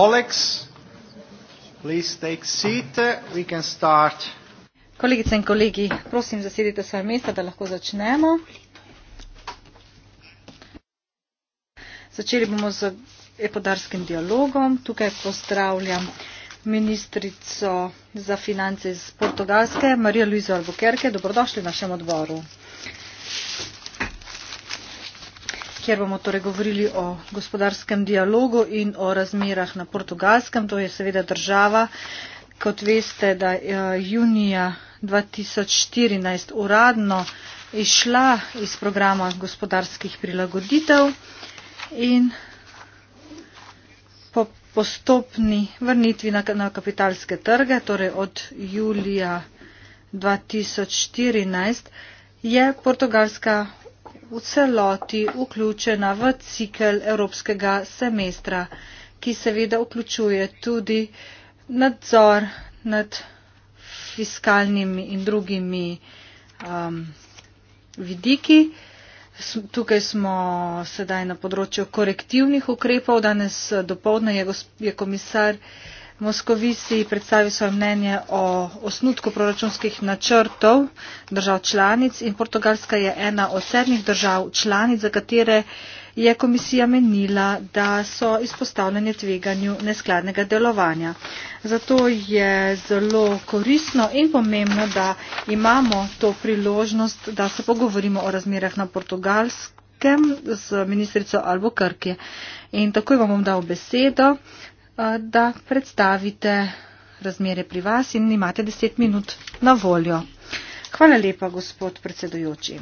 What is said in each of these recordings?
colleagues, please take seat. We can start. Kolegice in kolegi, prosim, zasedite svoje mesta, da lahko začnemo. Začeli bomo z epodarskim dialogom. Tukaj pozdravljam ministrico za finance iz Portugalske, Marijo Luizo Albuquerque. Dobrodošli v našem odboru. kjer bomo torej govorili o gospodarskem dialogu in o razmerah na portugalskem. To je seveda država, kot veste, da je eh, junija 2014 uradno izšla iz programa gospodarskih prilagoditev in po postopni vrnitvi na, na kapitalske trge, torej od julija 2014, je portugalska v celoti vključena v cikel evropskega semestra, ki seveda vključuje tudi nadzor nad fiskalnimi in drugimi um, vidiki. Tukaj smo sedaj na področju korektivnih ukrepov. Danes dopoledne je, je komisar uh, Moskovici predstavil svoje mnenje o osnutku proračunskih načrtov držav članic in Portugalska je ena od sedmih držav članic, za katere je komisija menila, da so izpostavljene tveganju neskladnega delovanja. Zato je zelo korisno in pomembno, da imamo to priložnost, da se pogovorimo o razmerah na Portugalskem z ministrico Albuquerque. In takoj vam bom dal besedo. Uh, da predstavite razmere pri vas in imate deset minut na voljo. Hvala lepa, gospod predsedujoči.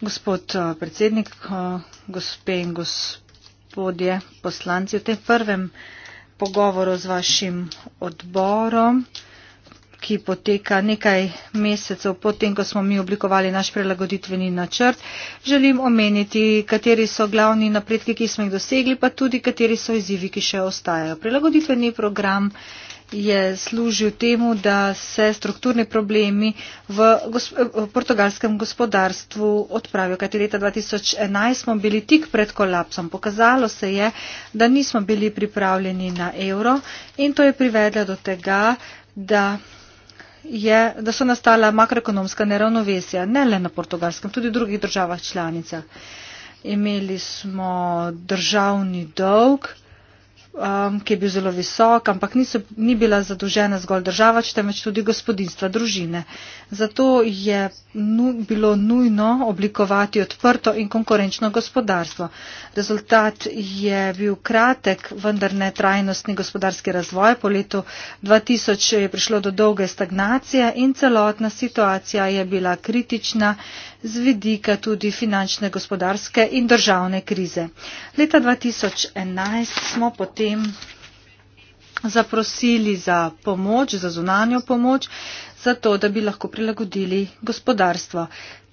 Gospod predsednik, gospe in gospodje poslanci, v tem prvem pogovoru z vašim odborom ki poteka nekaj mesecev potem, ko smo mi oblikovali naš prelagoditveni načrt. Želim omeniti, kateri so glavni napredki, ki smo jih dosegli, pa tudi kateri so izzivi, ki še ostajajo. Prelagoditveni program je služil temu, da se strukturni problemi v, gos v portugalskem gospodarstvu odpravijo. Kajti leta 2011 smo bili tik pred kolapsom. Pokazalo se je, da nismo bili pripravljeni na evro in to je privedlo do tega, da je, da so nastala makroekonomska neravnovesja, ne le na portugalskem, tudi v drugih državah članicah. Imeli smo državni dolg, um, ki je bil zelo visok, ampak niso, ni bila zadolžena zgolj država, temveč tudi gospodinstva družine. Zato je nu, bilo nujno oblikovati odprto in konkurenčno gospodarstvo. Rezultat je bil kratek, vendar ne trajnostni gospodarski razvoj. Po letu 2000 je prišlo do dolge stagnacije in celotna situacija je bila kritična z vidika tudi finančne, gospodarske in državne krize. Leta 2011 smo potem zaprosili za pomoč, za zunanjo pomoč, zato da bi lahko prilagodili gospodarstvo.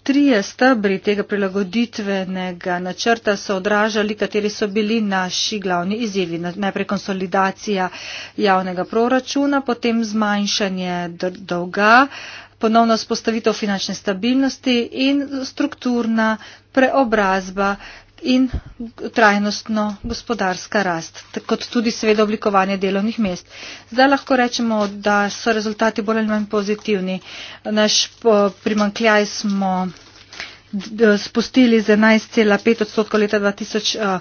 Trije stebri tega prilagoditvenega načrta so odražali, kateri so bili naši glavni izjevi. Najprej konsolidacija javnega proračuna, potem zmanjšanje dolga, ponovno spostavitev finančne stabilnosti in strukturna preobrazba in trajnostno gospodarska rast, kot tudi seveda oblikovanje delovnih mest. Zdaj lahko rečemo, da so rezultati bolj ali manj pozitivni. Naš primankljaj smo spustili z 11,5 odstotkov leta 2000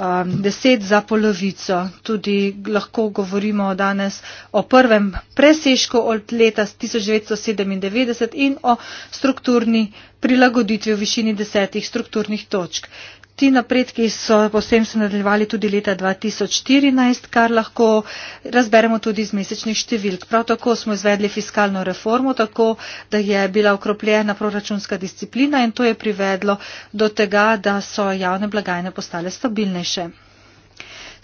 um, deset za polovico. Tudi lahko govorimo danes o prvem presežku od leta 1997 in o strukturni prilagoditvi v višini desetih strukturnih točk. Ti napredki so posem se nadaljevali tudi leta 2014, kar lahko razberemo tudi iz mesečnih številk. Prav tako smo izvedli fiskalno reformo, tako da je bila okropljena proračunska disciplina in to je privedlo do tega, da so javne blagajne postale stabilnejše.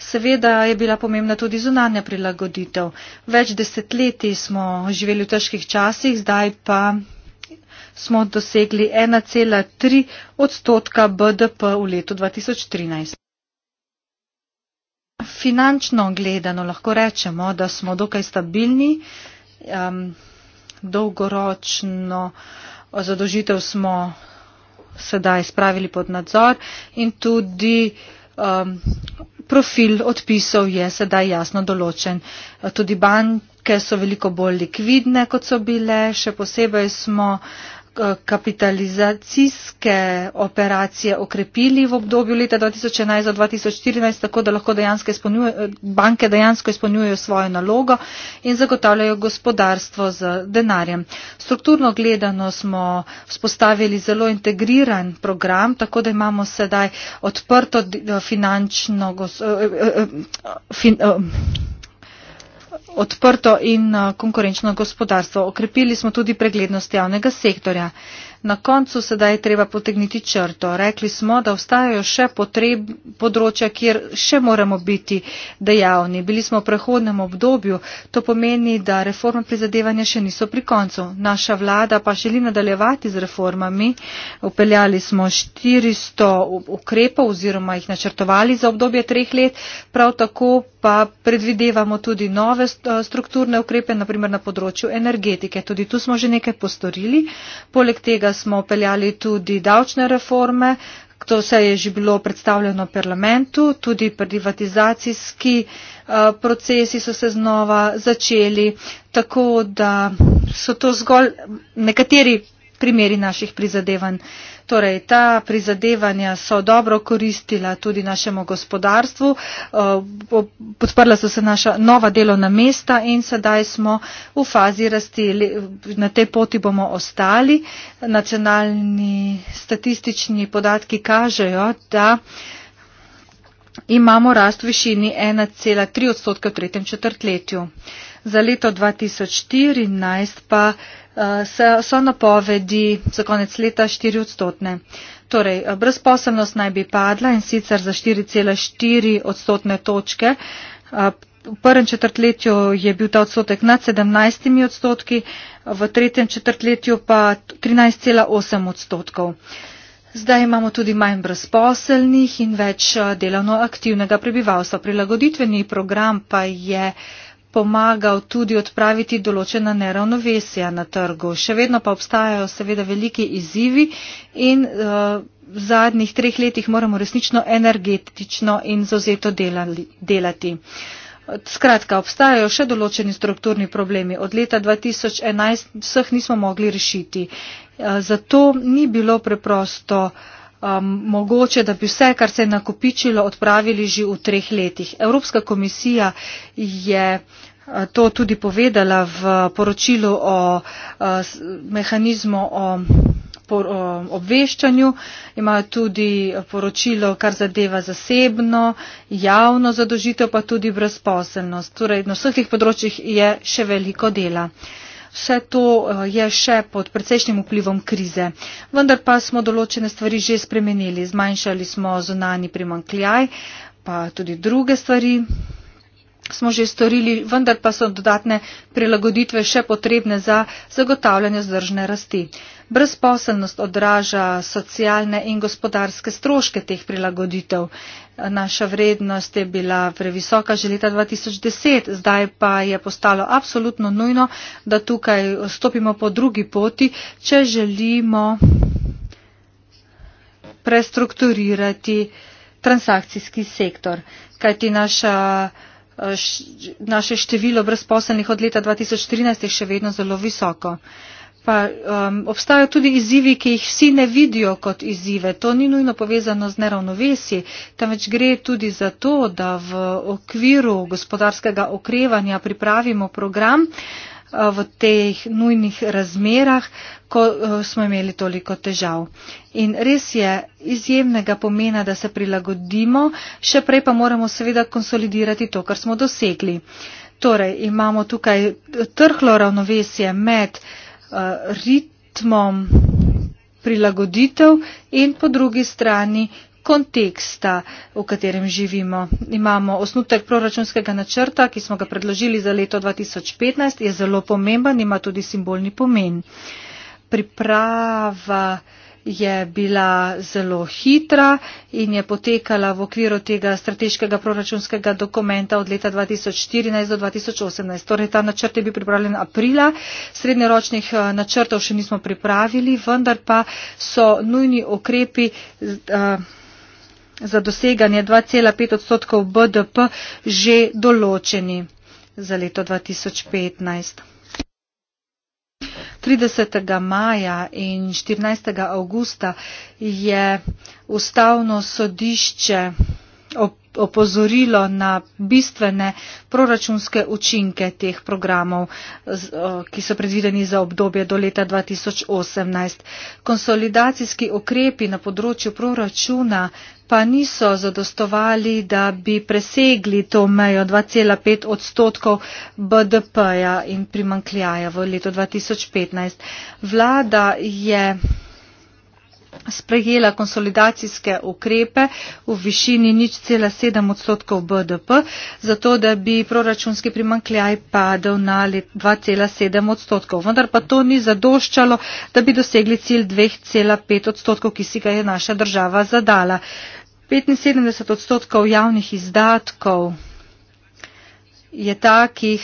Seveda je bila pomembna tudi zunanja prilagoditev. Več desetletij smo živeli v težkih časih, zdaj pa smo dosegli 1,3 odstotka BDP v letu 2013. Finančno gledano lahko rečemo, da smo dokaj stabilni. Um, dolgoročno eh, zadožitev smo sedaj spravili pod nadzor in tudi um, profil odpisov je sedaj jasno določen. Tudi banke so veliko bolj likvidne, kot so bile. Še posebej smo uh, kapitalizacijske operacije okrepili v obdobju leta 2011 do 2014, tako da lahko dejansko banke dejansko izpolnjujejo svojo nalogo in zagotavljajo gospodarstvo z denarjem. Strukturno gledano smo vzpostavili zelo integriran program, tako da imamo sedaj odprto finančno. Eh, eh, eh, fin, odprto in eh, konkurenčno gospodarstvo. Okrepili smo tudi preglednost javnega sektorja. Na koncu sedaj je treba potegniti črto. Rekli smo, da ostajajo še potreb, področja, kjer še moramo biti dejavni. Bili smo v prehodnem obdobju, to pomeni, da reforme prizadevanja še niso pri koncu. Naša vlada pa želi nadaljevati z reformami. Upeljali smo 400 ukrepov oziroma jih načrtovali za obdobje treh let. Prav tako pa predvidevamo tudi nove strukturne ukrepe, naprimer na področju energetike. Tudi tu smo že nekaj postorili. Poleg tega seveda smo peljali tudi davčne reforme, to vse je že bilo predstavljeno v parlamentu, tudi privatizacijski eh, procesi so se znova začeli, tako da so to zgolj nekateri primeri naših prizadevanj. Torej, ta prizadevanja so dobro koristila tudi našemu gospodarstvu, eh, podprla so se naša nova delovna mesta in sedaj smo v fazi rasti, na tej poti bomo ostali. Nacionalni statistični podatki kažejo, da imamo rast v višini 1,3 odstotka v tretjem četrtletju. Za leto 2014 pa Eh, so napovedi za konec leta 4 odstotne. Torej, eh, brezposobnost naj bi padla in sicer za 4,4 odstotne točke. Eh, v prvem četrtletju je bil ta odstotek nad 17 odstotki, v tretjem četrtletju pa 13,8 odstotkov. Zdaj imamo tudi manj brezposelnih in več delovno aktivnega prebivalstva. Prilagoditveni program pa je. Uh, pomagal tudi odpraviti določena neravnovesja na trgu. Še vedno pa obstajajo seveda veliki izzivi in eh, v zadnjih treh letih moramo resnično energetično in zozeto delali, delati. Skratka, obstajajo še določeni strukturni problemi. Od leta 2011 vseh nismo mogli rešiti. Eh, zato ni bilo preprosto uh, um, mogoče, da bi vse, kar se je nakopičilo, odpravili že v treh letih. Evropska komisija je uh, to tudi povedala v poročilu o uh, mehanizmu o obveščanju, imajo tudi poročilo, kar zadeva zasebno, javno zadožitev, pa tudi brezposelnost. Torej, na vseh teh področjih je še veliko dela. Uh, vse to eh, je še pod precejšnjim vplivom krize. Vendar pa smo določene stvari že spremenili. Zmanjšali smo zunani primankljaj, pa tudi druge stvari smo že storili, vendar pa so dodatne prilagoditve še potrebne za zagotavljanje zdržne rasti. Brezposelnost odraža socialne in gospodarske stroške teh prilagoditev. Naša vrednost je bila previsoka že leta 2010, zdaj pa je postalo absolutno nujno, da tukaj stopimo po drugi poti, če želimo prestrukturirati transakcijski sektor. Kajti naša Eh, naše število brezposelnih od leta 2013 je še vedno zelo visoko. Pa um, obstajajo tudi izzivi, ki jih vsi ne vidijo kot izzive. To ni nujno povezano z neravnovesji, temveč gre tudi za to, da v okviru gospodarskega okrevanja pripravimo program, uh, Eh, v teh nujnih razmerah, ko eh, smo imeli toliko težav. In res je izjemnega pomena, da se prilagodimo, še prej pa moramo seveda konsolidirati to, kar smo dosegli. Torej, imamo tukaj trhlo ravnovesje med eh, ritmom prilagoditev in po drugi strani konteksta, v katerem živimo. Imamo osnutek proračunskega načrta, ki smo ga predložili za leto 2015, je zelo pomemben, ima tudi simbolni pomen. Priprava je bila zelo hitra in je potekala v okviru tega strateškega proračunskega dokumenta od leta 2014 do 2018. Torej, ta načrt je bil pripravljen aprila, srednjeročnih eh, načrtov še nismo pripravili, vendar pa so nujni okrepi. Uh, za doseganje 2,5 odstotkov BDP že določeni za leto 2015. 30. maja in 14. avgusta je ustavno sodišče opozorilo na bistvene proračunske učinke teh programov, ki so predvideni za obdobje do leta 2018. Konsolidacijski okrepi na področju proračuna pa niso zadostovali, da bi presegli to mejo 2,5 odstotkov BDP-ja in primankljaja v letu 2015. Vlada je sprejela konsolidacijske ukrepe v višini nič cela sedem odstotkov BDP, zato da bi proračunski primankljaj padel na 2,7 odstotkov. Vendar pa to ni zadoščalo, da bi dosegli cilj 2,5 odstotkov, ki si ga je naša država zadala. 75 odstotkov javnih izdatkov je takih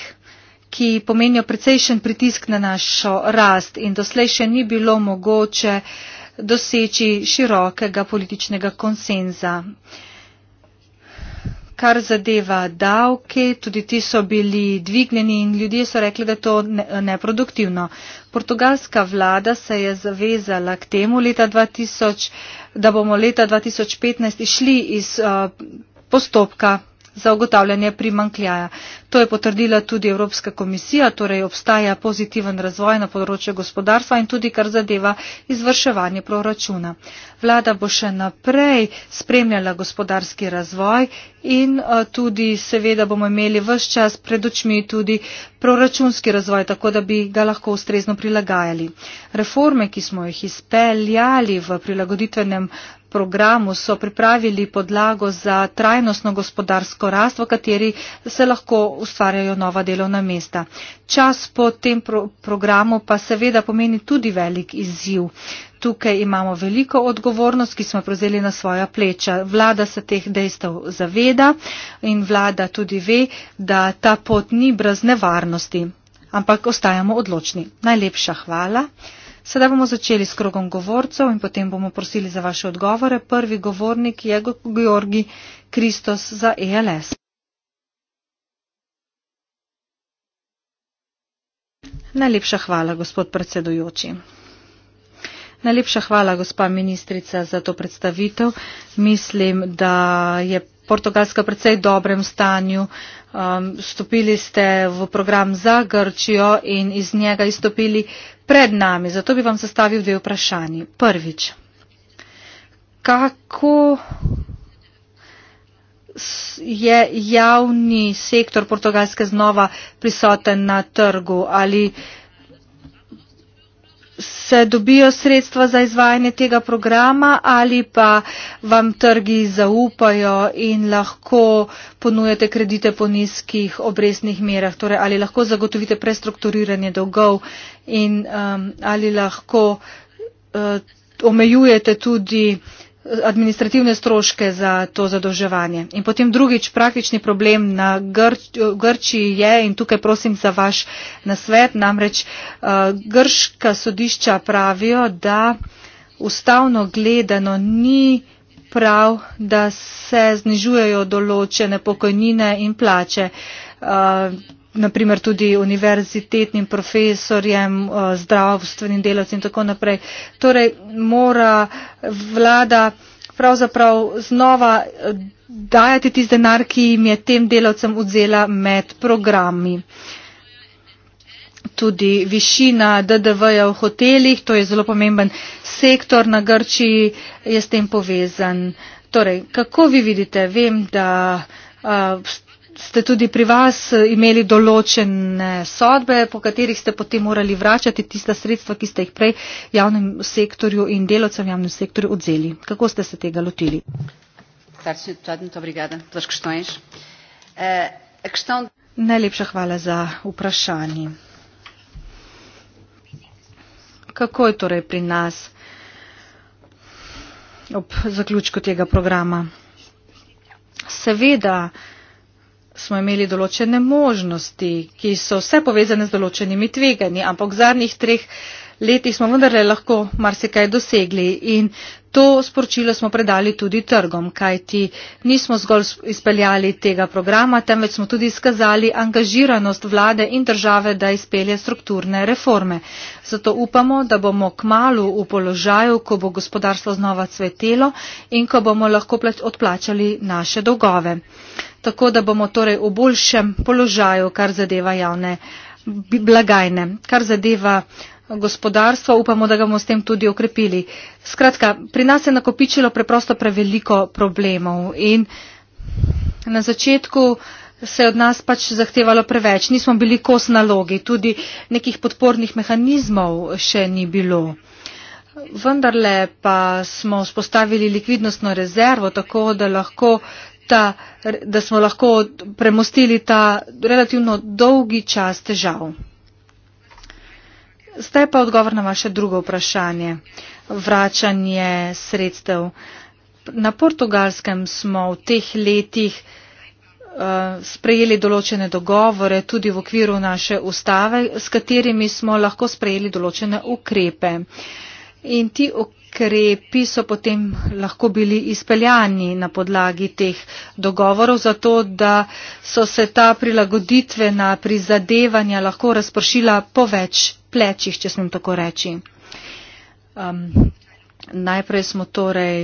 ki pomenijo precejšen pritisk na našo rast in doslej še ni bilo mogoče uh, doseči širokega političnega konsenza. Kar zadeva davke, tudi ti so bili dvigneni in ljudje so rekli, da je to neproduktivno. Portugalska vlada se je zavezala k temu, 2000, da bomo leta 2015 išli iz uh, postopka za ugotavljanje primankljaja. To je potrdila tudi Evropska komisija, torej obstaja pozitiven razvoj na področju gospodarstva in tudi kar zadeva izvrševanje proračuna. Vlada bo še naprej spremljala gospodarski razvoj in eh, tudi seveda bomo imeli vse čas pred očmi tudi proračunski razvoj, tako da bi ga lahko ustrezno prilagajali. Reforme, ki smo jih izpeljali v prilagoditvenem programu so pripravili podlago za trajnostno gospodarsko rast, v kateri se lahko ustvarjajo nova delovna mesta. Čas po tem pro programu pa seveda pomeni tudi velik izziv. Tukaj imamo veliko odgovornost, ki smo prevzeli na svoja pleča. Vlada se teh dejstev zaveda in vlada tudi ve, da ta pot ni brez nevarnosti. Ampak ostajamo odločni. Najlepša hvala. Sedaj bomo začeli s krogom govorcev in potem bomo prosili za vaše odgovore. Prvi govornik je Georgi Kristos za ELS. Najlepša hvala, gospod predsedujoči. Najlepša hvala, gospa ministrica, za to predstavitev. Mislim, da je Portugalska v precej dobrem stanju. Um, stopili ste v program za Grčijo in iz njega izstopili pred nami. Zato bi vam zastavil dve vprašanji. Prvič, kako je javni sektor Portugalske znova prisoten na trgu ali se dobijo sredstva za izvajanje tega programa ali pa vam trgi zaupajo in lahko ponujate kredite po nizkih obresnih merah, torej ali lahko zagotovite prestrukturiranje dolgov in um, ali lahko uh, omejujete tudi uh, administrativne stroške za to zadolževanje. In potem drugič, praktični problem na Gr Grčiji je in tukaj prosim za vaš nasvet, namreč eh, grška sodišča pravijo, da ustavno gledano ni prav, da se znižujejo določene pokojnine in plače. Eh, naprimer tudi univerzitetnim profesorjem, eh, zdravstvenim delavcem in tako naprej. Torej mora vlada pravzaprav znova eh, dajati tisti denar, ki jim je tem delavcem odzela med programi. Tudi višina DDV-ja v hotelih, to je zelo pomemben sektor na Grčiji, je s tem povezan. Torej, kako vi vidite, vem, da uh, ste tudi pri vas eh, imeli določene sodbe, po katerih ste potem morali vračati tista sredstva, ki ste jih prej javnem sektorju in delovcem javnem sektorju odzeli. Kako ste se tega lotili? E, Najlepša hvala za vprašanje. Kako je torej pri nas ob zaključku tega programa? Seveda, smo imeli določene možnosti, ki so vse povezane z določenimi tveganji, ampak v zadnjih treh letih smo vendarle lahko marsikaj dosegli in to sporočilo smo predali tudi trgom, kajti nismo zgolj izpeljali tega programa, temveč smo tudi izkazali angažiranost vlade in države, da izpelje strukturne reforme. Zato upamo, da bomo k malu v položaju, ko bo gospodarstvo znova cvetelo in ko bomo lahko odplačali naše dolgove tako da bomo torej v boljšem položaju, kar zadeva javne blagajne, kar zadeva gospodarstvo, upamo, da ga bomo s tem tudi okrepili. Skratka, pri nas je nakopičilo preprosto preveliko problemov in na začetku se je od nas pač zahtevalo preveč, nismo bili kos nalogi, tudi nekih podpornih mehanizmov še ni bilo. Vendarle pa smo spostavili likvidnostno rezervo, tako da lahko ta, da smo lahko premostili ta relativno dolgi čas težav. Zdaj pa odgovor na vaše drugo vprašanje. Vračanje sredstev. Na portugalskem smo v teh letih eh, sprejeli določene dogovore tudi v okviru naše ustave, s katerimi smo lahko sprejeli določene ukrepe. In ti ukrepe ukrepi so potem lahko bili izpeljani na podlagi teh dogovorov, zato da so se ta prilagoditvena prizadevanja lahko razpršila po več plečih, če smem tako reči. Um, najprej smo torej.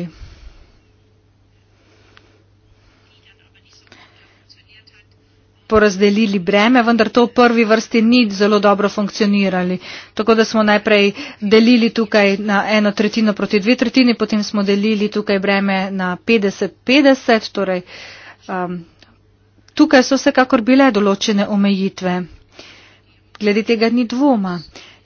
porazdelili breme, vendar to v prvi vrsti ni zelo dobro funkcionirali. Tako da smo najprej delili tukaj na eno tretjino proti dve tretjini, potem smo delili tukaj breme na 50-50. Torej, um, tukaj so vsekakor bile določene omejitve. Glede tega ni dvoma.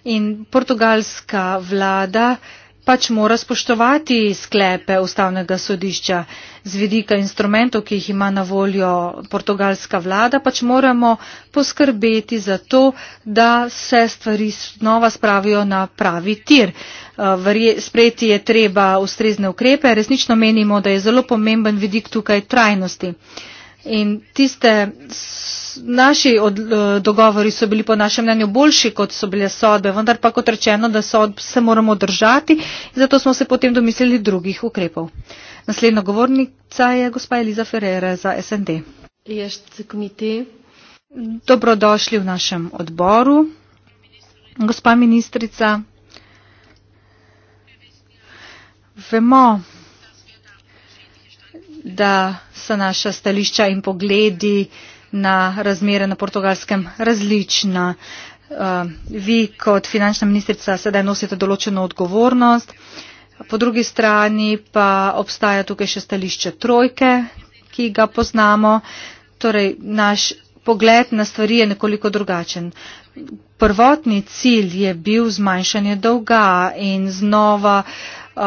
In portugalska vlada pač mora spoštovati sklepe ustavnega sodišča z vidika instrumentov, ki jih ima na voljo portugalska vlada, pač moramo poskrbeti za to, da se stvari znova spravijo na pravi tir. Eh, sprejeti je treba ustrezne ukrepe, resnično menimo, da je zelo pomemben vidik tukaj trajnosti. In tiste naši od, eh, dogovori so bili po našem mnenju boljši, kot so bile sodbe, vendar pa kot rečeno, da sodb se moramo držati, zato smo se potem domislili drugih ukrepov. Naslednja govornica je gospa Eliza Ferrera za SND. Dobrodošli v našem odboru. Gospa ministrica, vemo, da so naša stališča in pogledi na razmere na portugalskem različna. Eh, vi kot finančna ministrica sedaj nosite določeno odgovornost. Po drugi strani pa obstaja tukaj še stališče trojke, ki ga poznamo. Torej, naš pogled na stvari je nekoliko drugačen. Prvotni cilj je bil zmanjšanje dolga in znova uh,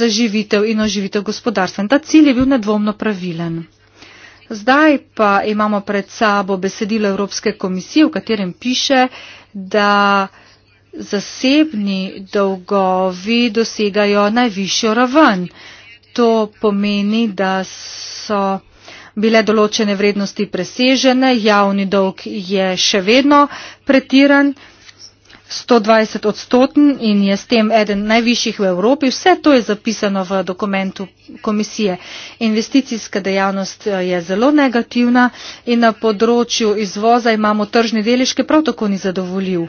zaživitev in oživitev gospodarstva. In ta cilj je bil nedvomno pravilen. Zdaj pa imamo pred sabo besedilo Evropske komisije, v katerem piše, da zasebni dolgovi dosegajo najvišjo raven. To pomeni, da so bile določene vrednosti presežene, javni dolg je še vedno pretiran. 120 odstoten in je s tem eden najvišjih v Evropi. Vse to je zapisano v dokumentu komisije. Investicijska dejavnost eh, je zelo negativna in na področju izvoza imamo tržne deležke prav tako ni zadovoljiv.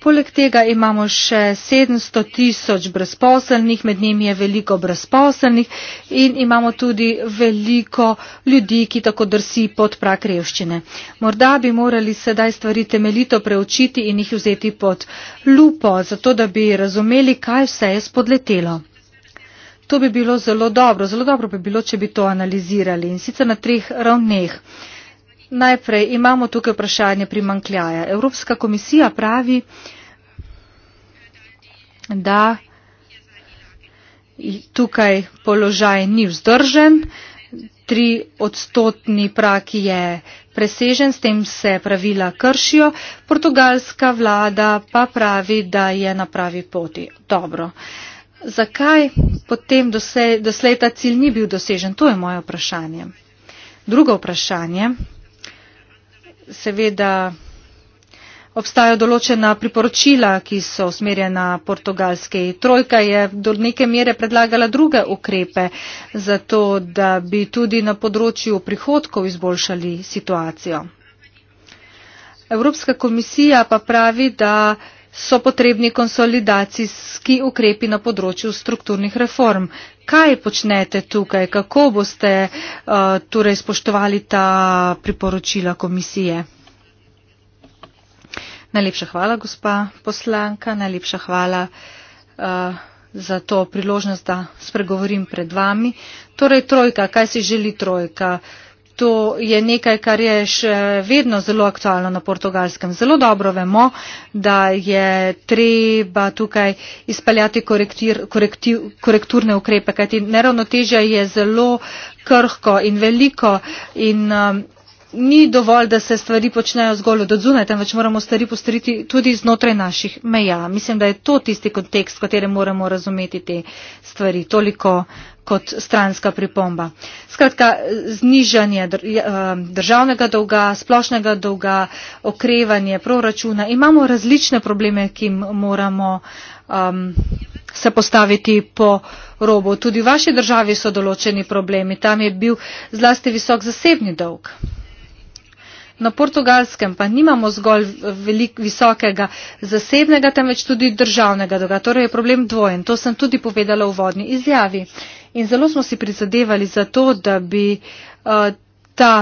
Poleg tega imamo še 700 tisoč brezposelnih, med njimi je veliko brezposelnih in imamo tudi veliko ljudi, ki tako drsi pod prak revščine. Morda bi morali sedaj stvari temeljito preučiti in jih vzeti pod lupo, zato da bi razumeli, kaj vse je spodletelo. To bi bilo zelo dobro, zelo dobro bi bilo, če bi to analizirali in sicer na treh ravneh. Najprej imamo tukaj vprašanje primankljaja. Evropska komisija pravi, da tukaj položaj ni vzdržen tri odstotni prak je presežen, s tem se pravila kršijo. Portugalska vlada pa pravi, da je na pravi poti. Dobro. Zakaj potem doslej, doslej ta cilj ni bil dosežen? To je moje vprašanje. Drugo vprašanje. Seveda obstajajo določena priporočila, ki so usmerjena portugalski. Trojka je do neke mere predlagala druge ukrepe, zato da bi tudi na področju prihodkov izboljšali situacijo. Evropska komisija pa pravi, da so potrebni konsolidacijski ukrepi na področju strukturnih reform. Kaj počnete tukaj? Kako boste uh, torej spoštovali ta priporočila komisije? Najlepša hvala, gospa poslanka, najlepša hvala uh, za to priložnost, da spregovorim pred vami. Torej, trojka, kaj si želi trojka? To je nekaj, kar je še vedno zelo aktualno na portugalskem. Zelo dobro vemo, da je treba tukaj izpeljati korektir, korektiv, korekturne ukrepe, kajti neravnotežje je zelo krhko in veliko. In, um, ni dovolj, da se stvari počnejo zgolj od odzune, temveč moramo stvari postoriti tudi znotraj naših meja. Mislim, da je to tisti kontekst, v katerem moramo razumeti te stvari. Toliko kot stranska pripomba. Skratka, znižanje ja, eh, državnega dolga, splošnega dolga, okrevanje proračuna. Imamo različne probleme, ki jim moramo um, se postaviti po robu. Tudi v vaši državi so določeni problemi. Tam je bil zlasti visok zasebni dolg na portugalskem pa nimamo zgolj velik, visokega zasebnega, temveč tudi državnega dolga. Torej je problem dvojen. To sem tudi povedala v vodni izjavi. In zelo smo si prizadevali za to, da bi uh, ta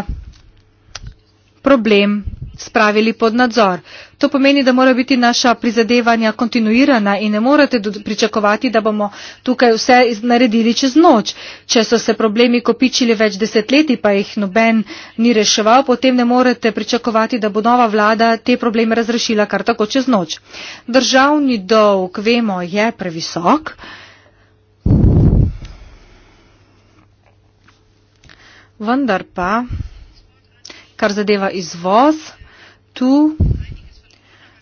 problem spravili pod nadzor. To pomeni, da mora biti naša prizadevanja kontinuirana in ne morete pričakovati, da bomo tukaj vse naredili čez noč. Če so se problemi kopičili več desetletij, pa jih noben ni reševal, potem ne morete pričakovati, da bo nova vlada te probleme razrešila kar tako čez noč. Državni dolg, vemo, je previsok. Vendar pa, kar zadeva izvoz, tu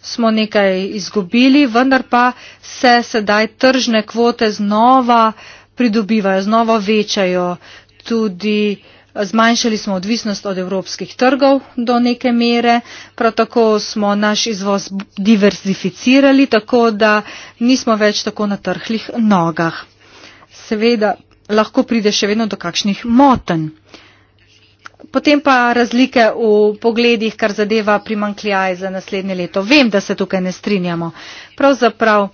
smo nekaj izgubili, vendar pa se sedaj tržne kvote znova pridobivajo, znova večajo. Tudi eh, zmanjšali smo odvisnost od evropskih trgov do neke mere, prav tako smo naš izvoz diversificirali, tako da nismo več tako na trhlih nogah. Seveda lahko pride še vedno do kakšnih motenj. Potem pa razlike v pogledih, kar zadeva primankljaj za naslednje leto. Vem, da se tukaj ne strinjamo. Pravzaprav uh,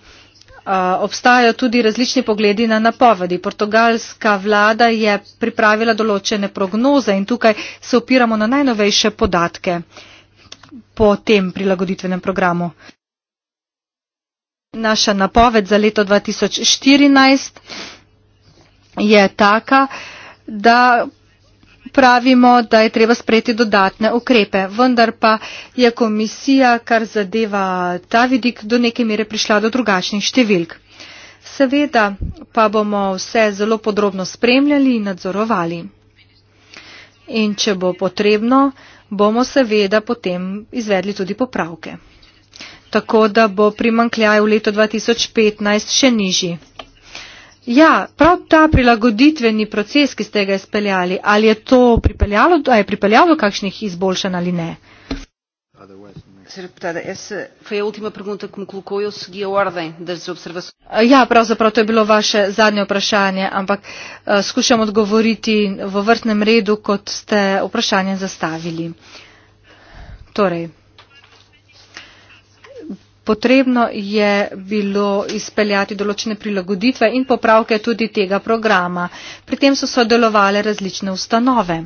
obstajajo tudi različni pogledi na napovedi. Portugalska vlada je pripravila določene prognoze in tukaj se opiramo na najnovejše podatke po tem prilagoditvenem programu. Naša napoved za leto 2014 je taka, da pravimo, da je treba sprejeti dodatne ukrepe. Vendar pa je komisija, kar zadeva ta vidik, do neke mere prišla do drugačnih številk. Seveda pa bomo vse zelo podrobno spremljali in nadzorovali. In če bo potrebno, bomo seveda potem izvedli tudi popravke. Tako da bo primankljaj v letu 2015 še nižji. Ja, prav ta prilagoditveni proces, ki ste ga izpeljali, ali je to pripeljalo, ali je pripeljalo do kakšnih izboljšanj ali ne? E ah, ja, pravzaprav to je bilo vaše zadnje vprašanje, ampak uh, skušam odgovoriti v vrtnem redu, kot ste vprašanje zastavili. Torej. Potrebno je bilo izpeljati določene prilagoditve in popravke tudi tega programa. Pri tem so sodelovale različne ustanove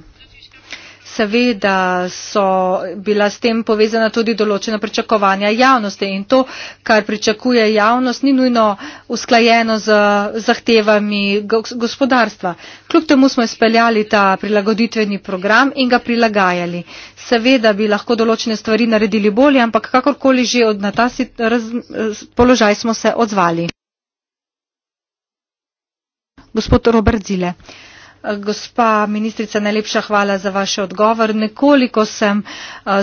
seveda so bila s tem povezana tudi določena pričakovanja javnosti in to, kar pričakuje javnost, ni nujno usklajeno z zahtevami gospodarstva. Kljub temu smo izpeljali ta prilagoditveni program in ga prilagajali. Seveda bi lahko določene stvari naredili bolje, ampak kakorkoli že na ta položaj smo se odzvali. Gospod Robert Zile. Gospa ministrica, najlepša hvala za vaš odgovor. Nekoliko sem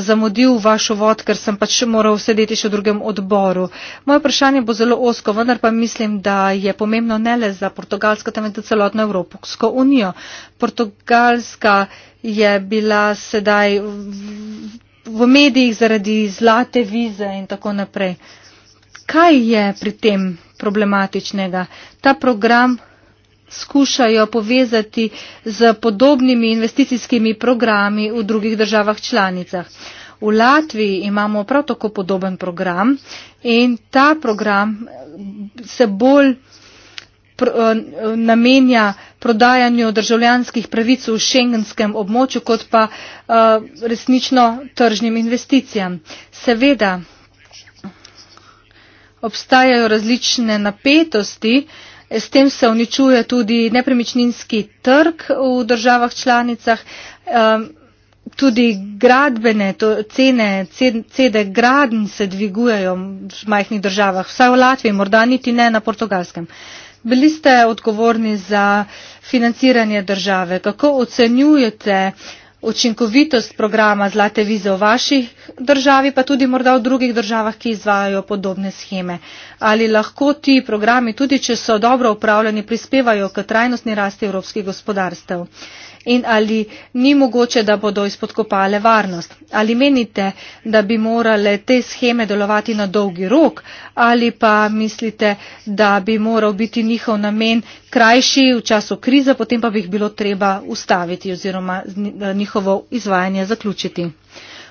zamudil vaš uvod, ker sem pač moral sedeti še v drugem odboru. Moje vprašanje bo zelo osko, vendar pa mislim, da je pomembno ne le za Portugalsko, temveč za celotno Evropsko unijo. Portugalska je bila sedaj v medijih zaradi zlate vize in tako naprej. Kaj je pri tem problematičnega? Ta program skušajo povezati z podobnimi investicijskimi programi v drugih državah članicah. V Latviji imamo prav tako podoben program in ta program eh, se bolj eh, namenja prodajanju državljanskih pravic v šengenskem območju, kot pa eh, resnično tržnim investicijam. Seveda, obstajajo različne napetosti, S tem se uničuje tudi nepremičninski trg v državah članicah, um, tudi gradbene to, cene, cede gradn se dvigujejo v majhnih državah, vsaj v Latviji, morda niti ne na portugalskem. Bili ste odgovorni za financiranje države. Kako ocenjujete uh, učinkovitost programa zlate vize v vaši državi pa tudi morda v drugih državah ki izvajajo podobne sheme ali lahko ti programi tudi če so dobro upravljani prispevajo k trajnostni rasti evropskih gospodarstev? in ali ni mogoče, da bodo izpodkopale varnost. Ali menite, da bi morale te scheme delovati na dolgi rok ali pa mislite, da bi moral biti njihov namen krajši v času krize, potem pa bi jih bilo treba ustaviti oziroma eh, njihovo izvajanje zaključiti.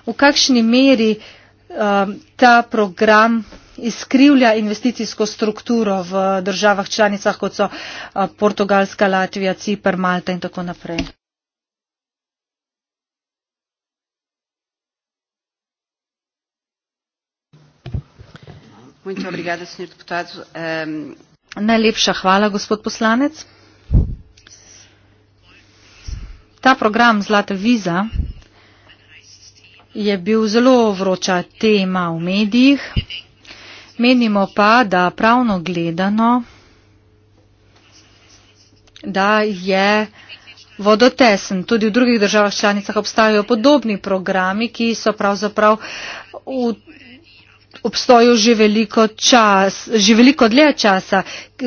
V kakšni meri eh, ta program izkrivlja investicijsko strukturo v državah članicah, kot so eh, Portugalska, Latvija, Cipr, Malta in tako naprej. Muito obrigada, senhor deputado. Um... Najlepša hvala, gospod poslanec. Ta program Zlata viza je bil zelo vroča tema v medijih. Menimo pa, da pravno gledano, da je vodotesen. Tudi v drugih državah članicah obstajajo podobni programi, ki so pravzaprav v obstoju že veliko, čas, že veliko dlje časa,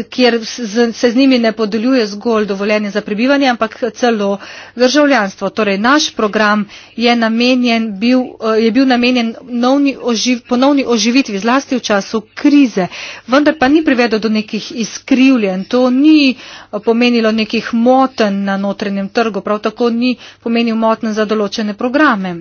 kjer se z njimi ne podeljuje zgolj dovoljenje za prebivanje, ampak celo državljanstvo. Torej, naš program je, namenjen, bil, eh, je bil namenjen novni oživ, ponovni oživitvi, zlasti v času krize, vendar pa ni privedel do nekih izkrivljen. To ni eh, pomenilo nekih moten na notrenem trgu, prav tako ni pomenil moten za določene programe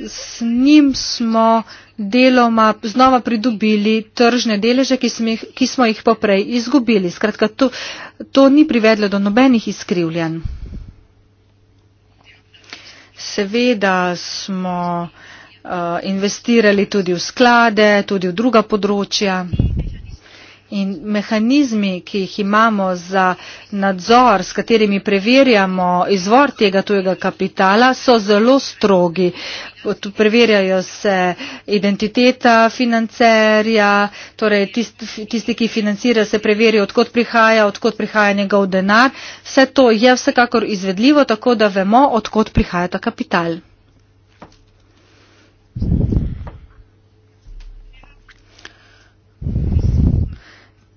s njim smo deloma znova pridobili tržne deleže, ki smo jih, ki smo jih poprej izgubili. Skratka, to, to ni privedlo do nobenih izkrivljen. Seveda smo uh, investirali tudi v sklade, tudi v druga področja. In mehanizmi, ki jih imamo za nadzor, s katerimi preverjamo izvor tega tujega kapitala, so zelo strogi. Tu preverjajo se identiteta financerja, torej tisti, tisti ki financira, se preverijo, odkot prihaja, odkot prihaja njegov denar. Vse to je vsekakor izvedljivo, tako da vemo, odkot prihaja ta kapital.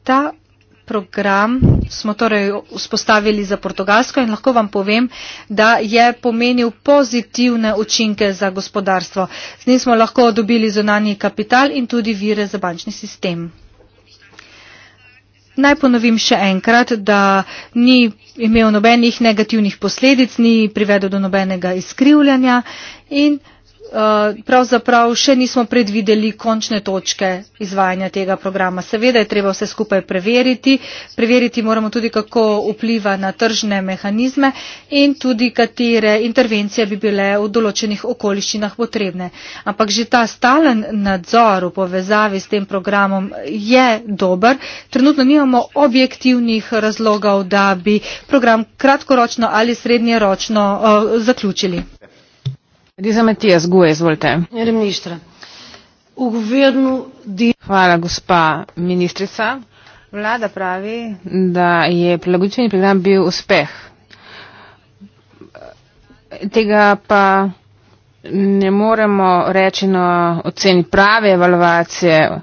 ta program smo torej vzpostavili za Portugalsko in lahko vam povem, da je pomenil pozitivne učinke za gospodarstvo. Z njim smo lahko dobili zonani kapital in tudi vire za bančni sistem. Naj ponovim še enkrat, da ni imel nobenih negativnih posledic, ni privedel do nobenega izkrivljanja in Eh, pravzaprav še nismo predvideli končne točke izvajanja tega programa. Seveda je treba vse skupaj preveriti, preveriti moramo tudi, kako vpliva na tržne mehanizme in tudi, katere intervencije bi bile v določenih okoliščinah potrebne. Ampak že ta stalen nadzor v povezavi s tem programom je dober. Trenutno nimamo objektivnih razlogov, da bi program kratkoročno ali srednjeročno uh, zaključili vlada pravi da je prilagoditveni program bil uspeh tega pa ne moremo reči na oceni prave evalvacije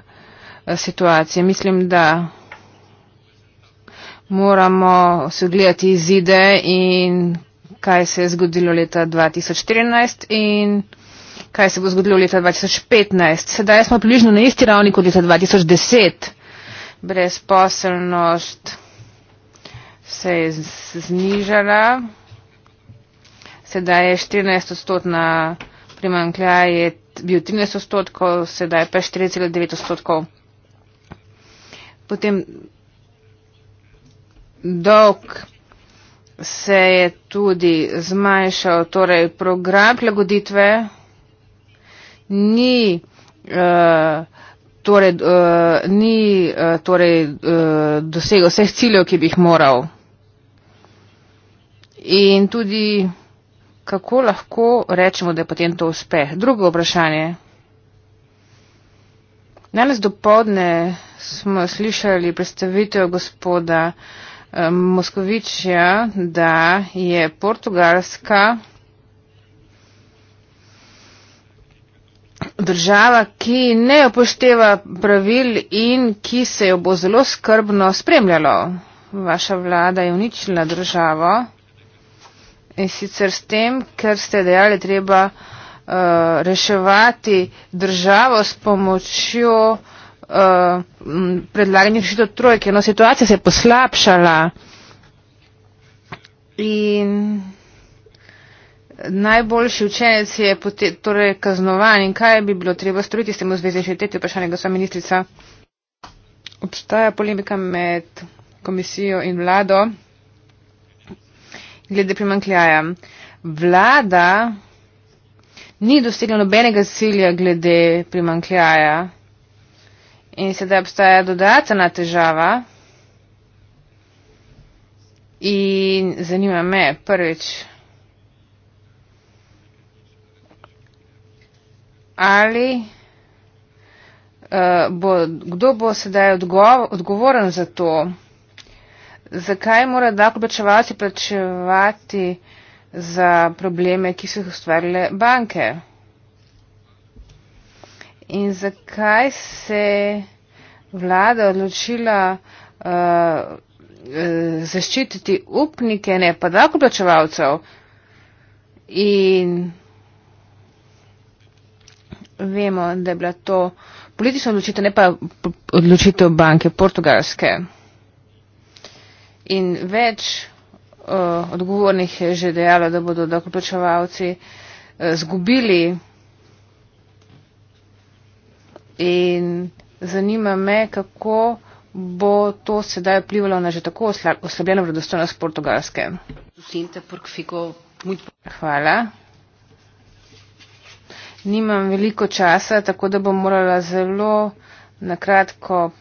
eh, situacije mislim da moramo se ogledati izide in kaj se je zgodilo leta 2014 in kaj se bo zgodilo leta 2015. Sedaj smo približno na isti ravni kot leta 2010. Brezposelnost se je znižala. Sedaj je 14 odstotna primankljaj, je bil 13 odstotkov, sedaj pa 4,9 odstotkov. Potem dolg se je tudi zmanjšal, torej program prilagoditve ni, uh, torej, uh, ni uh, torej, uh, dosegel vseh ciljev, ki bi jih moral. In tudi, kako lahko rečemo, da je potem to uspeh. Drugo vprašanje. Danes dopoledne smo slišali predstavitev gospoda. Moskovičja, da je Portugalska država, ki ne upošteva pravil in ki se jo bo zelo skrbno spremljalo. Vaša vlada je uničila državo in sicer s tem, ker ste dejali, treba uh, reševati državo s pomočjo uh, uh, predlaganih rešitev trojke. No, situacija se je poslabšala in najboljši učenec je potem, torej, kaznovan in kaj bi bilo treba storiti s tem v zvezi še tretje vprašanje, gospa ministrica. Obstaja polemika med komisijo in vlado glede primankljaja. Vlada ni dosegla nobenega cilja glede primankljaja. In sedaj obstaja dodatna težava. In zanima me prvič, ali uh, bo, kdo bo sedaj odgovor, odgovoren za to, zakaj mora davkoplačevalci plačevati za probleme, ki so jih ustvarile banke in zakaj se vlada odločila uh, uh, zaščititi upnike, ne pa davkoplačevalcev. In vemo, da je bila to politična odločitev, ne pa odločitev banke portugalske. In več uh, odgovornih je že dejalo, da bodo davkoplačevalci uh, zgubili in zanima me, kako bo to sedaj vplivalo na že tako oslabljeno vredostojnost portugalske. Hvala. Nimam veliko časa, tako da bom morala zelo nakratko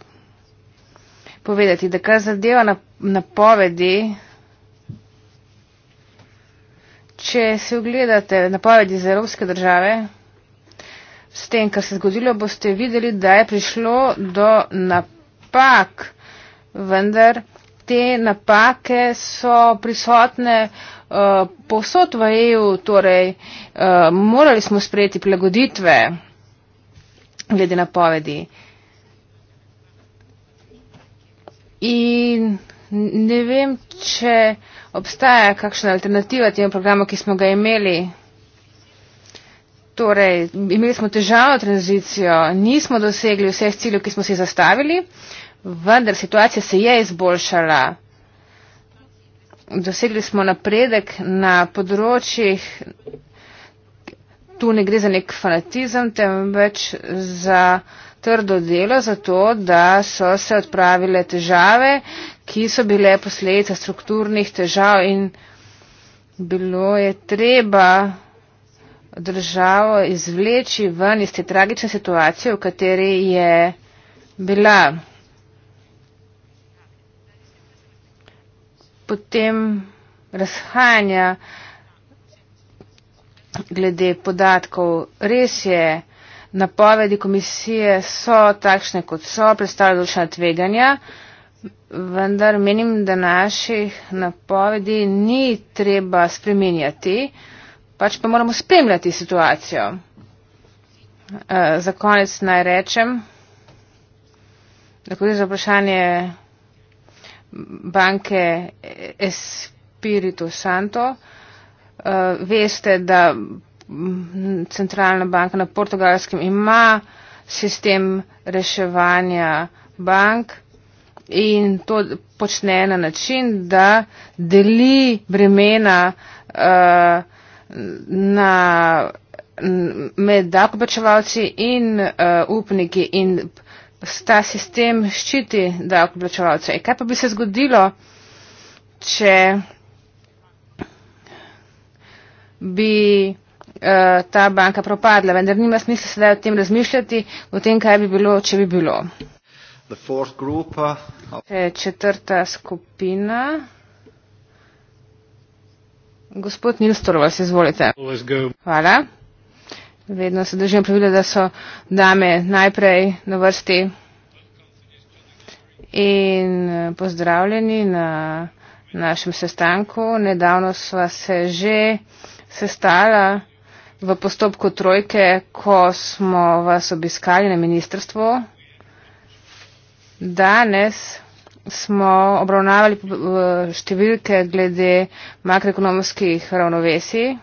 povedati, da kar zadeva napovedi, na če se ogledate napovedi za evropske države, s tem, kar se je zgodilo, boste videli, da je prišlo do napak, vendar te napake so prisotne uh, eh, posod v EU, torej uh, morali smo sprejeti prilagoditve glede na povedi. In ne vem, če obstaja kakšna alternativa temu programu, ki smo ga imeli. Torej, imeli smo težavno tranzicijo, nismo dosegli vseh ciljev, ki smo si zastavili, vendar situacija se je izboljšala. Dosegli smo napredek na področjih, tu ne gre za nek fanatizem, temveč za trdo delo, zato da so se odpravile težave, ki so bile posledica strukturnih težav in bilo je treba državo izvleči ven iz te tragične situacije, v kateri je bila. Potem razhajanja glede podatkov. Res je, napovedi komisije so takšne, kot so, predstavljajo določena tveganja, vendar menim, da naših napovedi ni treba spreminjati. Uh, pač pa moramo spremljati situacijo. Uh, za konec naj rečem, da ko je za vprašanje banke Espiritu Santo, uh, veste, da centralna banka na portugalskem ima sistem reševanja bank in to počne na način, da deli bremena uh, na, med davkoplačevalci in uh, upniki in ta sistem ščiti davkoplačevalce. E, kaj pa bi se zgodilo, če bi uh, ta banka propadla, vendar nima smisla sedaj o tem razmišljati, o tem, kaj bi bilo, če bi bilo. Uh, četrta skupina. Gospod Nilstor, vas izvolite. Hvala. Vedno se držim pravila, da so dame najprej na vrsti in eh, pozdravljeni na našem sestanku. Nedavno sva se že sestala v postopku trojke, ko smo vas obiskali na ministrstvo. Danes smo obravnavali eh, številke glede makroekonomskih ravnovesij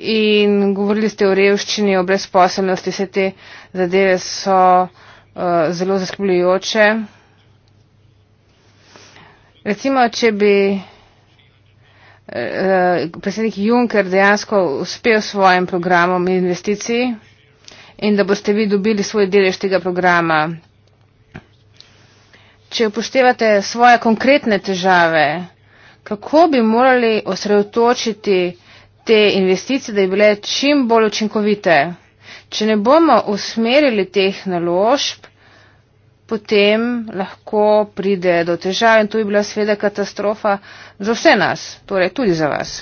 in govorili ste o revščini, o brezposobnosti, vse te zadeve so eh, zelo zaskrbljujoče. Recimo, če bi eh, predsednik Juncker dejansko uspel s svojim programom investicij in da boste vi dobili svoj delež tega programa, če upoštevate svoje konkretne težave, kako bi morali osredotočiti te investicije, da bi bile čim bolj učinkovite? Če ne bomo usmerili teh naložb, potem lahko pride do težav in to bi bila sveda katastrofa za vse nas, torej tudi za vas.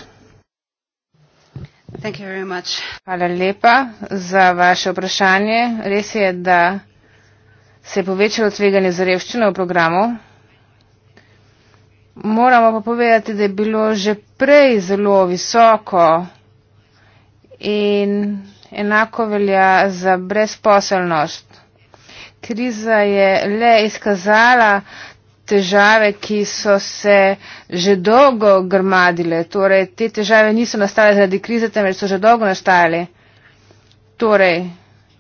Hvala lepa za vaše vprašanje. Res je, da se je povečalo tveganje za revščino v programu. Moramo pa povedati, da je bilo že prej zelo visoko in enako velja za brezposelnost. Kriza je le izkazala težave, ki so se že dolgo grmadile. Torej, te težave niso nastale zaradi krize, temveč so že dolgo nastajale. Torej,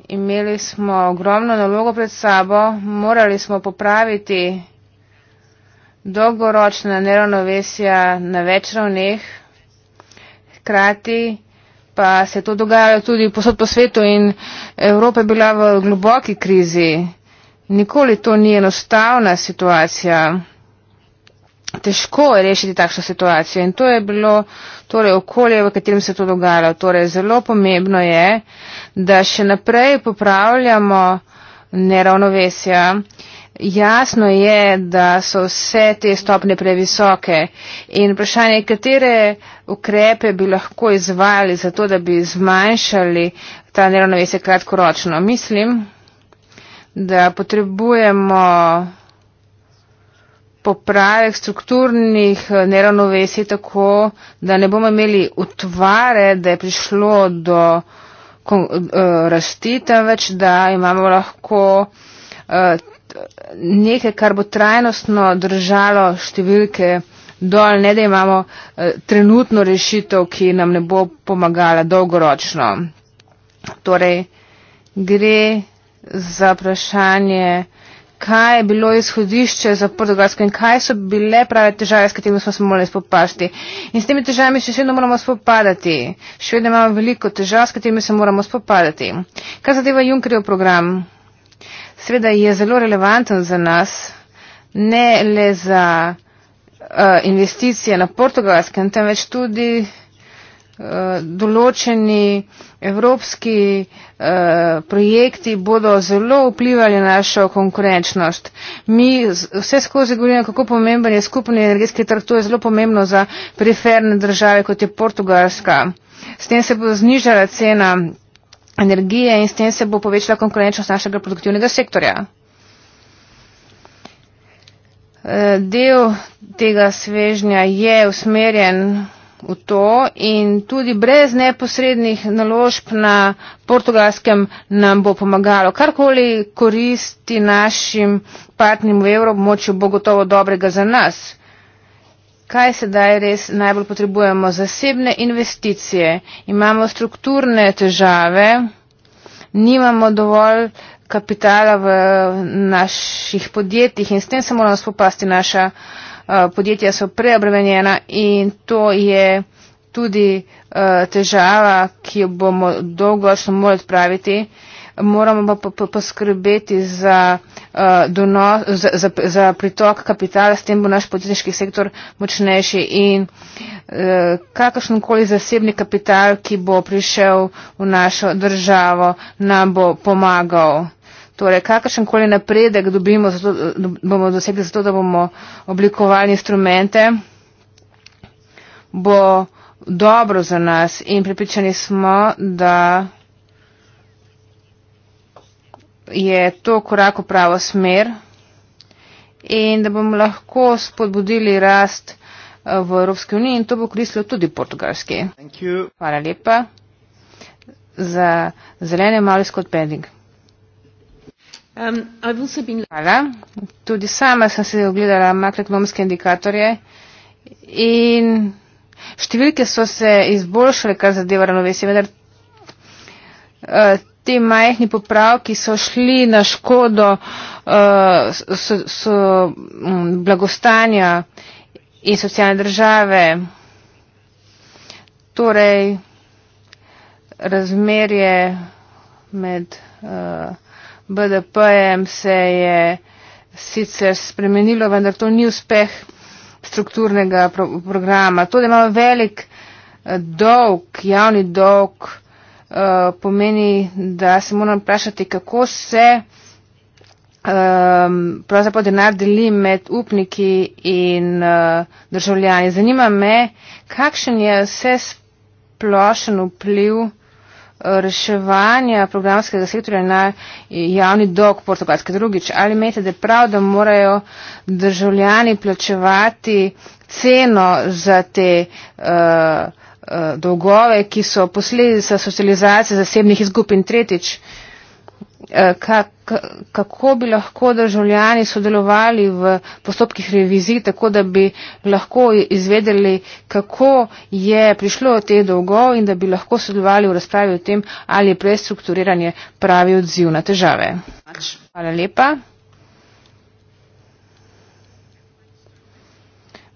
imeli smo ogromno nalogo pred sabo, morali smo popraviti dolgoročna neravnovesja na več ravneh, hkrati pa se je to dogajalo tudi posod po svetu in Evropa je bila v globoki krizi. Nikoli to ni enostavna situacija težko rešiti takšno situacijo in to je bilo torej, okolje, v katerem se to dogajalo. Torej, zelo pomembno je, da še naprej popravljamo neravnovesja. Jasno je, da so vse te stopne previsoke in vprašanje, katere ukrepe bi lahko izvajali za to, da bi zmanjšali ta neravnovesje kratkoročno. Mislim, da potrebujemo popravek strukturnih eh, neravnovesij tako, da ne bomo imeli utvare, da je prišlo do eh, rasti, temveč da imamo lahko eh, nekaj, kar bo trajnostno držalo številke dol, ne da imamo trenutno rešitev, ki nam ne bo pomagala dolgoročno. Torej, gre za vprašanje, kaj je bilo izhodišče za portugalsko in kaj so bile prave težave, s katerimi smo se morali spopasti. In s temi težavami še vedno moramo spopadati. Še vedno imamo veliko težav, s katerimi se moramo spopadati. Kar zadeva Junkerjev program, sveda je zelo relevanten za nas, ne le za uh, investicije na portugalskem, temveč tudi določeni evropski eh, projekti bodo zelo vplivali na našo konkurenčnost. Mi vse skozi govorimo, kako pomemben je skupni energetski trg, to je zelo pomembno za periferne države, kot je Portugalska. S tem se bo znižala cena energije in s tem se bo povečala konkurenčnost našega produktivnega sektorja. Eh, del tega svežnja je usmerjen v to in tudi brez neposrednih naložb na portugalskem nam bo pomagalo. Karkoli koristi našim partnerjem v evroobmočju, bo gotovo dobrega za nas. Kaj sedaj res najbolj potrebujemo? Zasebne investicije. Imamo strukturne težave, nimamo dovolj kapitala v naših podjetjih in s tem se moramo spopasti naša. Eh, podjetja so preobremenjena in to je tudi eh, težava, ki jo bomo dolgoročno morali odpraviti. Moramo pa poskrbeti za, eh, donos, za, za, za pritok kapitala, s tem bo naš podjetniški sektor močnejši in kakršenkoli zasebni kapital, ki bo prišel v našo državo, nam bo pomagal. Torej, kakršen koli napredek dobimo, zato, bomo dosegli zato, da bomo oblikovali instrumente, bo dobro za nas in pripričani smo, da je to korak v pravo smer in da bomo lahko spodbudili rast eh, v Evropski uniji in to bo koristilo tudi portugalski. Hvala lepa za zelene malo skot pending. Um, Hvala. Tudi sama sem se ogledala makroekonomske indikatorje in številke so se izboljšale, kar zadeva ravnovesje, vendar eh, te majhni popravki so šli na škodo so, eh, so blagostanja in socialne države. Torej, razmerje med uh, BDP-jem se je sicer spremenilo, vendar to ni uspeh strukturnega pro programa. To, da imamo velik eh, dolg, javni dolg, eh, pomeni, da se moramo vprašati, kako se ehm, pravzaprav denar deli med upniki in eh, državljani. Zanima me, kakšen je vse splošen vpliv reševanja programskega sektorja na javni dolg portugalske. Drugič, ali menite, da je prav, da morajo državljani plačevati ceno za te uh, uh, dolgove, ki so posledica socializacije zasebnih izgub in tretjič, uh, Eh, kak, kako bi lahko državljani sodelovali v postopkih revizij, tako da bi lahko izvedeli, kako je prišlo od teh dolgov in da bi lahko sodelovali v razpravi o tem, ali je prestrukturiranje pravi odziv na težave. Hvala lepa.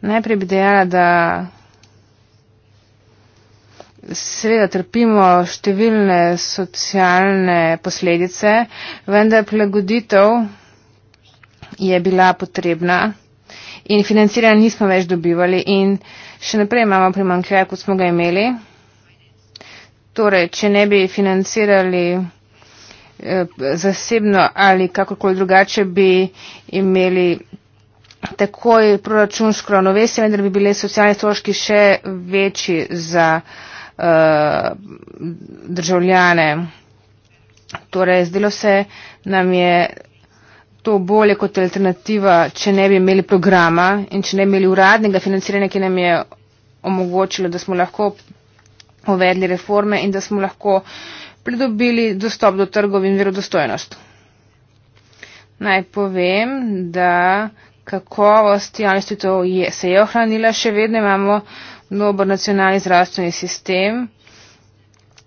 Najprej bi dejala, da. Seveda trpimo številne socialne posledice, vendar prilagoditev je bila potrebna in financiranja nismo več dobivali in še naprej imamo primankljaj, kot smo ga imeli. Torej, če ne bi financirali eh, zasebno ali kakorkoli drugače, bi imeli takoj proračunsko ravnovesje, vendar bi bile socialne stroški še večji za. Eh, državljane. Torej, zdelo se nam je to bolje kot alternativa, če ne bi imeli programa in če ne bi imeli uradnega financiranja, ki nam je omogočilo, da smo lahko uvedli reforme in da smo lahko pridobili dostop do trgov in verodostojnost. Naj povem, da kakovost javnosti to je, se je ohranila, še vedno imamo uh, dober nacionalni zdravstveni sistem,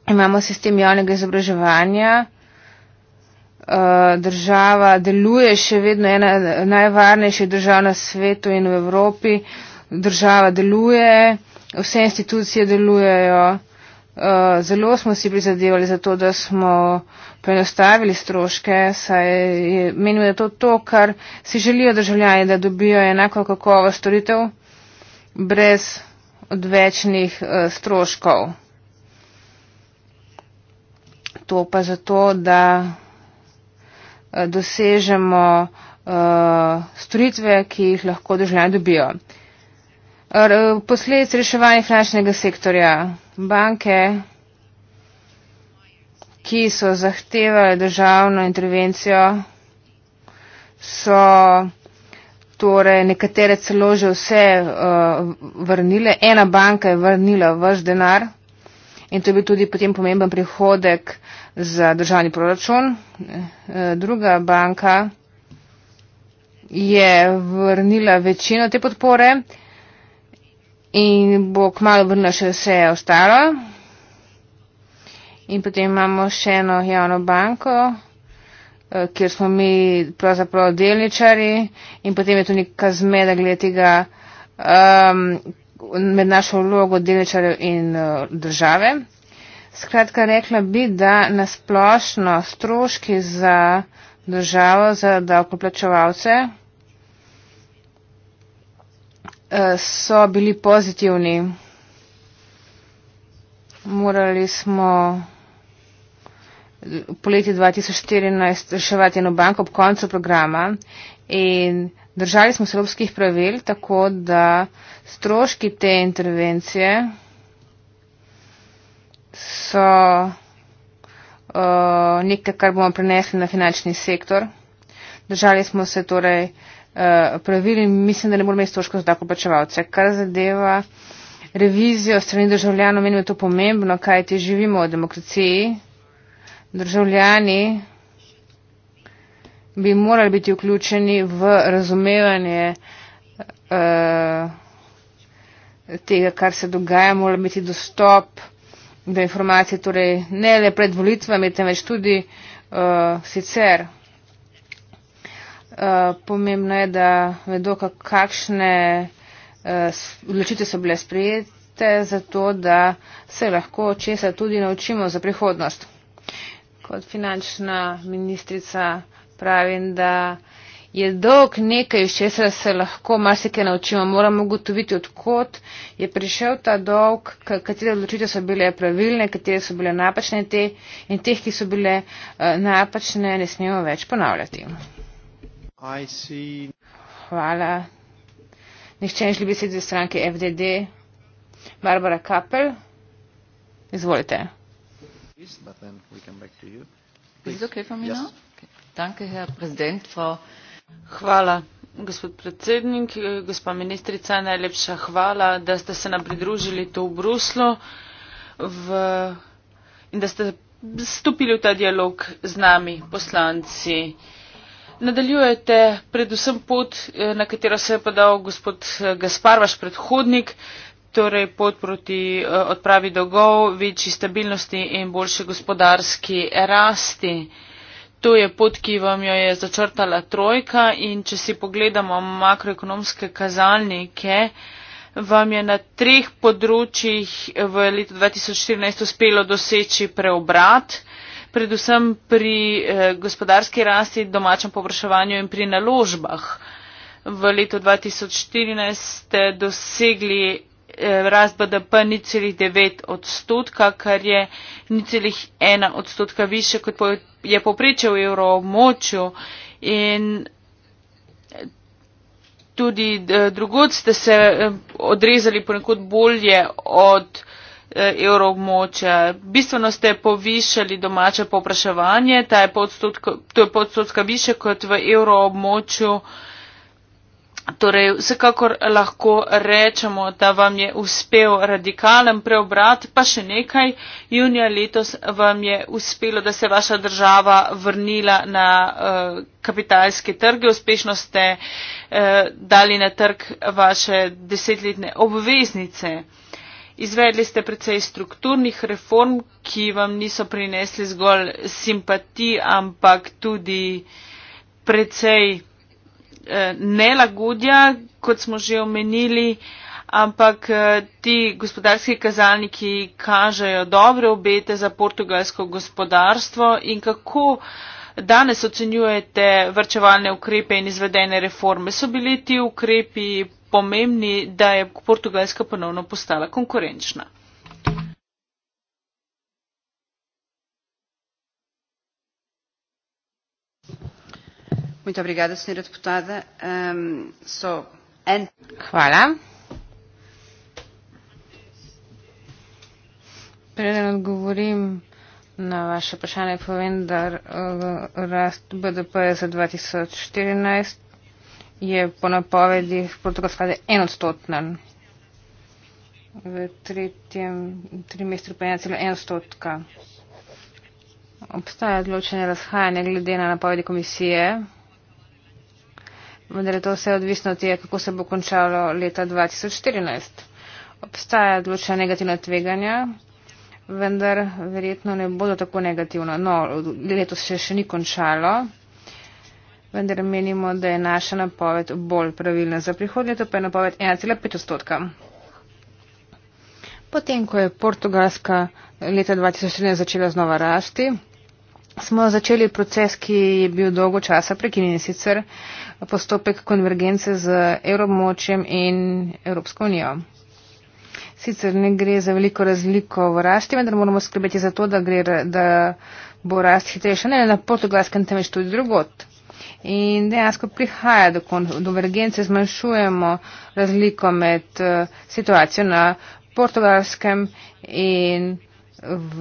imamo sistem javnega izobraževanja, eh, država deluje še vedno ena najvarnejših držav na svetu in v Evropi, država deluje, vse institucije delujejo. Eh, zelo smo si prizadevali za to, da smo poenostavili stroške, saj je, menim, da to to, kar si želijo državljani, da dobijo enako kakovo storitev brez odvečnih eh, stroškov. To pa zato, da eh, dosežemo eh, storitve, ki jih lahko državljani dobijo. Posledic reševanja finančnega sektorja. Banke, ki so zahtevali državno intervencijo, so torej nekatere celo že vse uh, vrnile. Ena banka je vrnila vaš denar in to je bil tudi potem pomemben prihodek za državni proračun. Uh, druga banka je vrnila večino te podpore in bo kmalo vrnila še vse ostalo. In potem imamo še eno javno banko. Eh, kjer smo mi pravzaprav delničari in potem je tu neka zmeda glede tega um, med našo vlogo delničarjev in uh, države. Skratka, rekla bi, da nasplošno stroški za državo, za davkoplačevalce eh, so bili pozitivni. Morali smo poleti 2014 reševati eno banko ob koncu programa in držali smo se evropskih pravil, tako da stroški te intervencije so uh, nekaj, kar bomo prenesli na finančni sektor. Držali smo se torej uh, pravil in mislim, da ne moramo imeti stroškov za dakopačevalce. Kar zadeva revizijo strani državljanov, menim je to pomembno, kaj ti živimo v demokraciji državljani bi morali biti vključeni v razumevanje eh, tega, kar se dogaja, mora biti dostop do informacije, torej ne le pred volitvami, temveč tudi eh, sicer. Eh, pomembno je, da vedo, kakšne odločitve so bile sprejete, zato da se lahko česa tudi naučimo za prihodnost kot finančna ministrica pravim, da je dolg nekaj, iz česar se lahko marsikaj naučimo. Moramo ugotoviti, odkot je prišel ta dolg, katere odločitve so bile pravilne, katere so bile napačne te, in teh, ki so bile uh, napačne, ne smemo več ponavljati. Hvala. Nihče ne želi besedi za stranke FDD. Barbara Kapel, izvolite danke herr präsident frau hvala gospod predsednik gospa ministrica najlepša hvala da ste se nam pridružili tu v bruslju v in da ste stopili v ta dialog z nami poslanci nadaljujete predvsem pot eh, na katero se je podal gospod eh, gaspar vaš predhodnik torej pot proti eh, odpravi dolgov, večji stabilnosti in boljši gospodarski rasti. To je pot, ki vam jo je začrtala trojka in če si pogledamo makroekonomske kazalnike, vam je na treh področjih v letu 2014 uspelo doseči preobrat, predvsem pri eh, gospodarski rasti, domačem površevanju in pri naložbah. V letu 2014 ste dosegli Eh, rast BDP ni celih devet odstotka, kar je ni celih ena odstotka više, kot je poprečje v evroobmočju. In tudi drugod ste se eh, odrezali ponekud bolje od eh, evroobmočja. Bistveno ste povišali domače popraševanje, je to je podstotka više kot v evroobmočju. Torej, vsekakor lahko rečemo, da vam je uspel radikalen preobrat, pa še nekaj. Junija letos vam je uspelo, da se vaša država vrnila na uh, kapitalske trge. Uspešno ste uh, dali na trg vaše desetletne obveznice. Izvedli ste precej strukturnih reform, ki vam niso prinesli zgolj simpati, ampak tudi precej. Eh, nelagodja, kot smo že omenili, ampak eh, ti gospodarski kazalniki kažejo dobre obete za portugalsko gospodarstvo in kako danes ocenjujete vrčevalne ukrepe in izvedene reforme. So bili ti ukrepi pomembni, da je portugalska ponovno postala konkurenčna? Muito obrigada, senhora deputada. Um, sou Anne. Hvala. Preden odgovorim na vaše vprašanje, povem, da uh, rast BDP za 2014 je po napovedi v portugalske vlade enostotnen. V tretjem trimestru pa je celo en odstotka. Obstaja odločene razhajanje glede na napovedi komisije vendar je to vse odvisno od tega, kako se bo končalo leta 2014. Obstaja določena negativna tveganja, vendar verjetno ne bodo tako negativna. No, leto se še ni končalo, vendar menimo, da je naša napoved bolj pravilna za prihodnje, to pa je napoved 1,5 odstotka. Potem, ko je Portugalska leta 2014 začela znova rasti, smo začeli proces, ki je bil dolgo časa prekinjen, sicer postopek konvergence z evromočjem in Evropsko unijo. Sicer ne gre za veliko razliko v rasti, vendar moramo skrbeti za to, da, gre, da bo rast hitrejša ne na portugalskem, temveč tudi drugot. In dejansko prihaja do konvergence, zmanjšujemo razliko med eh, situacijo na portugalskem in v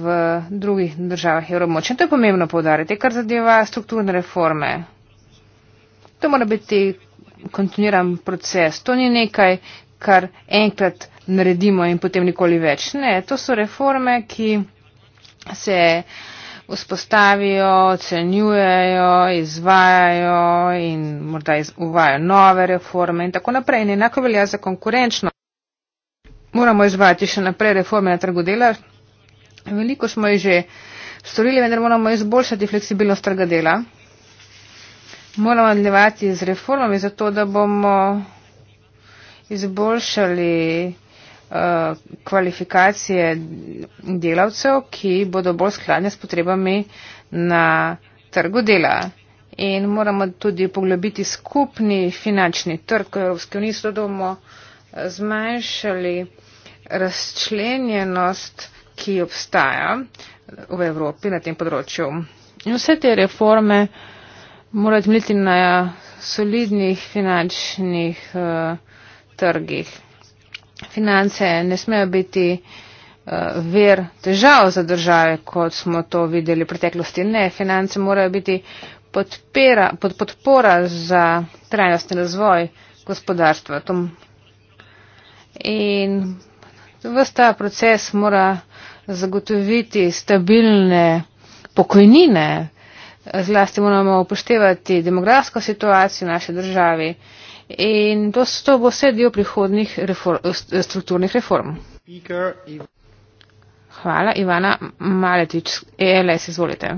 drugih državah evromoče. To je pomembno povdariti, kar zadeva strukturne reforme. To mora biti kontinuiran proces. To ni nekaj, kar enkrat naredimo in potem nikoli več. Ne, to so reforme, ki se vzpostavijo, ocenjujejo, izvajajo in morda uvajajo nove reforme in tako naprej. In enako velja za konkurenčno. Moramo izvajati še naprej reforme na trgu dela, Veliko smo jih že storili, vendar moramo izboljšati fleksibilnost trga dela. Moramo nadaljevati z reformami, zato da bomo izboljšali uh, kvalifikacije delavcev, ki bodo bolj skladne s potrebami na trgu dela. In moramo tudi poglobiti skupni finančni trg Evropske unije, zato da bomo zmanjšali razčlenjenost ki obstaja v Evropi na tem področju. In vse te reforme morajo zmeti na solidnih finančnih uh, trgih. Finance ne smejo biti uh, ver težav za države, kot smo to videli v preteklosti. Ne, finance morajo biti podpera, pod podpora za trajnostni razvoj gospodarstva. Tom. In vsta proces mora zagotoviti stabilne pokojnine. Zlasti moramo upoštevati demografsko situacijo v naši državi in to, to bo vse del prihodnih refor, strukturnih reform. Hvala, Ivana Maletič, ELS, izvolite.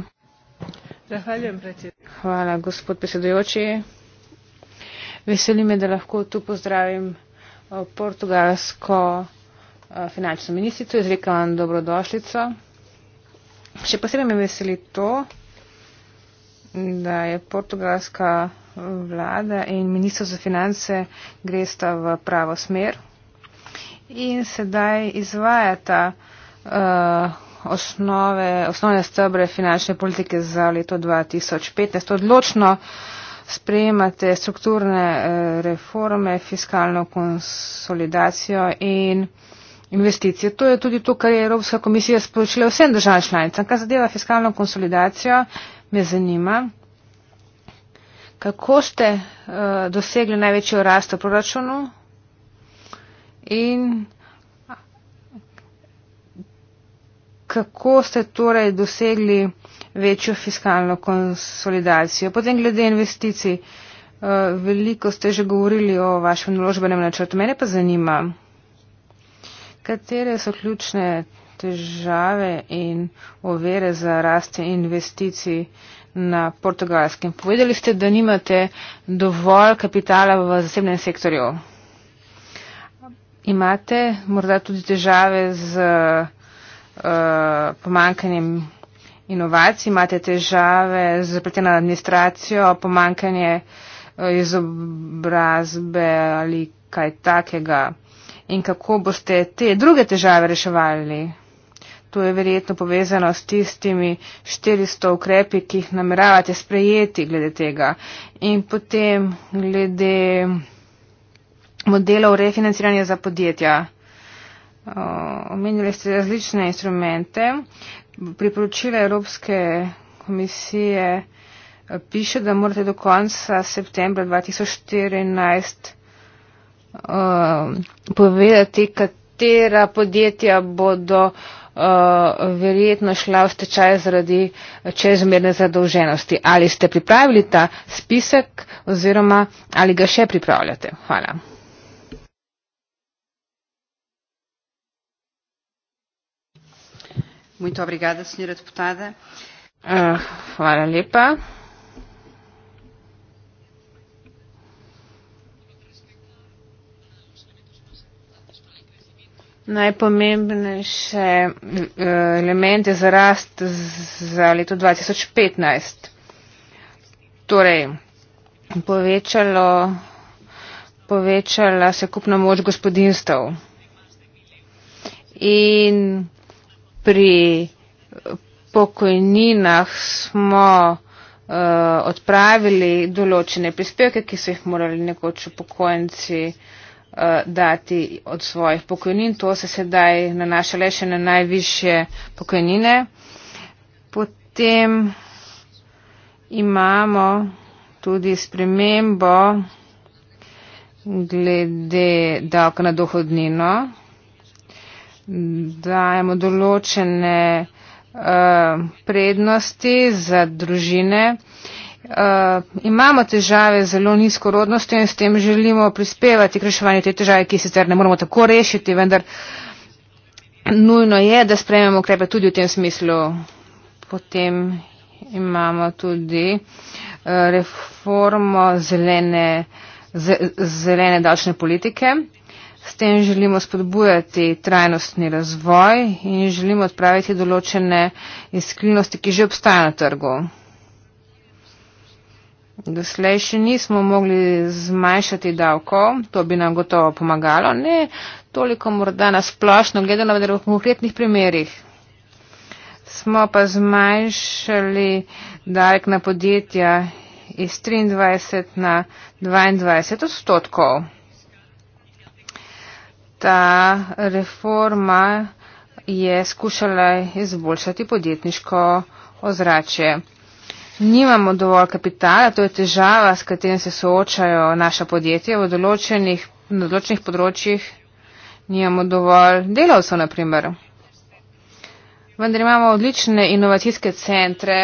Zahvaljujem, predsednik. Hvala, gospod predsedujoči. Veseli me, da lahko tu pozdravim eh, portugalsko Eh, finančno ministrico, izrekam vam dobrodošljico. Še posebej me veseli to, da je portugalska vlada in ministr za finance gresta v pravo smer in sedaj izvajata uh, osnove, osnovne stebre finančne politike za leto 2015. Odločno sprejemate strukturne uh, reforme, fiskalno konsolidacijo in investicije. To je tudi to, kar je Evropska komisija sporočila vsem državam članicam. Kar zadeva fiskalno konsolidacijo, me zanima, kako ste uh, dosegli največjo rast v proračunu in kako ste torej dosegli večjo fiskalno konsolidacijo. Potem glede investicij. Uh, veliko ste že govorili o vašem naložbenem načrtu. Mene pa zanima. Katere so ključne težave in ovire za rast investicij na portugalskem? Povedali ste, da nimate dovolj kapitala v zasebnem sektorju. Imate morda tudi težave z uh, eh, pomankanjem inovacij, imate težave z zapleteno administracijo, pomankanje uh, izobrazbe ali kaj takega in kako boste te druge težave reševali. To je verjetno povezano s tistimi 400 ukrepi, ki jih nameravate sprejeti glede tega. In potem glede modelov refinanciranja za podjetja. Omenili ste različne instrumente. Priporočila Evropske komisije eh, piše, da morate do konca septembra 2014 Um, povedati, katera podjetja bodo uh, verjetno šla v stečaj zaradi čezmerne zadolženosti. Ali ste pripravili ta spisek oziroma ali ga še pripravljate? Hvala. Muito obrigada, senhora deputada. Uh, hvala lepa. najpomembnejše mm, eh, elemente za rast za leto 2015. Torej, povečalo, povečala se kupna moč gospodinstv. In pri eh, pokojninah smo uh, odpravili določene prispevke, ki so jih morali nekoč upokojenci uh, Eh, dati od svojih pokojnin. To se sedaj nanaša le še na najviše pokojnine. Potem imamo tudi spremembo glede davka na dohodnino. Dajemo določene uh, prednosti za družine. Uh, uh, imamo težave z zelo nizko rodnostjo in s tem želimo prispevati k reševanju te težave, ki sicer ne moramo tako rešiti, vendar nujno je, da sprejmemo ukrepe tudi v tem smislu. Potem imamo tudi uh, reformo zelene, zelene davčne politike. S tem želimo spodbujati trajnostni razvoj in želimo odpraviti določene iskrivnosti, ki že obstajajo na trgu. Doslej še nismo mogli zmanjšati davkov, to bi nam gotovo pomagalo, ne toliko morda na splošno gledano, vendar v konkretnih primerjih. Smo pa zmanjšali davek na podjetja iz 23 na 22 odstotkov. Ta reforma je skušala izboljšati podjetniško ozračje nimamo dovolj kapitala, to je težava, s katerim se soočajo naša podjetja v določenih, na določenih področjih, nimamo dovolj delavcev, naprimer. Vendar imamo odlične inovacijske centre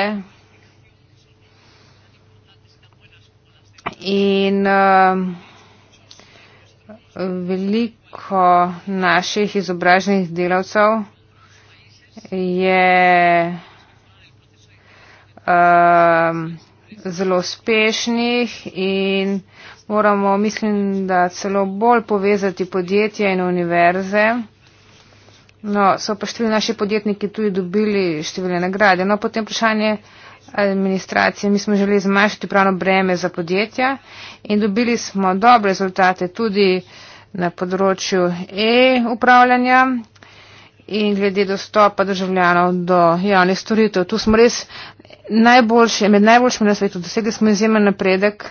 in uh, veliko naših izobraženih delavcev je um, zelo uspešnih in moramo, mislim, da celo bolj povezati podjetja in univerze. No, so pa številni naši podjetniki tudi dobili številne nagrade. No, potem vprašanje administracije. Mi smo želeli zmanjšati pravno breme za podjetja in dobili smo dobre rezultate tudi na področju e-upravljanja in glede dostopa državljanov do javnih storitev. Tu smo res najboljši, med najboljšimi na svetu, dosegli smo izjemen napredek.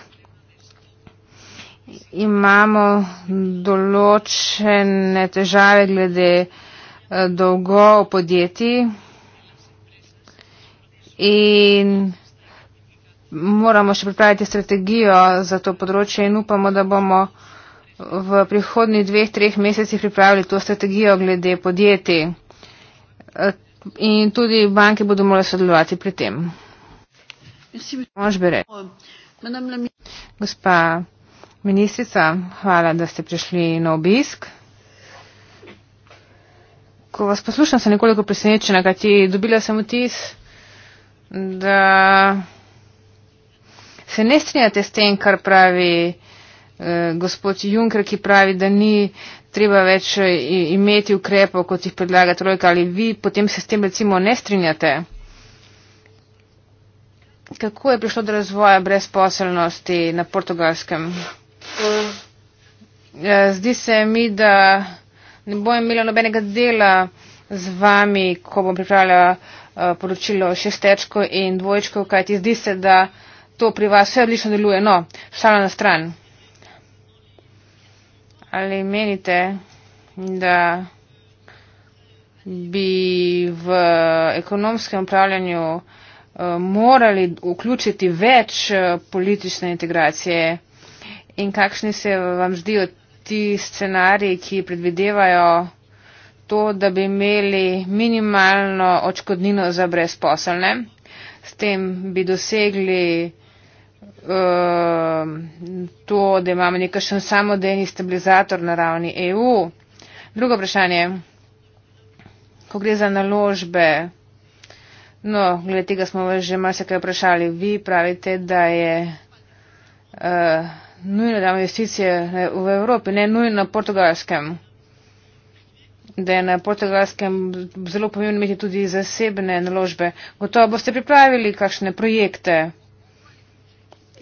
Imamo določene težave glede eh, dolgov podjetij in moramo še pripraviti strategijo za to področje in upamo, da bomo v prihodnjih dveh, treh mesecih pripravili to strategijo glede podjetij. Eh, in tudi banke bodo morale sodelovati pri tem. Gospa ministrica, hvala, da ste prišli na obisk. Ko vas poslušam, sem nekoliko presenečena, kaj ti dobila sem vtis, da se ne strinjate s tem, kar pravi eh, gospod Juncker, ki pravi, da ni treba več eh, imeti ukrepov, kot jih predlaga trojka, ali vi potem se s tem recimo ne strinjate? Kako je prišlo do razvoja brezposelnosti na portugalskem? Ja, zdi se mi, da ne bo imela nobenega dela z vami, ko bom pripravljala eh, poročilo šestečko in dvoječko, kajti zdi se, da to pri vas vse odlično deluje. No, šala na stran. Ali menite, da bi v ekonomskem upravljanju eh, morali vključiti več eh, politične integracije in kakšni se vam zdijo ti scenariji, ki predvidevajo to, da bi imeli minimalno očkodnino za brezposelne, s tem bi dosegli Ehm, to, da imamo nekakšen samodejni stabilizator na ravni EU. Drugo vprašanje, ko gre za naložbe, no, glede tega smo vas že malce kaj vprašali. Vi pravite, da je uh, nujno, da imamo investicije v Evropi, ne nujno na portugalskem. Da je na portugalskem zelo pomembno imeti tudi zasebne naložbe. Gotovo boste pripravili kakšne projekte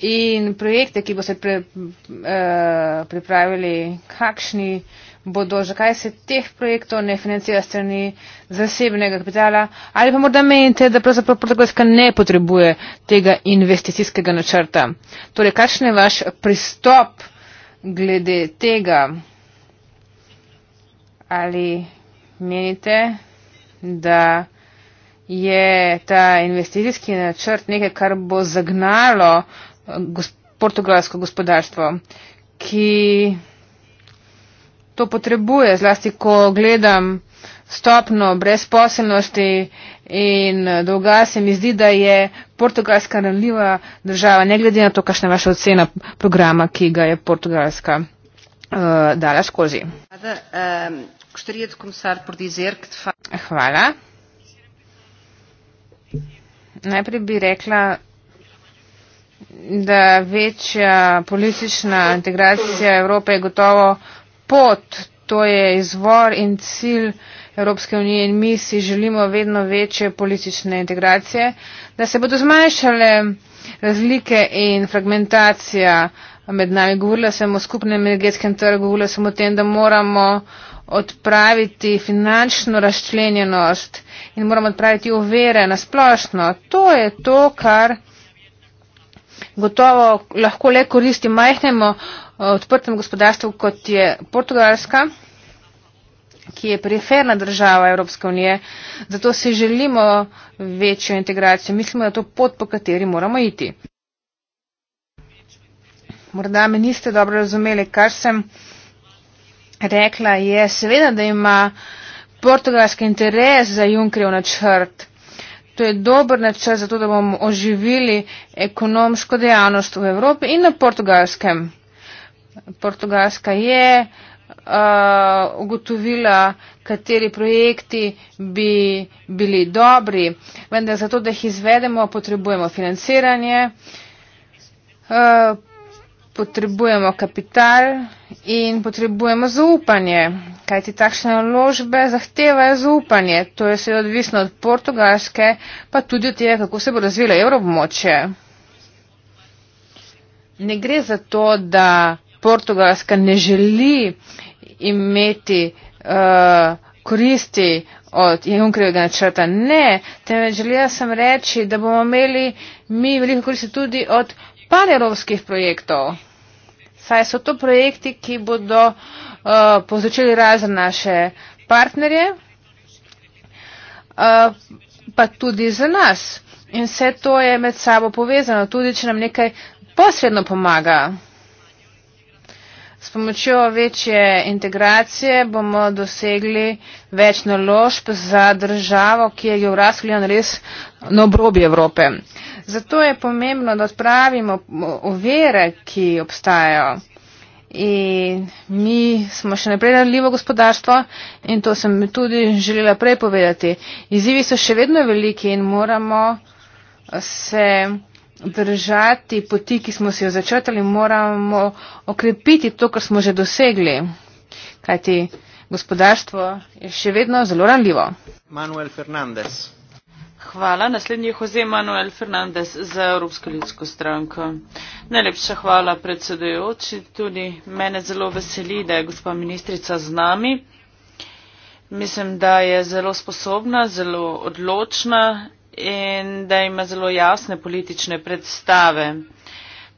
in projekte, ki boste pre, uh, pripravili, kakšni bodo, zakaj se teh projektov ne financira strani zasebnega kapitala ali pa morda menite, da pravzaprav Portugalska ne potrebuje tega investicijskega načrta. Torej, kakšen je vaš pristop glede tega? Ali menite, da je ta investicijski načrt nekaj, kar bo zagnalo uh, portugalsko gospodarstvo, ki to potrebuje, zlasti ko gledam stopno brezposelnosti in dolga, se mi zdi, da je portugalska ranljiva država, ne glede na to, kakšna je vaša ocena programa, ki ga je portugalska uh, dala skozi. Hvala. Najprej bi rekla, da večja politična integracija Evrope je gotovo pot, to je izvor in cilj Evropske unije in mi si želimo vedno večje politične integracije, da se bodo zmanjšale razlike in fragmentacija med nami. Govorila sem o skupnem energetskem trgu, govorila sem o tem, da moramo odpraviti finančno razčlenjenost in moramo odpraviti uvere na splošno. To je to, kar gotovo lahko le koristi majhnemu eh, odprtemu gospodarstvu, kot je Portugalska, ki je periferna država Evropske unije. Zato si želimo večjo integracijo. Mislimo, da je to pot, po kateri moramo iti. Morda me niste dobro razumeli, kar sem rekla. Je seveda, da ima Portugalski interes za Junkrijev načrt to je dober načrt za to, da bomo oživili ekonomsko dejavnost v Evropi in na portugalskem. Portugalska je uh, ugotovila, kateri projekti bi bili dobri, vendar za to, da jih izvedemo, potrebujemo financiranje. Uh, potrebujemo kapital in potrebujemo zaupanje, kajti takšne naložbe zahtevajo zaupanje. To je seveda odvisno od portugalske, pa tudi od tega, kako se bo razvilo evroobmočje. Ne gre za to, da portugalska ne želi imeti uh, koristi od Junkrevega načrta. Ne, temveč želela sem reči, da bomo imeli mi veliko koristi tudi od panevropskih projektov, saj so to projekti, ki bodo uh, povzročili razne naše partnerje, uh, pa tudi za nas. In vse to je med sabo povezano, tudi če nam nekaj posredno pomaga. S pomočjo večje integracije bomo dosegli več naložb za državo, ki je geografsko gledano res na obrobi Evrope. Uh, Zato je pomembno, da odpravimo ovire, ki obstajajo. In mi smo še naprej ranljivo gospodarstvo in to sem tudi želela prej povedati. Izzivi so še vedno veliki in moramo se držati poti, ki smo si jo začrtali, moramo okrepiti to, kar smo že dosegli. Kajti gospodarstvo je še vedno zelo ranljivo. Manuel Fernandez. Hvala. Naslednji je Jose Manuel Fernandez za Evropsko ljudsko stranko. Najlepša hvala predsedujoči. Tudi mene zelo veseli, da je gospa ministrica z nami. Mislim, da je zelo sposobna, zelo odločna in da ima zelo jasne politične predstave.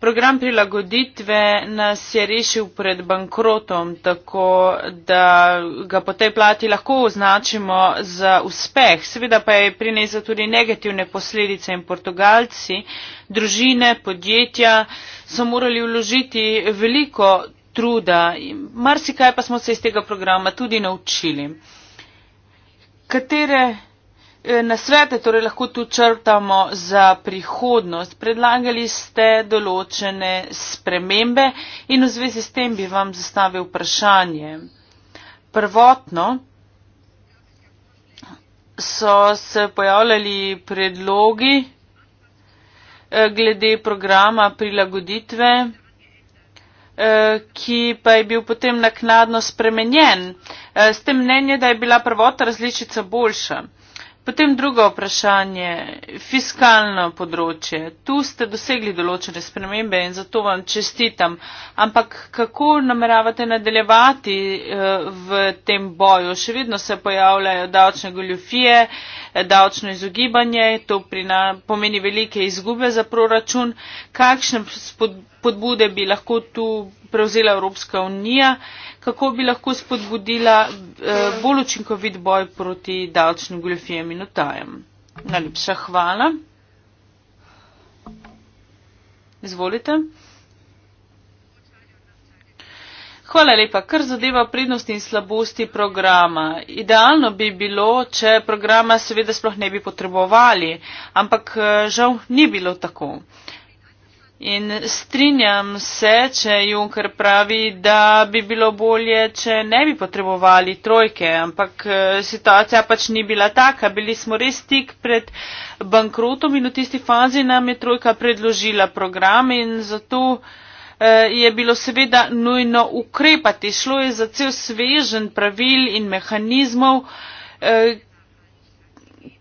Program prilagoditve nas je rešil pred bankrotom, tako da ga po tej plati lahko označimo za uspeh. Seveda pa je prinesel tudi negativne posledice in portugalci, družine, podjetja so morali vložiti veliko truda. Marsikaj pa smo se iz tega programa tudi naučili. Katere Eh, nasvete torej lahko tu črtamo za prihodnost. Predlagali ste določene spremembe in v zvezi s tem bi vam zastavil vprašanje. Prvotno so se pojavljali predlogi eh, glede programa prilagoditve, eh, ki pa je bil potem naknadno spremenjen. S tem mnenje, da je bila prvota različica boljša. Potem drugo vprašanje, fiskalno področje. Tu ste dosegli določene spremembe in zato vam čestitam. Ampak kako nameravate nadaljevati eh, v tem boju? Še vedno se pojavljajo davčne goljufije, davčno izogibanje, to prina, pomeni velike izgube za proračun. Kakšne spodbude bi lahko tu prevzela Evropska unija, kako bi lahko spodbudila eh, bolj učinkovit boj proti davčnim goljofijem in utajem. Najlepša hvala. Izvolite. Hvala lepa. Kar zadeva prednosti in slabosti programa. Idealno bi bilo, če programa seveda sploh ne bi potrebovali, ampak eh, žal ni bilo tako. In strinjam se, če Junker pravi, da bi bilo bolje, če ne bi potrebovali trojke, ampak eh, situacija pač ni bila taka. Bili smo res tik pred bankrotom in v tisti fazi nam je trojka predložila program in zato. Uh, Eh, je bilo seveda nujno ukrepati. Šlo je za cel svežen pravil in mehanizmov, eh,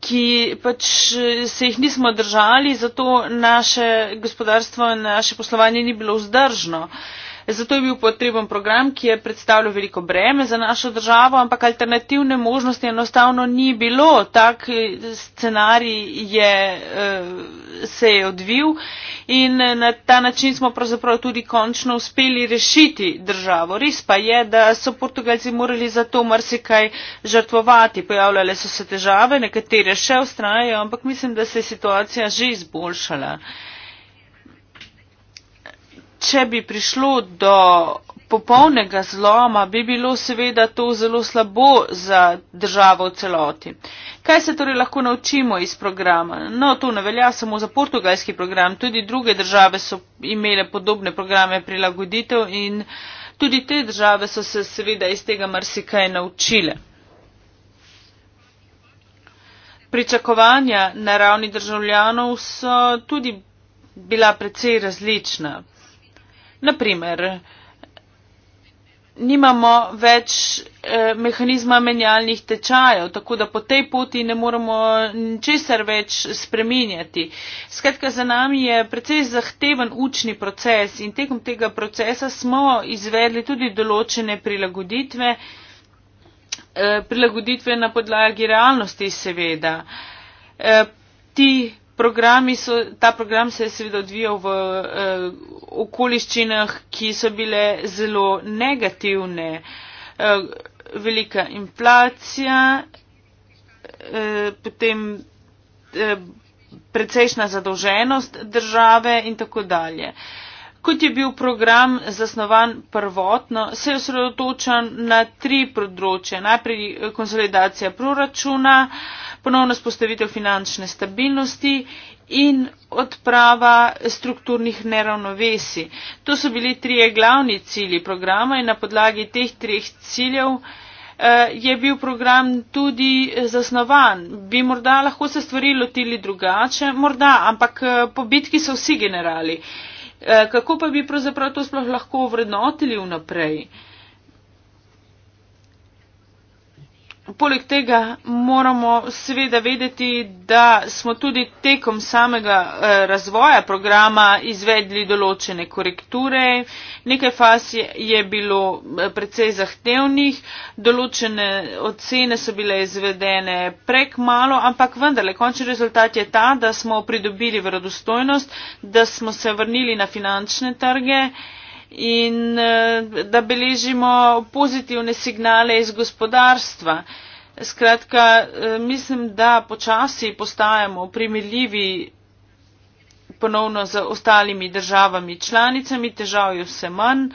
ki pač eh, se jih nismo držali, zato naše gospodarstvo in naše poslovanje ni bilo vzdržno zato je bil potreben program, ki je predstavljal veliko breme za našo državo, ampak alternativne možnosti enostavno ni bilo. Tak eh, scenarij je, eh, se je odvil in eh, na ta način smo pravzaprav tudi končno uspeli rešiti državo. Res pa je, da so Portugalci morali za to marsikaj žrtvovati. Pojavljale so se težave, nekatere še ustrajajo, ampak mislim, da se je situacija že izboljšala če bi prišlo do popolnega zloma, bi bilo seveda to zelo slabo za državo v celoti. Kaj se torej lahko naučimo iz programa? No, to ne velja samo za portugalski program, tudi druge države so imele podobne programe prilagoditev in tudi te države so se seveda iz tega marsikaj naučile. Pričakovanja na ravni državljanov so tudi bila precej različna. Naprimer, nimamo več eh, mehanizma menjalnih tečajev, tako da po tej poti ne moramo česar več spreminjati. Skratka, za nami je precej zahteven učni proces in tekom tega procesa smo izvedli tudi določene prilagoditve, eh, prilagoditve na podlagi realnosti seveda. Eh, ti programi so, ta program se je seveda odvijal v eh, okoliščinah, ki so bile zelo negativne. Eh, velika inflacija, eh, potem eh, precejšna zadolženost države in tako dalje. Eh, kot je bil program zasnovan prvotno, se je osredotočen na tri področje. Najprej konsolidacija proračuna, ponovno spostavitev finančne stabilnosti in odprava strukturnih neravnovesi. To so bili trije glavni cilji programa in na podlagi teh treh ciljev eh, je bil program tudi zasnovan. Bi morda lahko se stvari lotili drugače, morda, ampak eh, po bitki so vsi generali. Eh, kako pa bi pravzaprav to sploh lahko vrednotili vnaprej? Poleg tega moramo seveda vedeti, da smo tudi tekom samega eh, razvoja programa izvedli določene korekture. Nekaj faz je bilo eh, precej zahtevnih, določene ocene so bile izvedene prek malo, ampak vendarle, končni rezultat je ta, da smo pridobili verodostojnost, da smo se vrnili na finančne trge in eh, da beležimo pozitivne signale iz gospodarstva. Skratka, eh, mislim, da počasi postajamo primerljivi ponovno z ostalimi državami članicami, težav je vse manj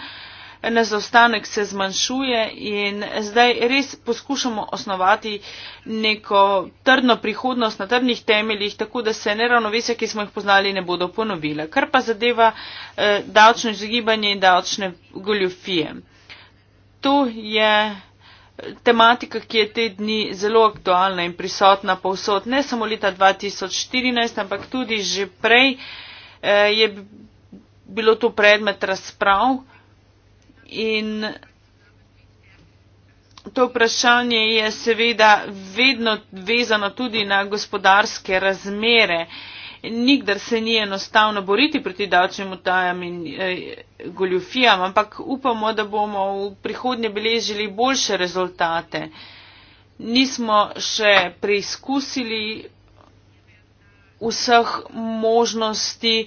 ne zaostanek se zmanjšuje in zdaj res poskušamo osnovati neko trdno prihodnost na trdnih temeljih, tako da se neravnovesja, ki smo jih poznali, ne bodo ponovile. Kar pa zadeva eh, davčno izogibanje in davčne goljofije. To je eh, tematika, ki je te dni zelo aktualna in prisotna povsod, ne samo leta 2014, ampak tudi že prej eh, je bilo to predmet razprav in to vprašanje je seveda vedno vezano tudi na gospodarske razmere. Nikdar se ni enostavno boriti proti davčnim utajam in eh, goljufijam, ampak upamo, da bomo v prihodnje beležili boljše rezultate. Nismo še preizkusili vseh možnosti,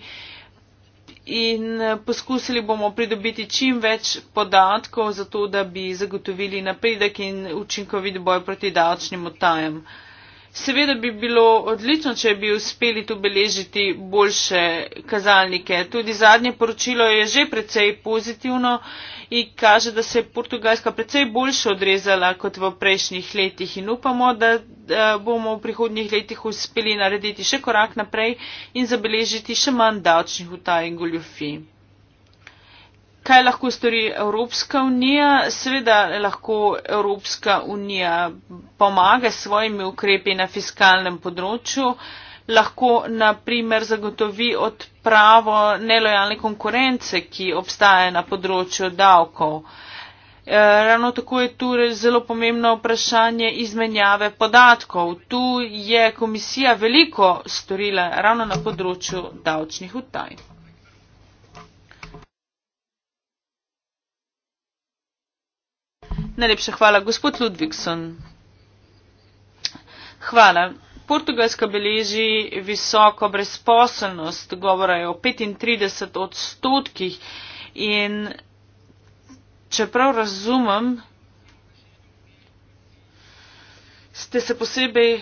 in eh, poskusili bomo pridobiti čim več podatkov za to, da bi zagotovili napredek in učinkovit boj proti davčnim otajem. Seveda bi bilo odlično, če bi uspeli tu beležiti boljše kazalnike. Tudi zadnje poročilo je že precej pozitivno in kaže, da se je Portugalska precej boljše odrezala kot v prejšnjih letih in upamo, da bomo v prihodnjih letih uspeli narediti še korak naprej in zabeležiti še manj davčnih utaj in goljofij. Kaj lahko stori Evropska unija? Seveda lahko Evropska unija pomaga s svojimi ukrepi na fiskalnem področju. Uh, lahko na primer zagotovi odpravo nelojalne konkurence, ki obstaja na področju davkov. E, ravno tako je tu zelo pomembno vprašanje izmenjave podatkov. Tu je komisija veliko storila ravno na področju davčnih utaj. Najlepša hvala, gospod Ludvikson. Hvala. Portugalska beleži visoko brezposelnost, govora je o 35 odstotkih in čeprav razumem, ste se posebej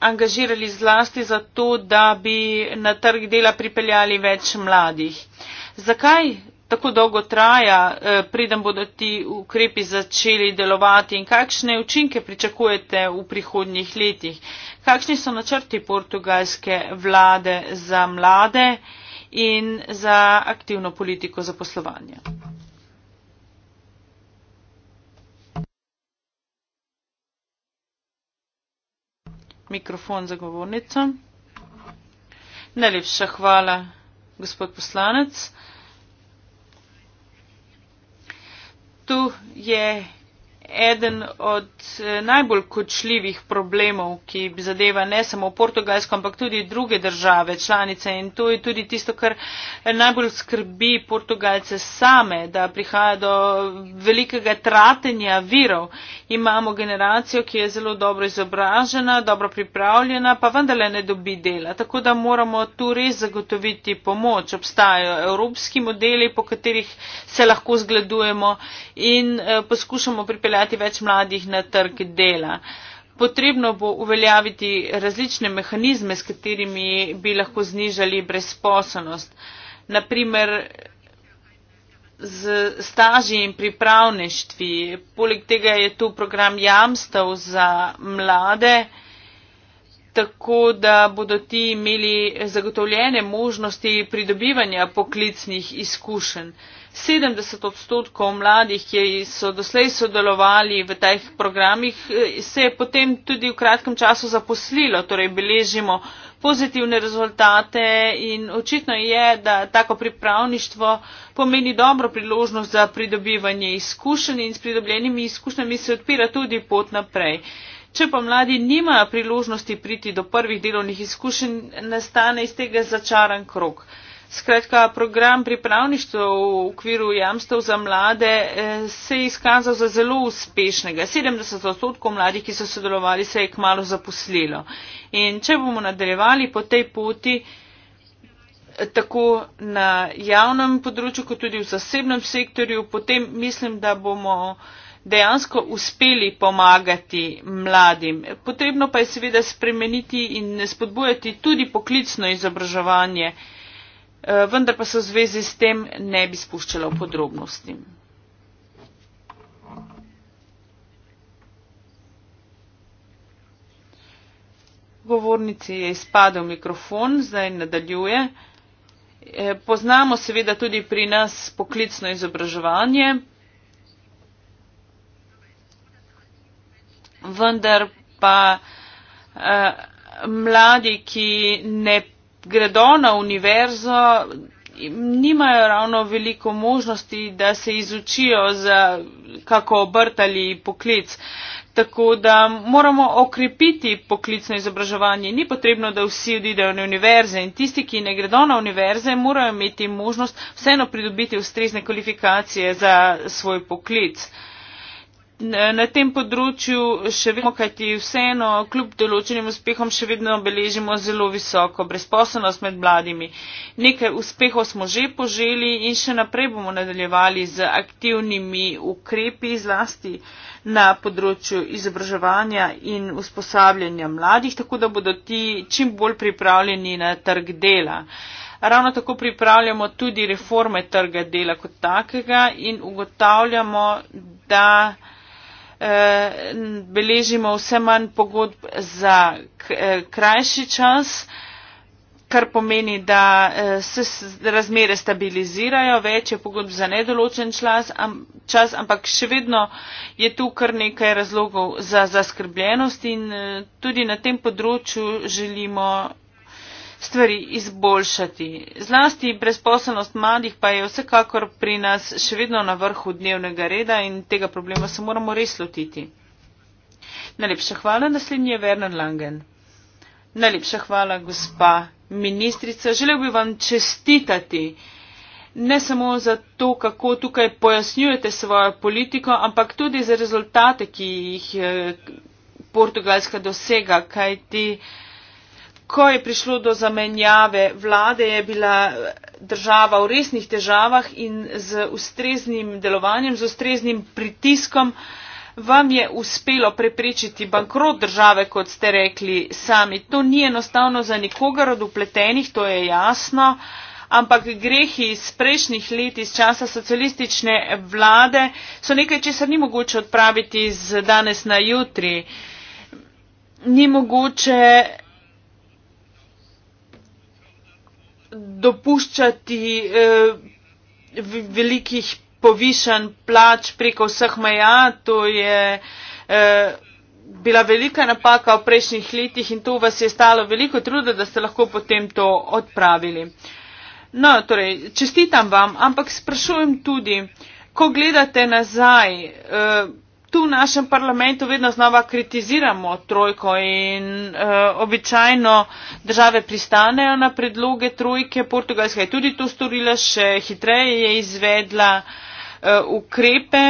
angažirali zlasti za to, da bi na trg dela pripeljali več mladih. Zakaj tako dolgo traja, eh, preden bodo ti ukrepi začeli delovati in kakšne učinke pričakujete v prihodnjih letih? kakšni so načrti portugalske vlade za mlade in za aktivno politiko zaposlovanja. Mikrofon za govornico. Najlepša hvala, gospod poslanec. Tu je eden od eh, najbolj kočljivih problemov, ki zadeva ne samo Portugalsko, ampak tudi druge države članice. In to je tudi tisto, kar najbolj skrbi Portugalce same, da prihaja do velikega tratenja virov. Imamo generacijo, ki je zelo dobro izobražena, dobro pripravljena, pa vendarle ne dobi dela. Tako da moramo tu res zagotoviti pomoč. Obstajajo evropski modeli, po katerih se lahko zgledujemo in eh, poskušamo pripeljati pripeljati več mladih na trg dela. Potrebno bo uveljaviti različne mehanizme, s katerimi bi lahko znižali brezposobnost. Naprimer, z staži in pripravništvi. Poleg tega je tu program jamstav za mlade, tako da bodo ti imeli zagotovljene možnosti pridobivanja poklicnih izkušenj. 70 odstotkov mladih, ki so doslej sodelovali v teh programih, se je potem tudi v kratkem času zaposlilo, torej beležimo pozitivne rezultate in očitno je, da tako pripravništvo pomeni dobro priložnost za pridobivanje izkušenj in s pridobljenimi izkušnjami se odpira tudi pot naprej. Če pa mladi nimajo priložnosti priti do prvih delovnih izkušenj, nastane iz tega začaran krok. Skratka, program pripravništva v okviru jamstev za mlade eh, se je izkazal za zelo uspešnega. 70 odstotkov mladih, ki so sodelovali, se je kmalo zaposlilo. In če bomo nadaljevali po tej poti, eh, tako na javnem področju, kot tudi v zasebnem sektorju, potem mislim, da bomo dejansko uspeli pomagati mladim. Potrebno pa je seveda spremeniti in spodbujati tudi poklicno izobraževanje. Eh, vendar pa se v zvezi s tem ne bi spuščala v podrobnosti. Govornici je izpadel mikrofon, zdaj nadaljuje. Eh, poznamo seveda tudi pri nas poklicno izobraževanje, vendar pa eh, mladi, ki ne gredo na univerzo, nimajo ravno veliko možnosti, da se izučijo za kako obrtali poklic. Tako da moramo okrepiti poklicno izobraževanje. Ni potrebno, da vsi odidejo na univerze in tisti, ki ne gredo na univerze, morajo imeti možnost vseeno pridobiti ustrezne kvalifikacije za svoj poklic na tem področju še vedno, kajti vseeno, kljub določenim uspehom, še vedno beležimo zelo visoko brezposobnost med mladimi. Nekaj uspehov smo že poželi in še naprej bomo nadaljevali z aktivnimi ukrepi, zlasti na področju izobraževanja in usposabljanja mladih, tako da bodo ti čim bolj pripravljeni na trg dela. Ravno tako pripravljamo tudi reforme trga dela kot takega in ugotavljamo, da Eh, beležimo vse manj pogodb za eh, krajši čas, kar pomeni, da eh, se razmere stabilizirajo, več je pogodb za nedoločen čas, am, čas ampak še vedno je tu kar nekaj razlogov za zaskrbljenost in tudi na tem področju želimo stvari izboljšati. Zlasti brezposelnost mladih pa je vsekakor pri nas še vedno na vrhu dnevnega reda in tega problema se moramo res lotiti. Najlepša hvala, naslednji je Vernon Langen. Najlepša hvala, gospa ministrica. Želel bi vam čestitati ne samo za to, kako tukaj pojasnjujete svojo politiko, ampak tudi za rezultate, ki jih eh, Portugalska dosega, kajti ko je prišlo do zamenjave vlade, je bila država v resnih težavah in z ustreznim delovanjem, z ustreznim pritiskom vam je uspelo preprečiti bankrot države, kot ste rekli sami. To ni enostavno za nikogar od upletenih, to je jasno, ampak grehi iz prejšnjih let, iz časa socialistične vlade, so nekaj, česar ni mogoče odpraviti z danes na jutri. Ni mogoče dopuščati eh, velikih povišen plač preko vseh meja. To je eh, bila velika napaka v prejšnjih letih in to vas je stalo veliko truda, da ste lahko potem to odpravili. No, torej, čestitam vam, ampak sprašujem tudi, ko gledate nazaj. Eh, tu v našem parlamentu vedno znova kritiziramo trojko in e, običajno države pristanejo na predloge trojke. Portugalska je tudi to storila, še hitreje je izvedla e, ukrepe.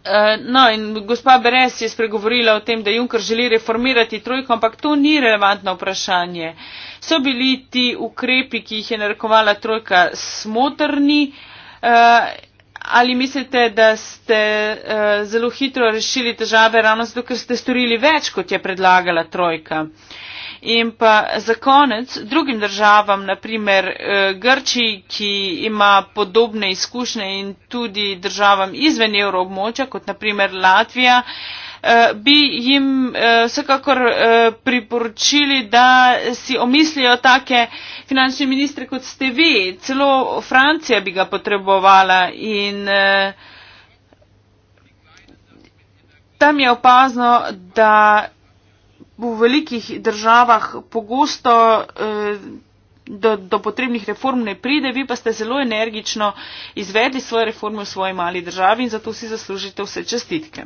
Eh, no in gospa Beres je spregovorila o tem, da Juncker želi reformirati trojko, ampak to ni relevantno vprašanje. So bili ti ukrepi, ki jih je narekovala trojka, smotrni ali mislite, da ste uh, zelo hitro rešili težave ravno zato, ker ste storili več, kot je predlagala trojka. In pa za konec drugim državam, naprimer eh, Grčiji, ki ima podobne izkušnje in tudi državam izven evroobmočja, kot naprimer Latvija, uh, Eh, bi jim eh, vsekakor eh, priporočili, da si omislijo take finančne ministre, kot ste vi. Celo Francija bi ga potrebovala in tam je opazno, da v velikih državah pogosto do, do potrebnih reform ne pride, vi pa ste zelo energično izvedli svoje reforme v svoji mali državi in zato si zaslužite vse čestitke.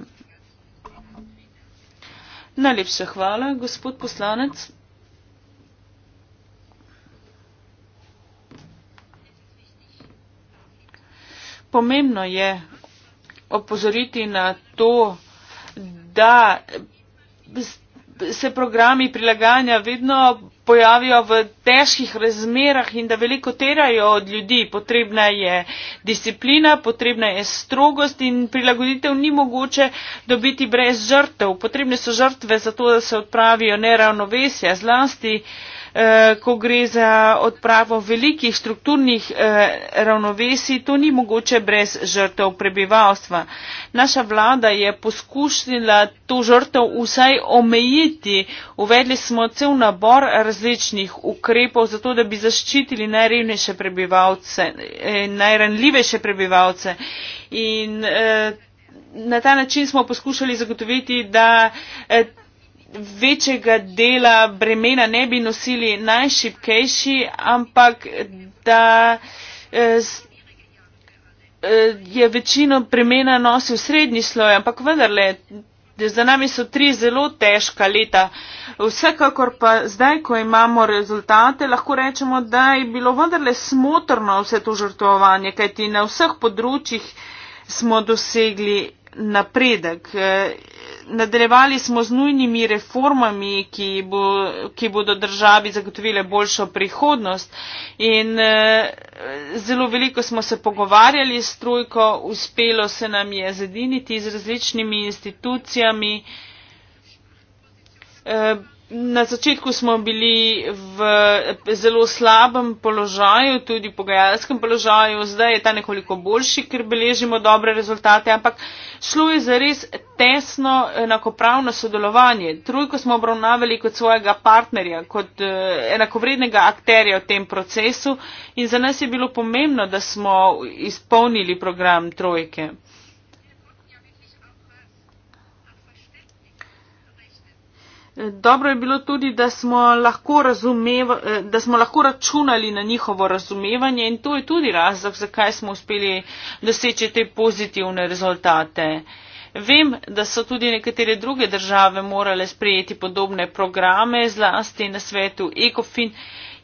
Najlepša hvala, gospod poslanec. Pomembno je opozoriti na to, da se programi prilagajanja vedno pojavijo v težkih razmerah in da veliko terajo od ljudi. Potrebna je disciplina, potrebna je strogost in prilagoditev ni mogoče dobiti brez žrtev. Potrebne so žrtve za to, da se odpravijo neravnovesja zlasti. Uh, Eh, ko gre za odpravo velikih strukturnih eh, ravnovesij, to ni mogoče brez žrtev prebivalstva. Naša vlada je poskušnila to žrtev vsaj omejiti. Uvedli smo cel nabor različnih ukrepov, zato da bi zaščitili najrevnejše prebivalce, eh, najranljivejše prebivalce. In, Na ta način smo poskušali zagotoviti, da večjega dela bremena ne bi nosili najšipkejši, ampak da eh, eh, je večino bremena nosil srednji sloj, ampak vendarle, za nami so tri zelo težka leta. Vsekakor pa zdaj, ko imamo rezultate, lahko rečemo, da je bilo vendarle smotrno vse to žrtvovanje, kajti na vseh področjih smo dosegli napredek. Eh, nadaljevali smo z nujnimi reformami, ki, bo, ki bodo državi zagotovile boljšo prihodnost. In e, zelo veliko smo se pogovarjali s trojko, uspelo se nam je zediniti z različnimi institucijami. E, na začetku smo bili v zelo slabem položaju, tudi pogajalskem položaju, zdaj je ta nekoliko boljši, ker beležimo dobre rezultate, ampak šlo je za res tesno enakopravno sodelovanje. Trujko smo obravnavali kot svojega partnerja, kot eh, enakovrednega akterja v tem procesu in za nas je bilo pomembno, da smo izpolnili program trojke. Dobro je bilo tudi, da smo, lahko da smo lahko računali na njihovo razumevanje in to je tudi razlog, zakaj smo uspeli doseči te pozitivne rezultate. Vem, da so tudi nekatere druge države morale sprejeti podobne programe, zlasti na svetu ECOFIN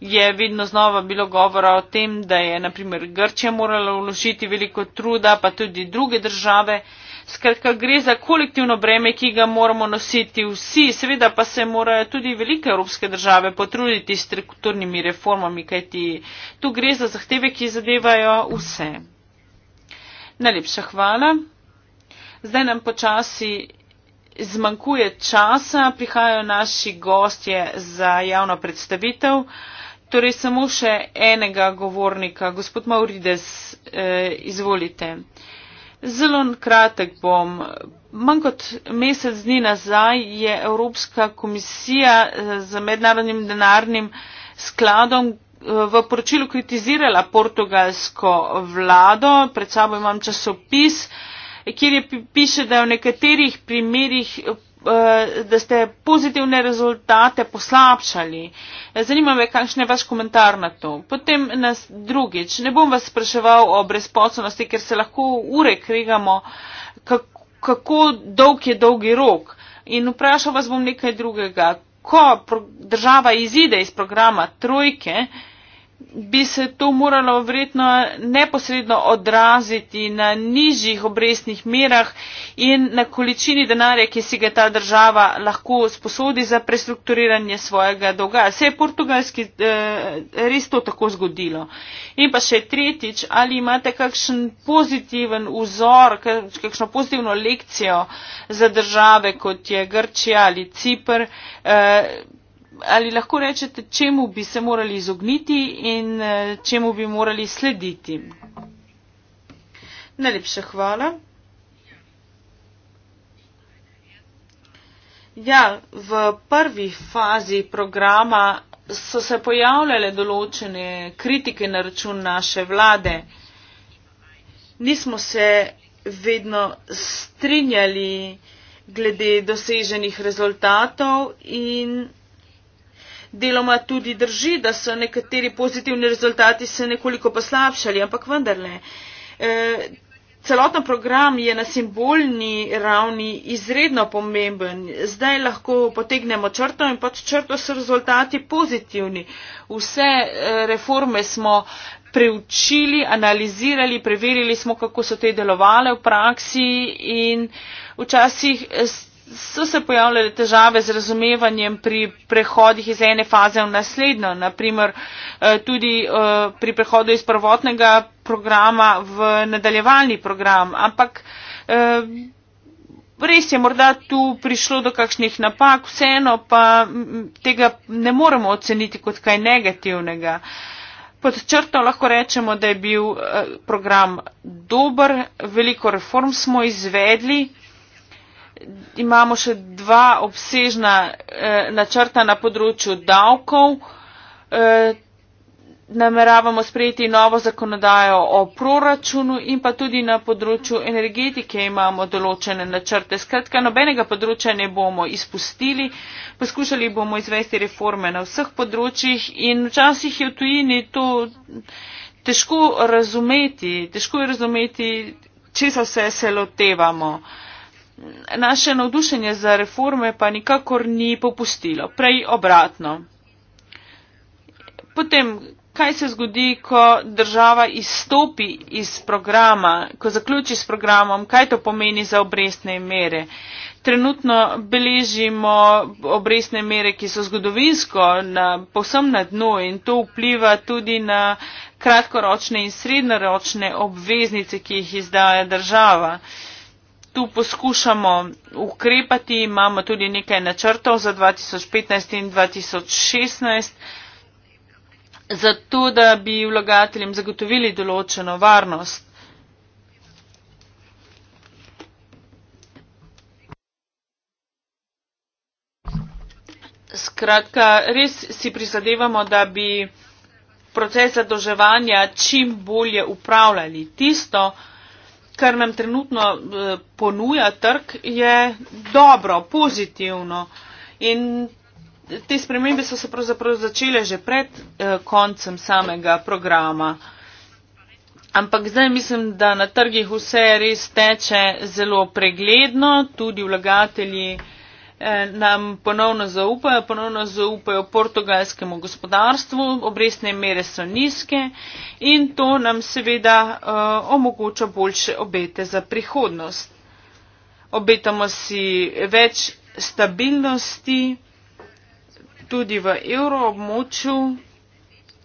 je vedno znova bilo govora o tem, da je naprimer Grčija morala vložiti veliko truda, pa tudi druge države. Skratka, gre za kolektivno breme, ki ga moramo nositi vsi, seveda pa se morajo tudi velike evropske države potruditi s strukturnimi reformami, kajti tu gre za zahteve, ki zadevajo vse. Najlepša hvala. Zdaj nam počasi zmanjkuje časa, prihajajo naši gostje za javno predstavitev. Torej samo še enega govornika, gospod Maurides, eh, izvolite. Zelo kratek bom. Manj kot mesec dni nazaj je Evropska komisija eh, z mednarodnim denarnim skladom eh, v poročilu kritizirala portugalsko vlado. Pred sabo imam časopis, kjer je piše, da je v nekaterih primerjih Eh, da ste pozitivne rezultate poslabšali. Eh, zanima me, kakšen je vaš komentar na to. Potem nas drugič, ne bom vas spraševal o brezposobnosti, ker se lahko ure krigamo, kako, kako dolg je dolgi rok. In vprašal vas bom nekaj drugega. Ko država izide iz programa trojke, bi se to moralo vredno neposredno odraziti na nižjih obrestnih merah in na količini denarja, ki si ga ta država lahko sposodi za prestrukturiranje svojega dolga. Se je portugalski eh, res to tako zgodilo. In pa še tretjič, ali imate kakšen pozitiven vzor, kakšno pozitivno lekcijo za države, kot je Grčija ali Cipr? Eh, ali lahko rečete, čemu bi se morali izogniti in eh, čemu bi morali slediti? Najlepša hvala. Ja, v prvi fazi programa so se pojavljale določene kritike na račun naše vlade. Nismo se vedno strinjali glede doseženih rezultatov in deloma tudi drži, da so nekateri pozitivni rezultati se nekoliko poslabšali, ampak vendarle. E, celoten program je na simbolni ravni izredno pomemben. Zdaj lahko potegnemo črto in pod črto so rezultati pozitivni. Vse e, reforme smo preučili, analizirali, preverili smo, kako so te delovale v praksi in včasih so se pojavljale težave z razumevanjem pri prehodih iz ene faze v naslednjo, naprimer eh, tudi eh, pri prehodu iz prvotnega programa v nadaljevalni program. Ampak eh, res je morda tu prišlo do kakšnih napak, vseeno pa tega ne moremo oceniti kot kaj negativnega. Pod črto lahko rečemo, da je bil program dober, veliko reform smo izvedli imamo še dva obsežna eh, načrta na področju davkov. Eh, nameravamo sprejeti novo zakonodajo o proračunu in pa tudi na področju energetike imamo določene načrte. Skratka, nobenega področja ne bomo izpustili. Poskušali bomo izvesti reforme na vseh področjih in včasih je v tujini to težko razumeti, težko je razumeti, če se vse se lotevamo naše navdušenje za reforme pa nikakor ni popustilo, prej obratno. Potem, kaj se zgodi, ko država izstopi iz programa, ko zaključi s programom, kaj to pomeni za obrestne mere? Trenutno beležimo obrestne mere, ki so zgodovinsko na, povsem na dnu in to vpliva tudi na kratkoročne in srednjeročne obveznice, ki jih izdaja država. Uh, tu poskušamo ukrepati, imamo tudi nekaj načrtov za 2015 in 2016, zato da bi vlagateljem zagotovili določeno varnost. Skratka, res si prizadevamo, da bi proces zadoževanja čim bolje upravljali. Tisto, kar nam trenutno eh, ponuja trg, je dobro, pozitivno. In te spremembe so se pravzaprav začele že pred eh, koncem samega programa. Ampak zdaj mislim, da na trgih vse res teče zelo pregledno, tudi vlagatelji. Eh, nam ponovno zaupajo, ponovno zaupajo portugalskemu gospodarstvu, obrestne mere so nizke in to nam seveda eh, omogoča boljše obete za prihodnost. Obetamo si več stabilnosti tudi v evroobmočju,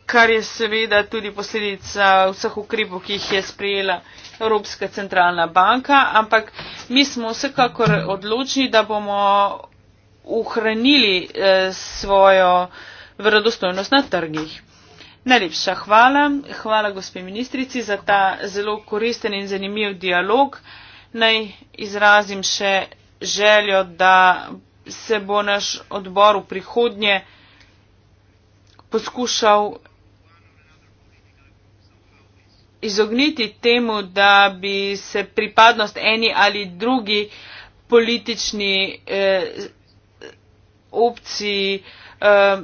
kar je seveda tudi posledica vseh ukrepov, ki jih je sprejela. Evropska centralna banka, ampak mi smo vsekakor odločni, da bomo uhranili eh, svojo verodostojnost na trgih. Najlepša hvala. Hvala gospe ministrici za ta zelo koristen in zanimiv dialog. Naj izrazim še željo, da se bo naš odbor v prihodnje poskušal izogniti temu, da bi se pripadnost eni ali drugi politični eh, opciji, eh,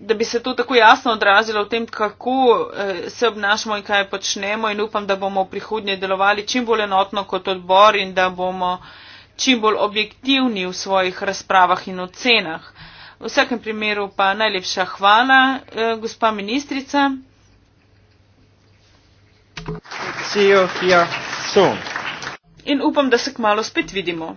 da bi se to tako jasno odrazilo v tem, kako eh, se obnašamo in kaj počnemo in upam, da bomo v prihodnje delovali čim bolj enotno kot odbor in da bomo čim bolj objektivni v svojih razpravah in ocenah. V vsakem primeru pa najlepša hvala, eh, gospa ministrica. See you here soon. In upam, da se k malo spet vidimo.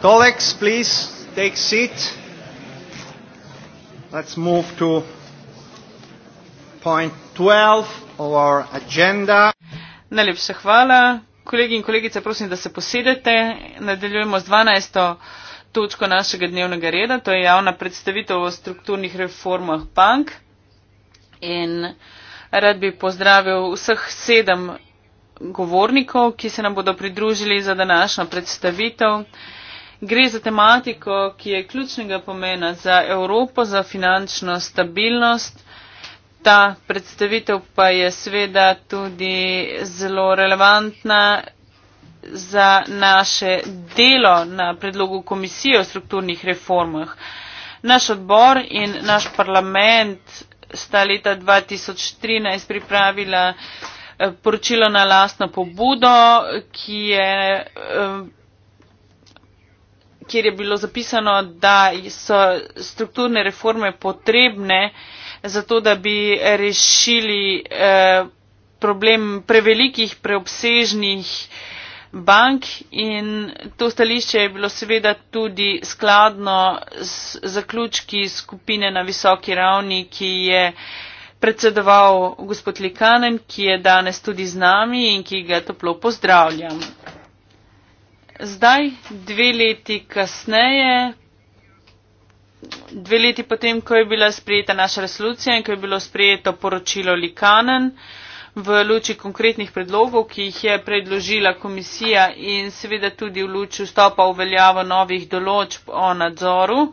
Colleagues, please take seat. Let's move to point 12 of our agenda. Najlepša hvala. Kolegi in kolegice, prosim, da se posedete. Nadaljujemo z 12. točko našega dnevnega reda, to je javna predstavitev o strukturnih reformah bank. In rad bi pozdravil vseh sedem govornikov, ki se nam bodo pridružili za današnjo predstavitev. Gre za tematiko, ki je ključnega pomena za Evropo, za finančno stabilnost. Ta predstavitev pa je seveda tudi zelo relevantna za naše delo na predlogu komisije o strukturnih reformah. Naš odbor in naš parlament sta leta 2013 pripravila eh, poročilo na lastno pobudo, ki je eh, kjer je bilo zapisano, da so strukturne reforme potrebne zato, da bi rešili eh, problem prevelikih, preobsežnih bank in to stališče je bilo seveda tudi skladno z zaključki skupine na visoki ravni, ki je predsedoval gospod Likanen, ki je danes tudi z nami in ki ga toplo pozdravljam zdaj, dve leti kasneje, dve leti potem, ko je bila sprejeta naša resolucija in ko je bilo sprejeto poročilo Likanen v luči konkretnih predlogov, ki jih je predložila komisija in seveda tudi v luči vstopa v veljavo novih določb o nadzoru,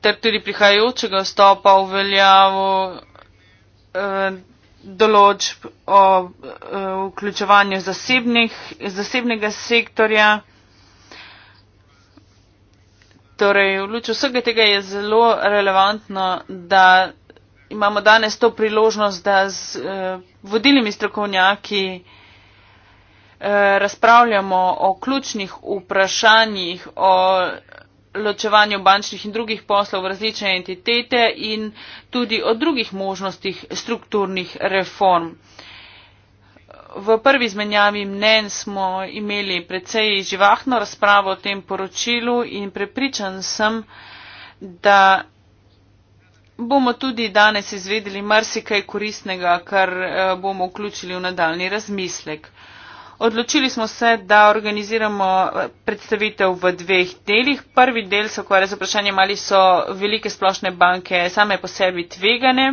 ter tudi prihajajočega vstopa v veljavo. Eh, določb o e, vključevanju zasebnega sektorja. Torej, v luči vsega tega je zelo relevantno, da imamo danes to priložnost, da z eh, vodilnimi strokovnjaki eh, razpravljamo o ključnih vprašanjih, o ločevanju bančnih in drugih poslov v različne entitete in tudi o drugih možnostih strukturnih reform. V prvi izmenjavi mnen smo imeli precej živahno razpravo o tem poročilu in prepričan sem, da bomo tudi danes izvedeli marsikaj koristnega, kar eh, bomo vključili v nadaljni razmislek. Odločili smo se, da organiziramo eh, predstavitev v dveh delih. Prvi del se ukvarja z vprašanjem, ali so velike splošne banke same po sebi tvegane.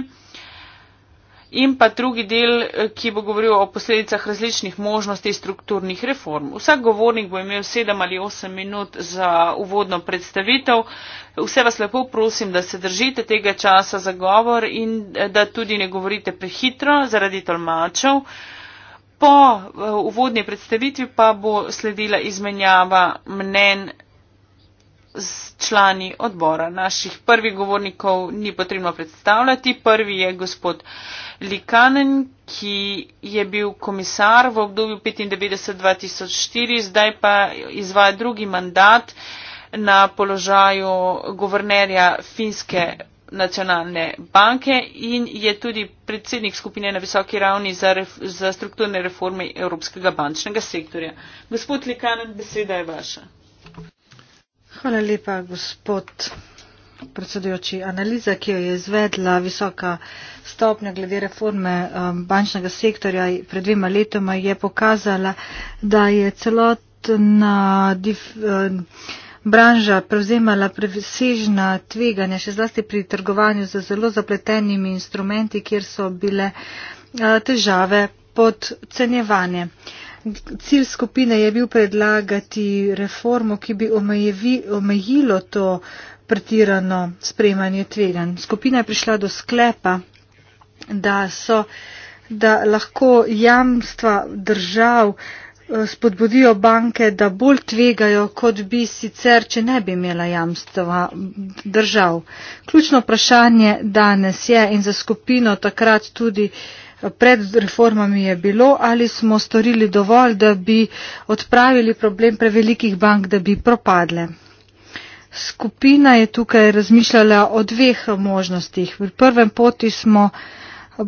In pa drugi del, eh, ki bo govoril o posledicah različnih možnosti strukturnih reform. Vsak govornik bo imel sedem ali osem minut za uvodno predstavitev. Vse vas lepo prosim, da se držite tega časa za govor in eh, da tudi ne govorite prehitro zaradi tolmačev. Uh, Po eh, uvodni predstavitvi pa bo sledila izmenjava mnen s člani odbora. Naših prvih govornikov ni potrebno predstavljati. Prvi je gospod Likanen, ki je bil komisar v obdobju 1995-2004, zdaj pa izvaja drugi mandat na položaju guvernerja finske nacionalne banke in je tudi predsednik skupine na visoki ravni za, ref, za strukturne reforme Evropskega bančnega sektorja. Gospod Likanen, beseda je vaša. Hvala lepa, gospod predsedujoči. Analiza, ki jo je izvedla visoka stopnja glede reforme um, bančnega sektorja pred dvema letoma, je pokazala, da je celotna. Dif, um, branža prevzemala presežna tveganja, še zlasti pri trgovanju z zelo zapletenimi instrumenti, kjer so bile eh, težave podcenjevanje. Cilj skupine je bil predlagati reformo, ki bi omejilo to pretirano sprejmanje tveganj. Skupina je prišla do sklepa, da, so, da lahko jamstva držav uh, spodbudijo banke, da bolj tvegajo, kot bi sicer, če ne bi imela jamstva držav. Ključno vprašanje danes je in za skupino takrat tudi pred reformami je bilo, ali smo storili dovolj, da bi odpravili problem prevelikih bank, da bi propadle. Skupina je tukaj razmišljala o dveh možnostih. V prvem poti smo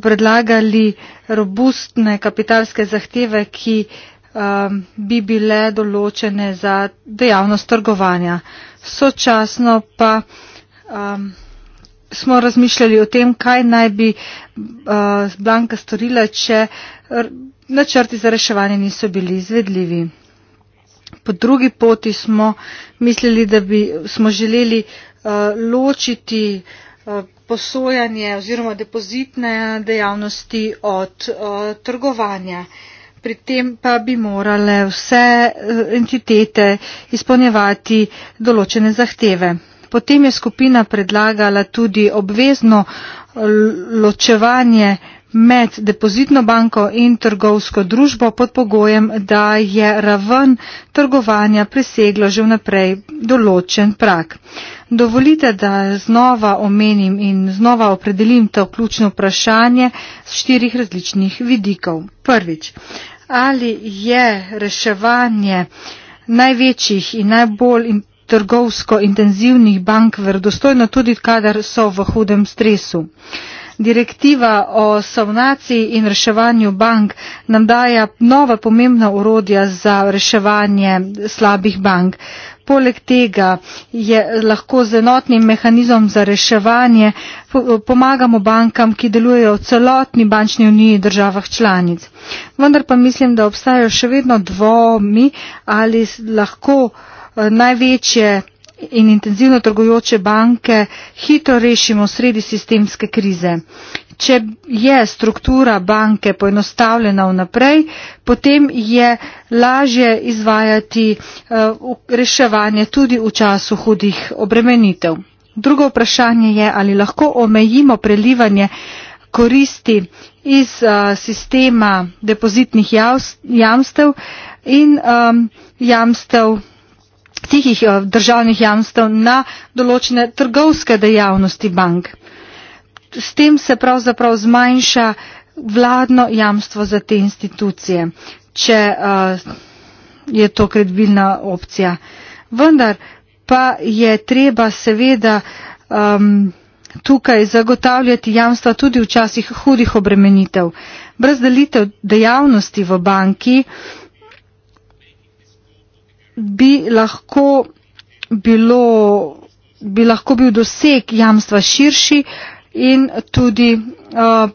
predlagali robustne kapitalske zahteve, ki um, bi bile določene za dejavnost trgovanja. Sočasno pa um, smo razmišljali o tem, kaj naj bi uh, Blanka storila, če načrti za reševanje niso bili izvedljivi. Po drugi poti smo mislili, da bi smo želeli uh, ločiti uh, posojanje oziroma depozitne dejavnosti od uh, trgovanja. Uh, pri tem pa bi morale vse eh, entitete izpolnjevati določene zahteve. Potem je skupina predlagala tudi obvezno eh, ločevanje med depozitno banko in trgovsko družbo pod pogojem, da je raven trgovanja preseglo že vnaprej določen prak. Dovolite, da znova omenim in znova opredelim to ključno vprašanje z štirih različnih vidikov. Prvič, ali je reševanje največjih in najbolj in trgovsko intenzivnih bank verodostojno tudi, kadar so v hudem stresu. Direktiva o sanaciji in reševanju bank nam daje nova pomembna urodja za reševanje slabih bank poleg tega je lahko z enotnim mehanizmom za reševanje pomagamo bankam, ki delujejo v celotni bančni uniji državah članic. Vendar pa mislim, da obstajajo še vedno dvomi, ali lahko eh, največje in intenzivno trgojoče banke hitro rešimo sredi sistemske krize če je struktura banke poenostavljena vnaprej, potem je lažje izvajati eh, reševanje tudi v času hudih obremenitev. Drugo vprašanje je, ali lahko omejimo prelivanje koristi iz eh, sistema depozitnih jamstev in ehm, jamstev tihih eh, državnih jamstev na določene trgovske dejavnosti bank s tem se pravzaprav zmanjša vladno jamstvo za te institucije, če uh, je to kredibilna opcija. Vendar pa je treba seveda um, tukaj zagotavljati jamstva tudi včasih hudih obremenitev. Brez delitev dejavnosti v banki bi lahko, bilo, bi lahko bil doseg jamstva širši, in tudi eh,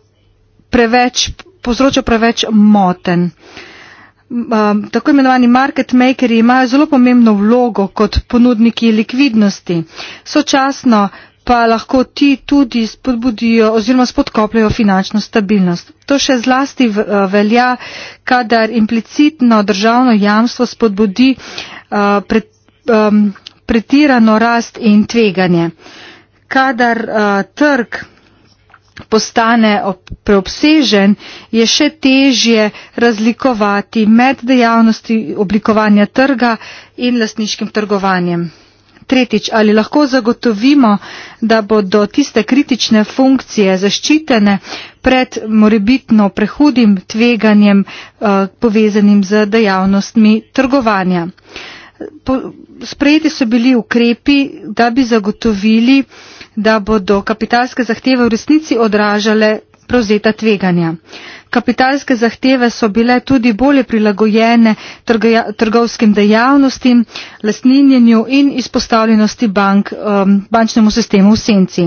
preveč, povzroča preveč moten. Eh, tako imenovani market makeri imajo zelo pomembno vlogo kot ponudniki likvidnosti. Sočasno pa lahko ti tudi spodbudijo oziroma spodkopljajo finančno stabilnost. To še zlasti eh, velja, kadar implicitno državno jamstvo spodbudi pretirano rast in tveganje kadar uh, trg postane preobsežen, je še težje razlikovati med dejavnosti oblikovanja trga in lasniškim trgovanjem. Tretjič, ali lahko zagotovimo, da bodo tiste kritične funkcije zaščitene pred morebitno prehudim tveganjem uh, povezanim z dejavnostmi trgovanja. Po, sprejeti so bili ukrepi, da bi zagotovili uh, da bodo kapitalske zahteve v resnici odražale prevzeta tveganja. Kapitalske zahteve so bile tudi bolje prilagojene trgovskim dejavnostim, lasninjenju in izpostavljenosti bank, um, bančnemu sistemu v senci.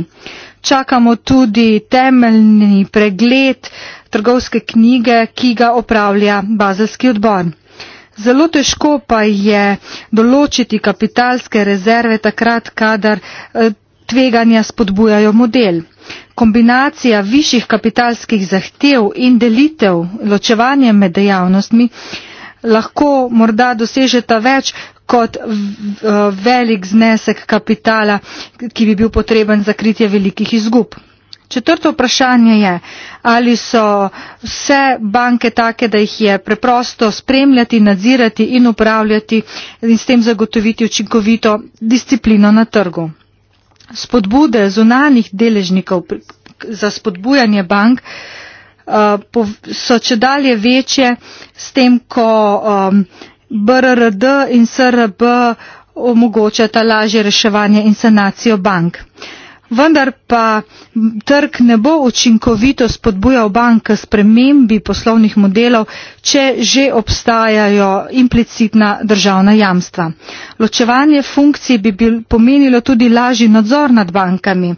Čakamo tudi temeljni pregled trgovske knjige, ki ga opravlja bazalski odbor. Zelo težko pa je določiti kapitalske rezerve takrat, kadar eh, tveganja spodbujajo model. Kombinacija višjih kapitalskih zahtev in delitev ločevanjem med dejavnostmi lahko morda dosežeta več kot velik znesek kapitala, ki bi bil potreben za kritje velikih izgub. Četrto vprašanje je, ali so vse banke take, da jih je preprosto spremljati, nadzirati in upravljati in s tem zagotoviti učinkovito disciplino na trgu spodbude zunanih deležnikov za spodbujanje bank uh, so če dalje večje s tem, ko um, BRRD in SRB omogočata lažje reševanje in sanacijo bank. Uh, vendar pa trg ne bo učinkovito spodbujal bank k spremembi poslovnih modelov, če že obstajajo implicitna državna jamstva. Ločevanje funkcij bi bil, pomenilo tudi lažji nadzor nad bankami.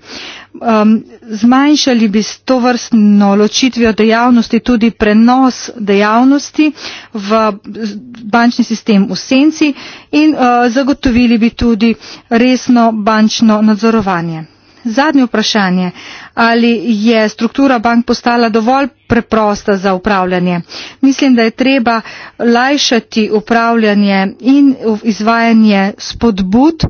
Um, zmanjšali bi s to vrstno ločitvijo dejavnosti tudi prenos dejavnosti v bančni sistem v senci in uh, zagotovili bi tudi resno bančno nadzorovanje. Zadnje vprašanje. Ali je struktura bank postala dovolj preprosta za upravljanje? Mislim, da je treba lajšati upravljanje in izvajanje spodbud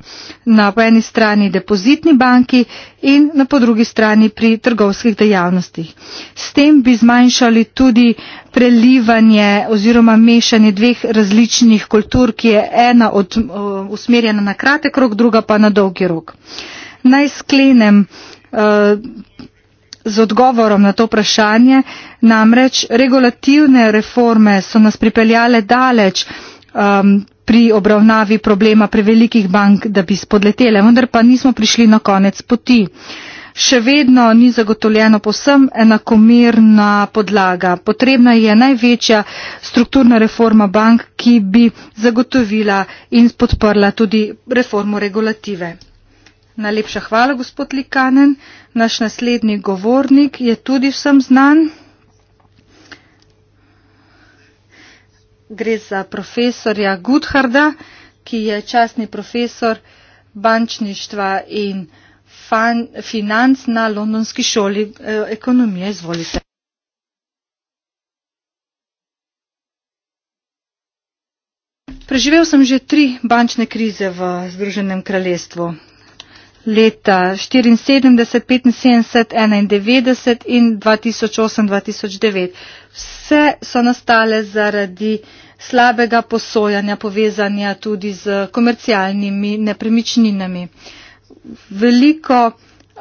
na eni strani depozitni banki in na drugi strani pri trgovskih dejavnostih. S tem bi zmanjšali tudi prelivanje oziroma mešanje dveh različnih kultur, ki je ena od, uh, usmerjena na kratek rok, druga pa na dolgi rok. Uh, Naj sklenem eh, z odgovorom na to vprašanje, namreč regulativne reforme so nas pripeljale daleč ehm, pri obravnavi problema prevelikih bank, da bi spodletele, vendar pa nismo prišli na konec poti. Še vedno ni zagotovljeno posem enakomerna podlaga. Potrebna je največja strukturna reforma bank, ki bi zagotovila in podprla tudi reformo regulative. Najlepša hvala, gospod Likanen. Naš naslednji govornik je tudi vsem znan. Gre za profesorja Gudharda, ki je časni profesor bančništva in fan, financ na Londonski šoli eh, ekonomije. Izvolite. Preživel sem že tri bančne krize v Združenem kraljestvu leta 74, 75, 91 in 2008-2009. Vse so nastale zaradi slabega posojanja, povezanja tudi z komercialnimi nepremičninami. Veliko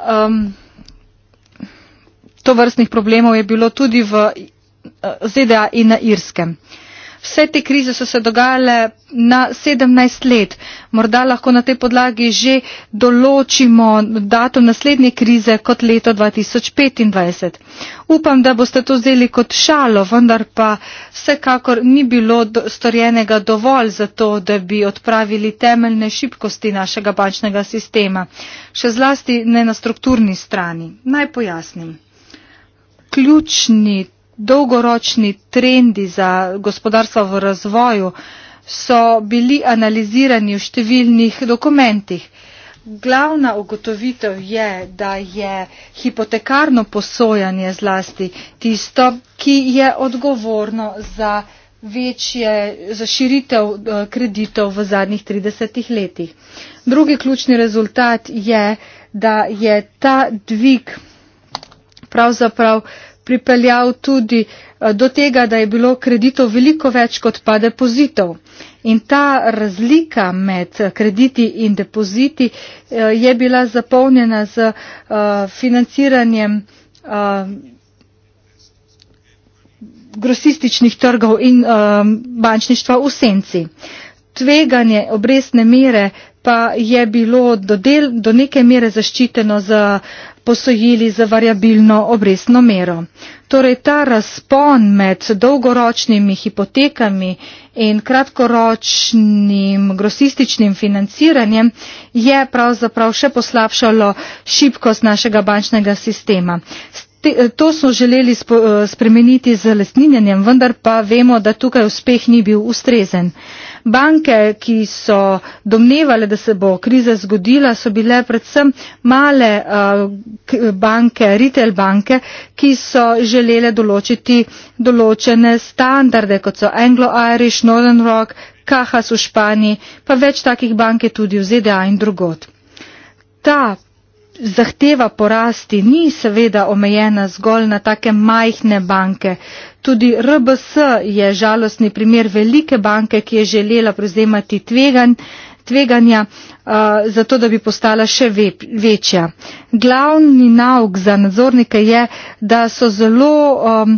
um, tovrstnih problemov je bilo tudi v eh, ZDA in na Irskem. Uh, Vse te krize so se dogajale na 17 let. Morda lahko na tej podlagi že določimo datum naslednje krize kot leto 2025. Upam, da boste to vzeli kot šalo, vendar pa vsekakor ni bilo storjenega dovolj za to, da bi odpravili temeljne šibkosti našega bančnega sistema. Še zlasti ne na strukturni strani. Naj pojasnim. Ključni dolgoročni trendi za gospodarstvo v razvoju so bili analizirani v številnih dokumentih. Glavna ugotovitev je, da je hipotekarno posojanje zlasti tisto, ki je odgovorno za večje zaširitev eh, kreditov v zadnjih 30 letih. Drugi ključni rezultat je, da je ta dvig pravzaprav pripeljal tudi eh, do tega, da je bilo kreditov veliko več kot pa depozitov. In ta razlika med eh, krediti in depoziti eh, je bila zapolnjena z financiranjem grosističnih trgov in bančništva v senci. Tveganje obresne mere pa je bilo do, del, do neke mere zaščiteno z za posojili z variabilno obrestno mero. Torej ta razpon med dolgoročnimi hipotekami in kratkoročnim grosističnim financiranjem je pravzaprav še poslabšalo šibkost našega bančnega sistema. To smo želeli eh, spremeniti z lesninjenjem, vendar pa vemo, da tukaj uspeh ni bil ustrezen. Banke, ki so domnevale, da se bo kriza zgodila, so bile predvsem male uh, banke, retail banke, ki so želele določiti določene standarde, kot so Anglo-Irish, Northern Rock, Cajas v Španiji, pa več takih bank je tudi v ZDA in drugot. Ta zahteva po rasti ni seveda omejena zgolj na take majhne banke. Tudi RBS je žalostni primer velike banke, ki je želela prevzemati tveganj tveganja, uh, zato da bi postala še vep, večja. Glavni nauk za nadzornike je, da so zelo um,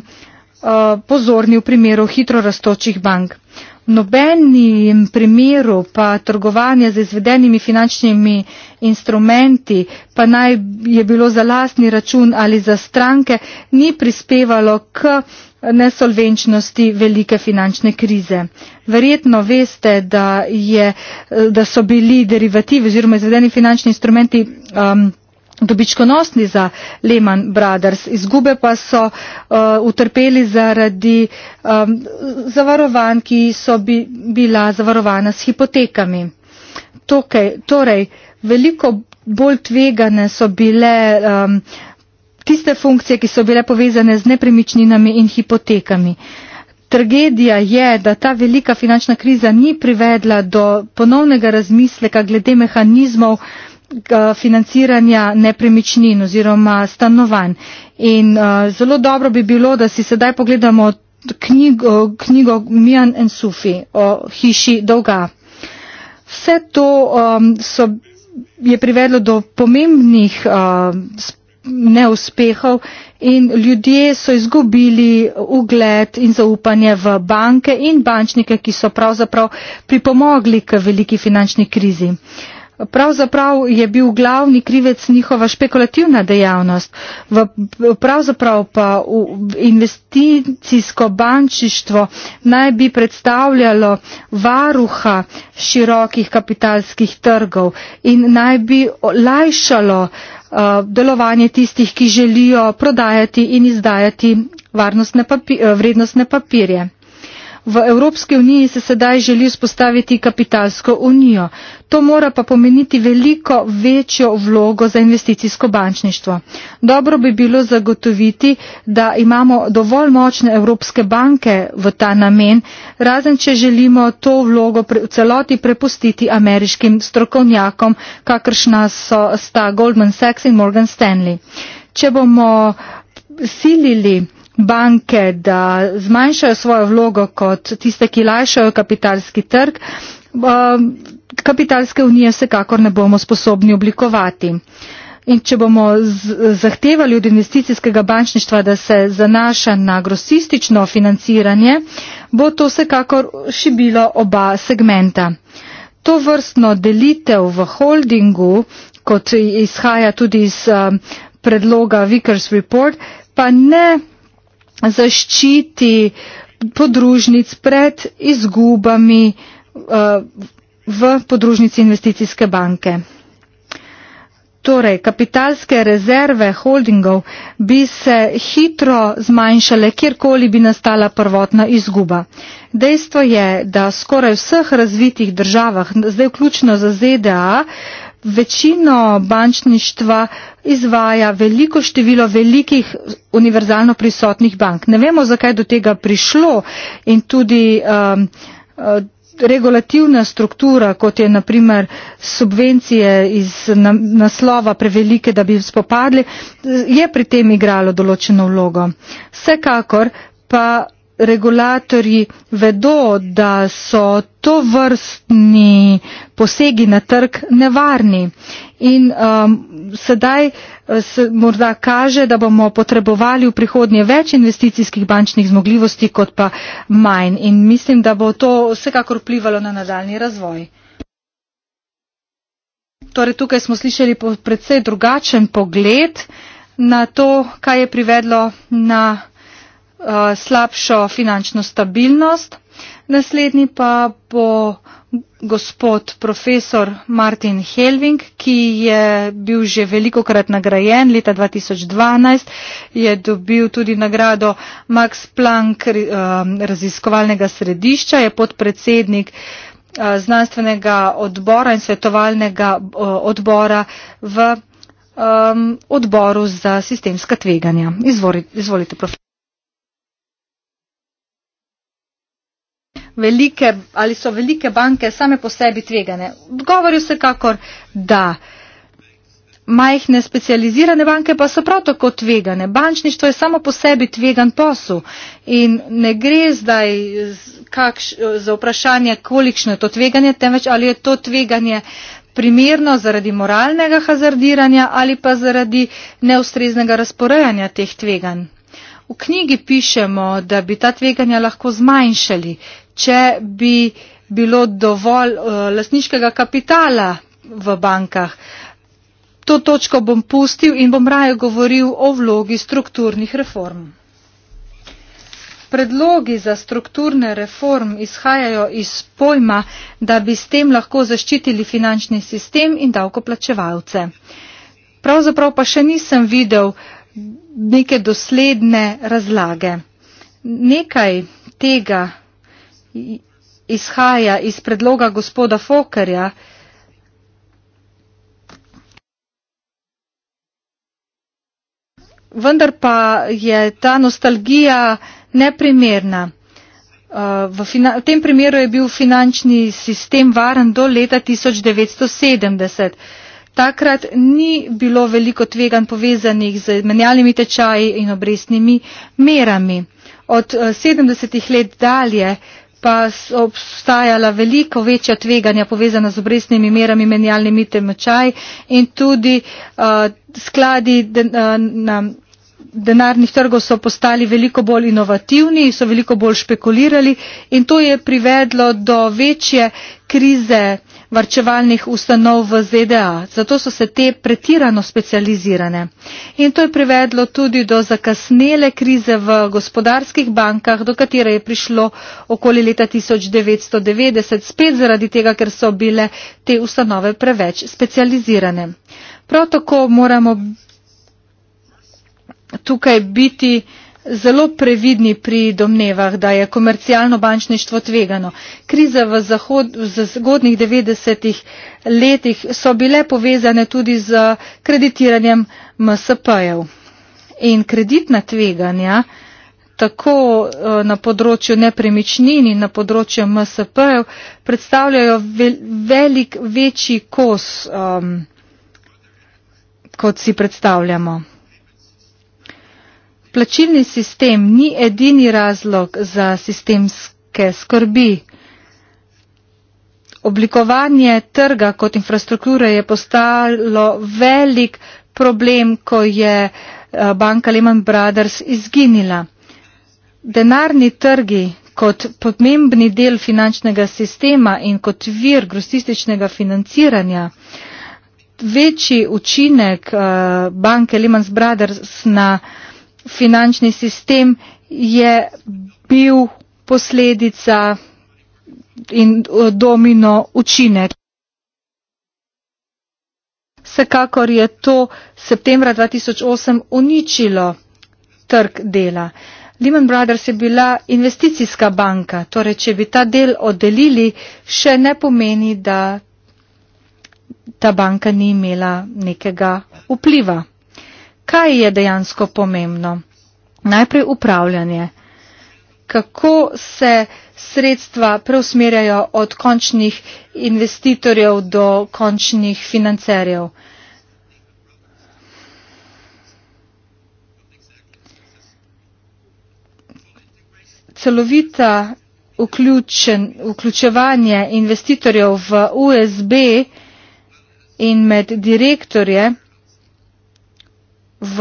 uh, pozorni v primeru hitro rastočih bank. Uh, nobenem primeru pa trgovanja z izvedenimi finančnimi instrumenti, pa naj je bilo za lastni račun ali za stranke, ni prispevalo k nesolvenčnosti velike finančne krize. Verjetno veste, da, je, da so bili derivativi oziroma izvedeni finančni instrumenti um, dobičkonosni za Lehman Brothers, izgube pa so uh, utrpeli zaradi um, zavarovanj, ki so bi, bila zavarovana s hipotekami. Tukaj, torej, veliko bolj tvegane so bile um, tiste funkcije, ki so bile povezane z nepremičninami in hipotekami. Tragedija je, da ta velika finančna kriza ni privedla do ponovnega razmisleka glede mehanizmov, Eh, financiranja nepremičnin oziroma stanovanj. In uh, zelo dobro bi bilo, da si sedaj pogledamo knjigo, eh, knjigo Mian en Sufi o hiši dolga. Vse to um, so, je privedlo do pomembnih uh, neuspehov in ljudje so izgubili ugled in zaupanje v banke in bančnike, ki so pravzaprav pripomogli k veliki finančni krizi. Uh, Pravzaprav je bil glavni krivec njihova špekulativna dejavnost, v, pravzaprav pa investicijsko bančištvo naj bi predstavljalo varuha širokih kapitalskih trgov in naj bi olajšalo uh, delovanje tistih, ki želijo prodajati in izdajati papi uh, vrednostne papirje. V Evropski uniji se sedaj želi spostaviti kapitalsko unijo. To mora pa pomeniti veliko večjo vlogo za investicijsko bančništvo. Dobro bi bilo zagotoviti, da imamo dovolj močne evropske banke v ta namen, razen če želimo to vlogo v celoti prepustiti ameriškim strokovnjakom, kakršna so sta Goldman Sachs in Morgan Stanley. Če bomo silili banke, da zmanjšajo svojo vlogo kot tiste, ki lajšajo kapitalski trg, um, kapitalske unije vsekakor ne bomo sposobni oblikovati. In če bomo zahtevali od investicijskega bančništva, da se zanaša na grosistično financiranje, bo to vsekakor šibilo oba segmenta. To vrstno delitev v holdingu, kot izhaja tudi iz um, predloga Vickers Report, pa ne zaščiti podružnic pred izgubami eh, v podružnici investicijske banke. Torej, kapitalske rezerve holdingov bi se hitro zmanjšale, kjerkoli bi nastala prvotna izguba. Dejstvo je, da skoraj v vseh razvitih državah, zdaj vključno za ZDA, uh, večino bančništva izvaja veliko število velikih univerzalno prisotnih bank. Ne vemo, zakaj je do tega prišlo in tudi um, uh, regulativna struktura, kot je naprimer subvencije iz naslova prevelike, da bi spopadli, je pri tem igralo določeno vlogo. Vsekakor pa regulatorji vedo, da so to vrstni posegi na trg nevarni. In um, sedaj eh, se morda kaže, da bomo potrebovali v prihodnje več investicijskih bančnih zmogljivosti, kot pa manj. In mislim, da bo to vsekakor vplivalo na nadaljni razvoj. Torej, tukaj smo slišali predvsej drugačen pogled na to, kaj je privedlo na uh, slabšo finančno stabilnost. Naslednji pa bo gospod profesor Martin Helving, ki je bil že veliko krat nagrajen, leta 2012 je dobil tudi nagrado Max Planck eh, raziskovalnega središča, je podpredsednik eh, znanstvenega odbora in svetovalnega eh, odbora v odboru za sistemska tveganja. Izvolite, profesor. velike, ali so velike banke same po sebi tvegane. Govorijo se kakor, da majhne specializirane banke pa so prav tako tvegane. Bančništvo je samo po sebi tvegan posel in ne gre zdaj kakš, za vprašanje, kolikšno je to tveganje, temveč ali je to tveganje primerno zaradi moralnega hazardiranja ali pa zaradi neustreznega razporejanja teh tveganj. V knjigi pišemo, da bi ta tveganja lahko zmanjšali, če bi bilo dovolj uh, eh, lasniškega kapitala v bankah. To točko bom pustil in bom raje govoril o vlogi strukturnih reform. Predlogi za strukturne reform izhajajo iz pojma, da bi s tem lahko zaščitili finančni sistem in davkoplačevalce. Pravzaprav pa še nisem videl neke dosledne razlage. Nekaj tega izhaja iz predloga gospoda Fokerja, vendar pa je ta nostalgija neprimerna. Uh, v, v tem primeru je bil finančni sistem varen do leta 1970. Takrat ni bilo veliko tvegan povezanih z menjalnimi tečaji in obrestnimi merami. Od 70-ih eh, let dalje pa obstajala veliko večja tveganja povezana z obrestnimi merami, menjalnimi temočaj in tudi uh, skladi den, uh, na denarnih trgov so postali veliko bolj inovativni, so veliko bolj špekulirali in to je privedlo do večje krize uh, varčevalnih ustanov v ZDA, zato so se te pretirano specializirane. In to je privedlo tudi do zakasnele krize v gospodarskih bankah, do katere je prišlo okoli leta 1990, spet zaradi tega, ker so bile te ustanove preveč specializirane. Prav tako moramo tukaj biti uh, zelo previdni pri domnevah, da je komercialno bančništvo tvegano. Krize v, zahod, v zgodnih 90-ih letih so bile povezane tudi z kreditiranjem MSP-jev. In kreditna tveganja, tako eh, na področju nepremičnin in na področju MSP-jev, predstavljajo velik večji kos, um, kot si predstavljamo. Plačilni sistem ni edini razlog za sistemske skrbi. Oblikovanje trga kot infrastrukture je postalo velik problem, ko je eh, banka Lehman Brothers izginila. Denarni trgi kot pomembni del finančnega sistema in kot vir grosističnega financiranja. Večji učinek eh, banke Lehman Brothers na finančni sistem je bil posledica in domino učinek. Vsekakor je to septembra 2008 uničilo trg dela. Lehman Brothers je bila investicijska banka, torej če bi ta del oddelili, še ne pomeni, da ta banka ni imela nekega vpliva kaj je dejansko pomembno. Najprej upravljanje. Kako se sredstva preusmerjajo od končnih investitorjev do končnih financerjev. Celovita vključen, vključevanje investitorjev v USB in med direktorje v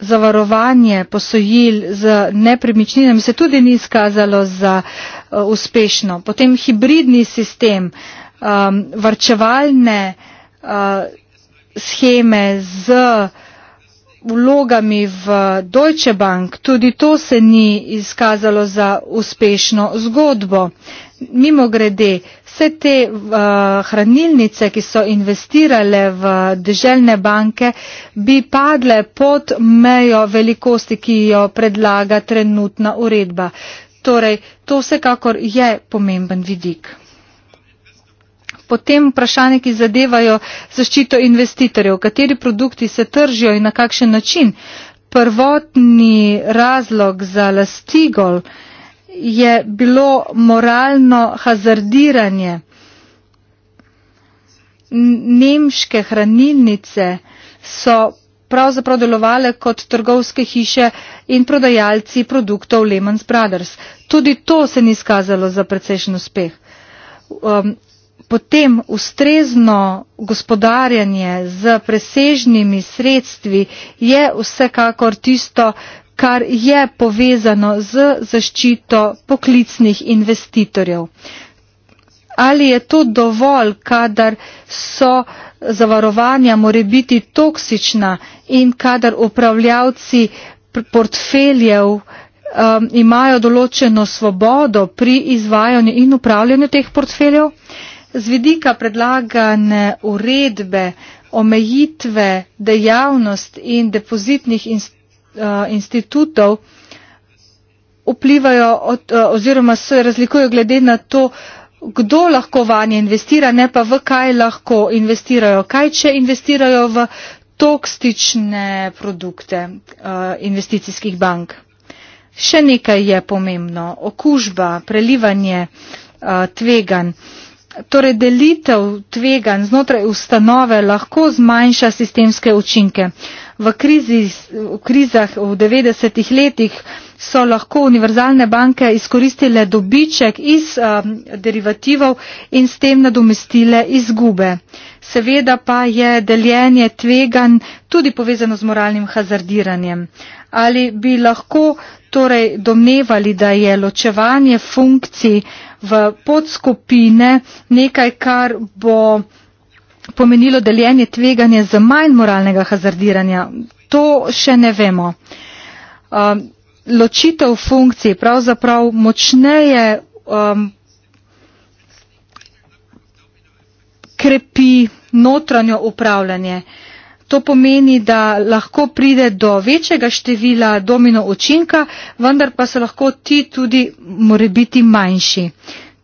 zavarovanje posojil z nepremičninami se tudi ni izkazalo za eh, uspešno. Potem hibridni sistem, um, varčevalne uh, eh, scheme z vlogami v Deutsche Bank, tudi to se ni izkazalo za uspešno zgodbo mimo grede, vse te uh, hranilnice, ki so investirale v deželne banke, bi padle pod mejo velikosti, ki jo predlaga trenutna uredba. Torej, to vsekakor je pomemben vidik. Potem vprašanje, ki zadevajo zaščito investitorjev, kateri produkti se tržijo in na kakšen način. Prvotni razlog za lastigol uh, je bilo moralno hazardiranje nemške hranilnice so pravzaprav delovale kot trgovske hiše in prodajalci produktov Lehman's Brothers. Tudi to se ni skazalo za precejšen uspeh. Um, potem ustrezno gospodarjanje z presežnimi sredstvi je vsekakor tisto, kar je povezano z zaščito poklicnih investitorjev. Ali je to dovolj, kadar so zavarovanja more biti toksična in kadar upravljavci portfeljev um, imajo določeno svobodo pri izvajanju in upravljanju teh portfeljev? Z vidika predlagane uredbe omejitve dejavnost in depozitnih institucij Eh, institutov vplivajo od, eh, oziroma se razlikujejo glede na to, kdo lahko vanje investira, ne pa v kaj lahko investirajo. Kaj če investirajo v toksične produkte eh, investicijskih bank? Še nekaj je pomembno. Okužba, prelivanje tvegan. Torej delitev tveganj znotraj ustanove lahko zmanjša sistemske učinke. V, krizi, v krizah v 90-ih letih so lahko univerzalne banke izkoristile dobiček iz a, um, derivativov in s tem nadomestile izgube. Seveda pa je deljenje tveganj tudi povezano z moralnim hazardiranjem. Ali bi lahko torej domnevali, da je ločevanje funkcij v podskupine, nekaj, kar bo pomenilo deljenje tveganja z manj moralnega hazardiranja. To še ne vemo. Um, ločitev funkcij pravzaprav močneje um, krepi notranjo upravljanje. Uh, To pomeni, da lahko pride do večjega števila domino učinka, vendar pa so lahko ti tudi more biti manjši.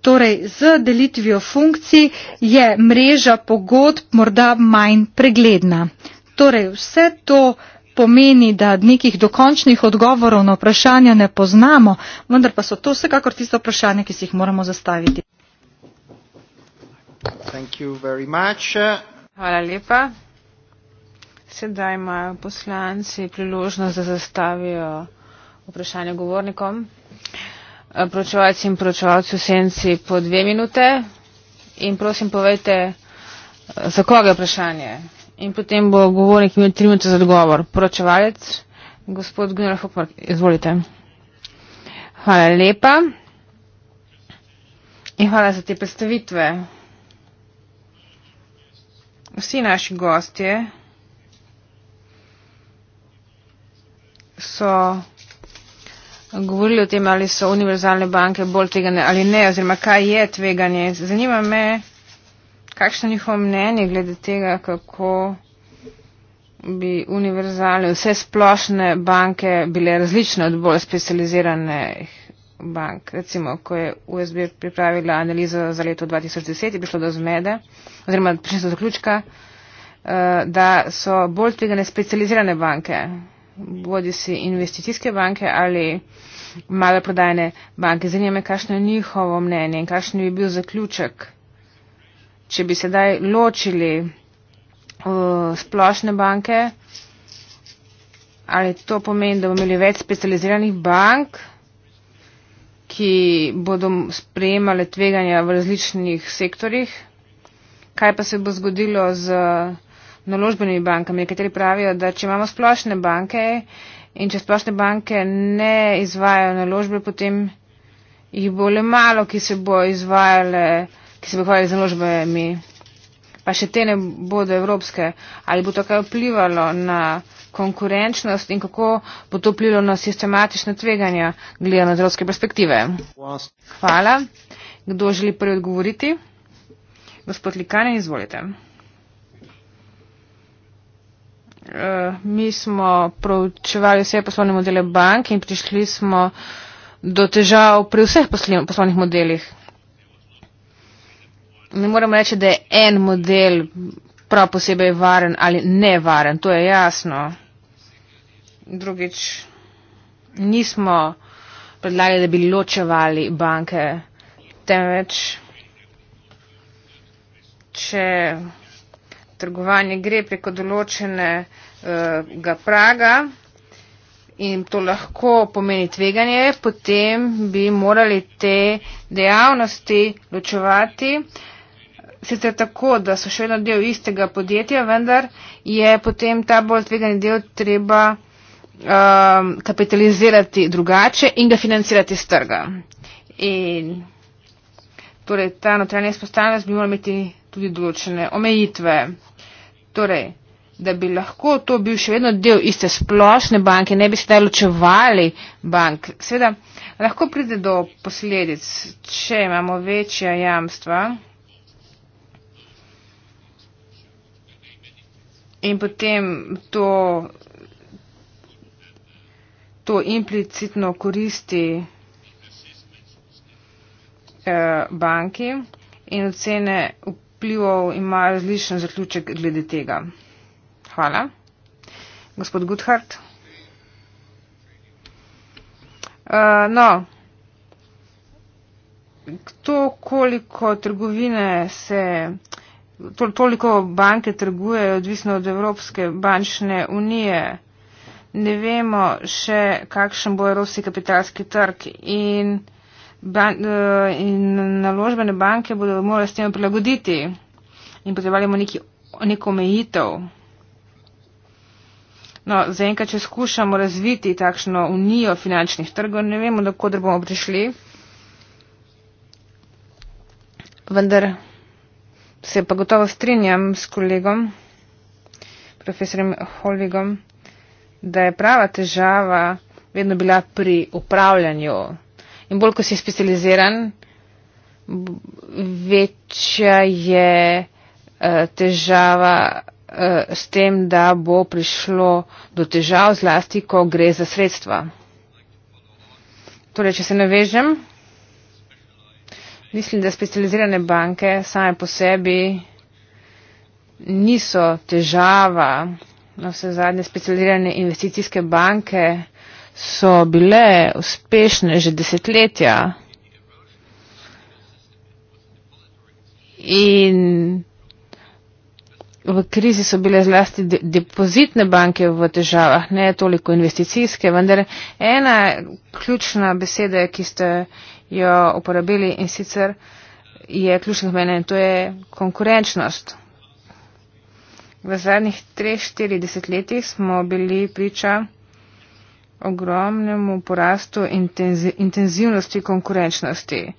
Torej, z delitvijo funkcij je mreža pogodb morda manj pregledna. Torej, vse to pomeni, da nekih dokončnih odgovorov na vprašanja ne poznamo, vendar pa so to vsekakor tiste vprašanja, ki si jih moramo zastaviti. Hvala lepa. Sedaj imajo poslanci priložnost, da zastavijo vprašanje govornikom. Eh, pročevalci in pročevalci v senci po dve minute in prosim povejte, eh, za koga je vprašanje. In potem bo govornik imel tri minute za odgovor. Pročevalec, gospod Gunnar Hopmark, izvolite. Hvala lepa in hvala za te predstavitve. Vsi naši gostje. so govorili o tem, ali so univerzalne banke bolj tvegane ali ne, oziroma kaj je tveganje. Zanima me, kakšno je njihovo mnenje glede tega, kako bi univerzalne, vse splošne banke bile različne od bolj specializiranih bank. Recimo, ko je USB pripravila analizo za leto 2010, je prišlo do zmede, oziroma prišlo do zaključka, eh, da so bolj tvegane specializirane banke bodi si investicijske banke ali male prodajne banke. Zanima me, kakšno je njihovo mnenje in kakšen bi bil zaključek, če bi sedaj ločili uh, splošne banke. Ali to pomeni, da bomo imeli več specializiranih bank, ki bodo sprejemale tveganja v različnih sektorjih? Kaj pa se bo zgodilo z. Uh, naložbenimi bankami. Nekateri pravijo, da če imamo splošne banke in če splošne banke ne izvajajo naložbe, potem jih bo le malo, ki se bo izvajale, ki se bo hvalili z naložbami. Pa še te ne bodo evropske. Ali bo to kaj vplivalo na konkurenčnost in kako bo to vplivalo na sistematične tveganja, gledano z evropske perspektive? Hvala. Kdo želi prvi odgovoriti? Gospod Likanen, izvolite. Eh, mi smo proučevali vse poslovne modele bank in prišli smo do težav pri vseh poslovnih modelih. Ne moremo reči, da je en model prav posebej varen ali nevaren, to je jasno. Drugič, nismo predlagali, da bi ločevali banke, temveč, če trgovanje gre preko določenega praga in to lahko pomeni tveganje, potem bi morali te dejavnosti ločevati. Sicer tako, da so še vedno del istega podjetja, vendar je potem ta bolj tvegani del treba um, kapitalizirati drugače in ga financirati z trga. In torej ta notranja izpostavljenost bi morala imeti tudi določene omejitve. Torej, da bi lahko to bil še vedno del iste splošne banke, ne bi se daj ločevali bank. Seveda, lahko pride do posledic, če imamo večja jamstva. In potem to, to implicitno koristi eh, banki in ocene. Up- vplivov imajo različen zaključek glede tega. Hvala. Gospod Guthardt. Uh, eh, no, to, koliko trgovine se, to, toliko banke trgujejo, odvisno od Evropske bančne unije, ne vemo še, kakšen bo evropski kapitalski trg. In, ban, eh, in naložbene banke bodo morali s tem prilagoditi in potrebovali bomo nek omejitev. No, zaenkrat, če skušamo razviti takšno unijo finančnih trgov, ne vemo, do kod bomo prišli. Vendar se pa gotovo strinjam s kolegom, profesorjem Holvigom, da je prava težava vedno bila pri upravljanju in bolj ko si specializiran, večja je eh, težava eh, s tem, da bo prišlo do težav zlasti, ko gre za sredstva. Torej, če se navežem, mislim, da specializirane banke same po sebi niso težava. Na vse zadnje specializirane investicijske banke so bile uspešne že desetletja in v krizi so bile zlasti de depozitne banke v težavah, ne toliko investicijske, vendar ena ključna beseda, ki ste jo uporabili in sicer je ključnih mene in to je konkurenčnost. V zadnjih treh, štirih desetletjih smo bili priča ogromnemu porastu intenzi intenzivnosti konkurenčnosti.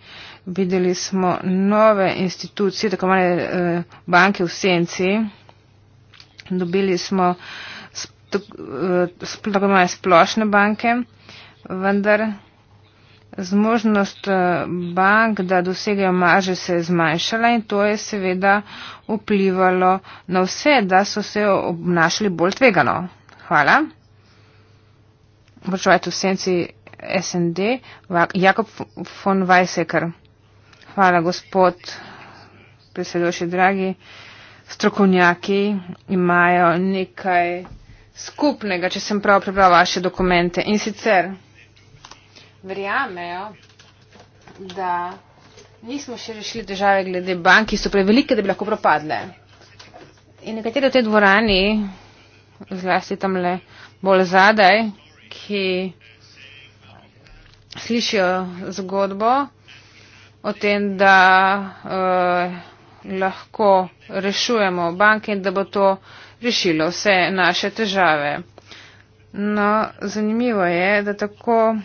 Videli smo nove institucije, tako imale eh, banke v senci, dobili smo sp eh, tako imale splošne banke, vendar zmožnost eh, bank, da dosegajo marže, se je zmanjšala in to je seveda vplivalo na vse, da so se obnašali bolj tvegano. Hvala. Počujete v senci SND, Jakob von Weisseker. Hvala, gospod predsedujoči, dragi. Strokovnjaki imajo nekaj skupnega, če sem prav prebral vaše dokumente. In sicer verjamejo, da nismo še rešili države glede bank, ki so prevelike, da bi lahko propadle. In nekateri v tej dvorani, zlasti tamle bolj zadaj, ki slišijo zgodbo o tem, da eh, lahko rešujemo banke in da bo to rešilo vse naše težave. No, zanimivo je, da tako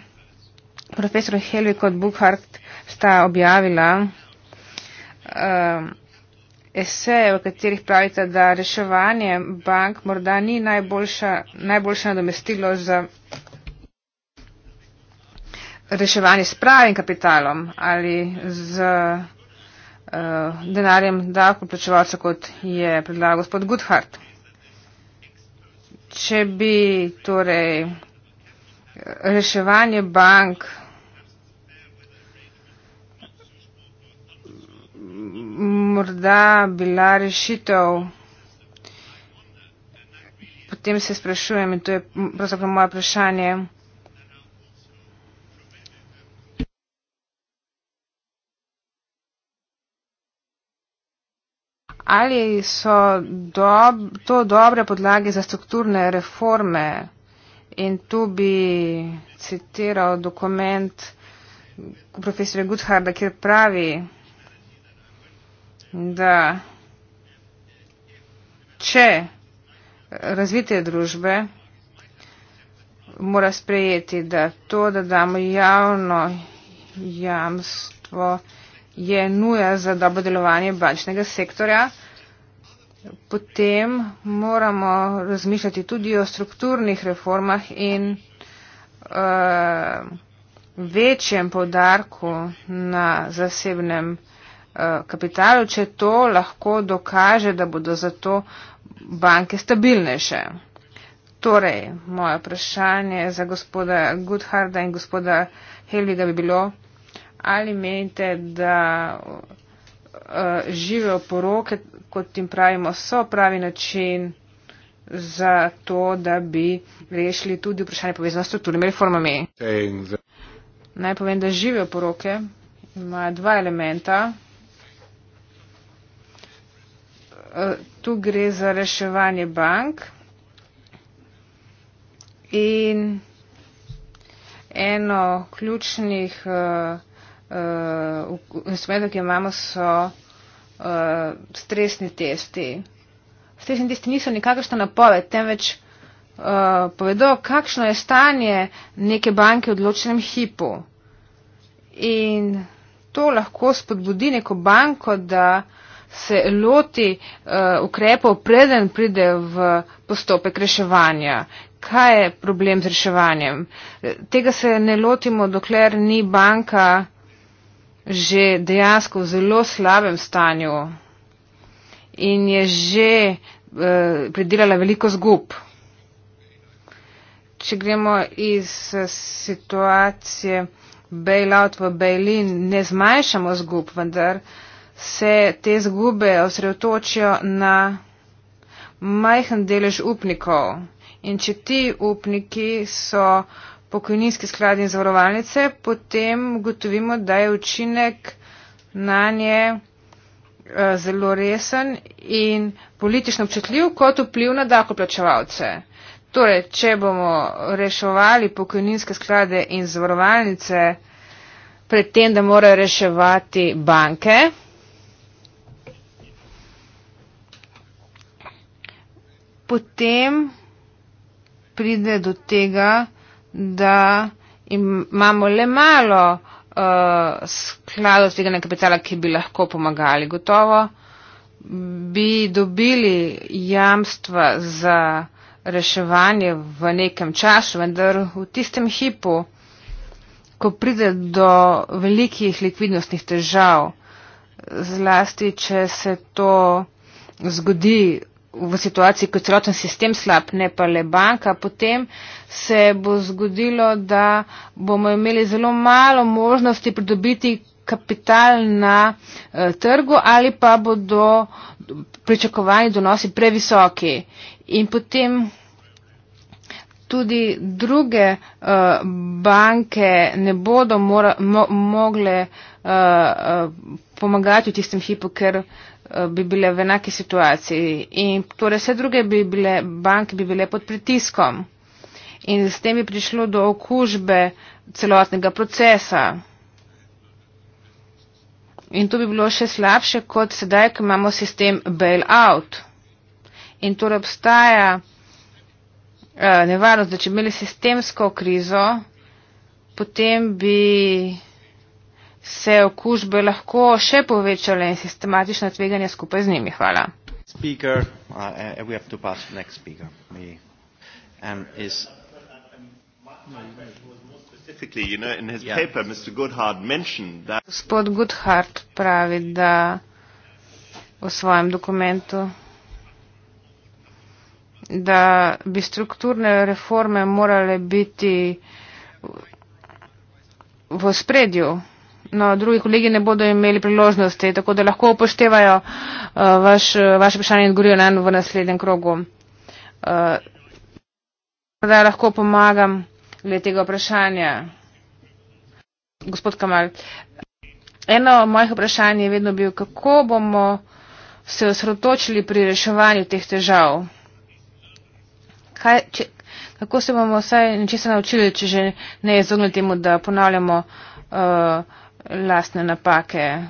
profesor Helvi kot Bukhart sta objavila. Eh, eseje, v katerih pravite, da reševanje bank morda ni najboljša, najboljša nadomestilo za reševanje s pravim kapitalom ali z eh, denarjem davko plačevalca, kot je predlagal gospod Goodhart. Če bi torej reševanje bank morda bila rešitev. Potem se sprašujem in to je pravzaprav moje vprašanje. Ali so dob, to dobre podlage za strukturne reforme? In tu bi citiral dokument profesora Guthara, kjer pravi, da če razvite družbe mora sprejeti, da to, da damo javno jamstvo, je nuja za dobro delovanje bančnega sektorja, potem moramo razmišljati tudi o strukturnih reformah in uh, večjem povdarku na zasebnem sektorju Eh, kapitalu, če to lahko dokaže, da bodo zato banke stabilnejše. Torej, moje vprašanje za gospoda Goodharda in gospoda Helviga bi bilo, ali menite, da uh, žive oporoke, kot jim pravimo, so pravi način za to, da bi rešili tudi vprašanje povezano s strukturnimi reformami. Naj povem, da žive oporoke imajo dva elementa. tu gre za reševanje bank in eno ključnih uh, uh, instrumentov, ki imamo, so uh, stresni testi. Stresni testi niso nikakršna napoved, temveč uh, povedo, kakšno je stanje neke banke v odločenem hipu. In to lahko spodbudi neko banko, da uh, se loti uh, ukrepov, preden pride v postopek reševanja. Kaj je problem z reševanjem? Eh, tega se ne lotimo, dokler ni banka že dejansko v zelo slabem stanju in je že uh, pridelala veliko zgub. Če gremo iz situacije bailout v bailin, ne zmanjšamo zgub, vendar uh, se te zgube osredotočijo na majhen delež upnikov. In če ti upniki so pokojninski skladi in zavarovalnice, potem gotovimo, da je učinek na nje eh, zelo resen in politično občutljiv kot vpliv na dakoplačevalce. Torej, če bomo reševali pokojninske sklade in zavarovalnice pred tem, da morajo reševati banke, potem pride do tega, da imamo le malo uh, skladov tveganega kapitala, ki bi lahko pomagali. Gotovo bi dobili jamstva za reševanje v nekem času, vendar v tistem hipu, ko pride do velikih likvidnostnih težav, zlasti, če se to zgodi v situaciji, ko je celoten sistem slab, ne pa le banka, potem se bo zgodilo, da bomo imeli zelo malo možnosti pridobiti kapital na eh, trgu ali pa bodo pričakovani donosi previsoki. In potem tudi druge eh, banke ne bodo mora, mo, mogle eh, eh pomagati v tistem hipu, ker eh, Eh, bi bile v enaki situaciji. In torej vse druge bi bile, banke bi bile pod pritiskom. In s tem bi prišlo do okužbe celotnega procesa. In to bi bilo še slabše kot sedaj, ko imamo sistem bail-out. In torej obstaja eh, nevarnost, da če imeli sistemsko krizo, potem bi se okužbe lahko še povečale in sistematična tveganja skupaj z njimi. Hvala. Speaker, uh, Gospod Goodhart pravi, da v svojem dokumentu, da bi strukturne reforme morale biti v spredju no, drugi kolegi ne bodo imeli priložnosti, tako da lahko upoštevajo uh, vaš, uh, vaše vprašanje in odgovorijo na eno v naslednjem krogu. Uh, da lahko pomagam glede tega vprašanja. Gospod Kamal, eno mojih vprašanj je vedno bil, kako bomo se osredotočili pri reševanju teh težav. Kaj, če, kako se bomo vsaj nečesa naučili, če že ne izognemo temu, da ponavljamo uh, lastne napake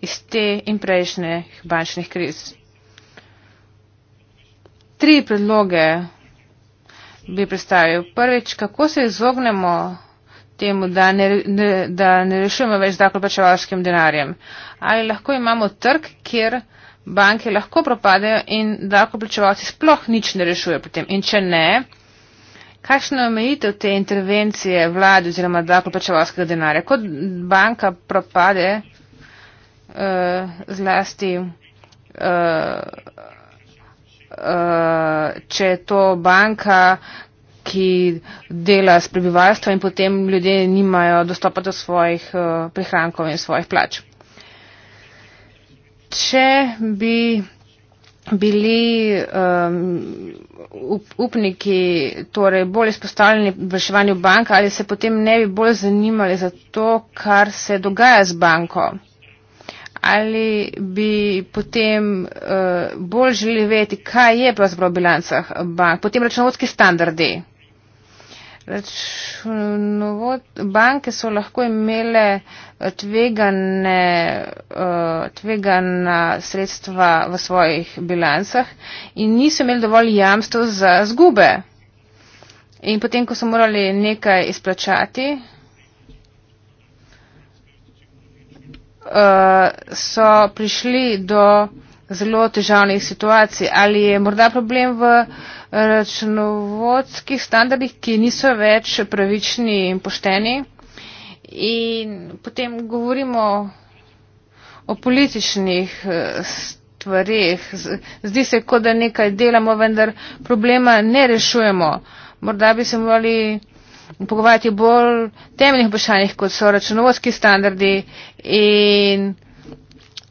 iz te in prejšnjih bančnih kriz. Tri predloge bi predstavil. Prvič, kako se izognemo temu, da ne, ne, da ne rešujemo več zakopačevalskim denarjem. Ali lahko imamo trg, kjer banke lahko propadajo in zakopačevalci sploh nič ne rešujejo potem. In če ne, Kakšna je omejitev te intervencije vlade oziroma davkoplačevalskega denarja? Kot banka propade uh, zlasti, uh, uh, če je to banka, ki dela s prebivalstvom in potem ljudje nimajo dostopa do svojih uh, prihrankov in svojih plač. Če bi bili. Um, up, upniki torej bolj izpostavljeni v reševanju bank ali se potem ne bi bolj zanimali za to, kar se dogaja z banko? Ali bi potem uh, bolj želeli vedeti, kaj je pravzaprav v bilancah bank, potem računovodski standardi? računovod, banke so lahko imele eh, tvegane, eh, tvegana sredstva v svojih bilancah in niso imeli dovolj jamstv za zgube. In potem, ko so morali nekaj izplačati, eh, so prišli do zelo težavnih situacij. Ali je morda problem v računovodskih standardih, ki niso več pravični in pošteni. In potem govorimo o političnih eh, stvarih. Zdi se, kot da nekaj delamo, vendar problema ne rešujemo. Morda bi se morali pogovarjati o bolj temeljnih vprašanjih, kot so računovodski standardi in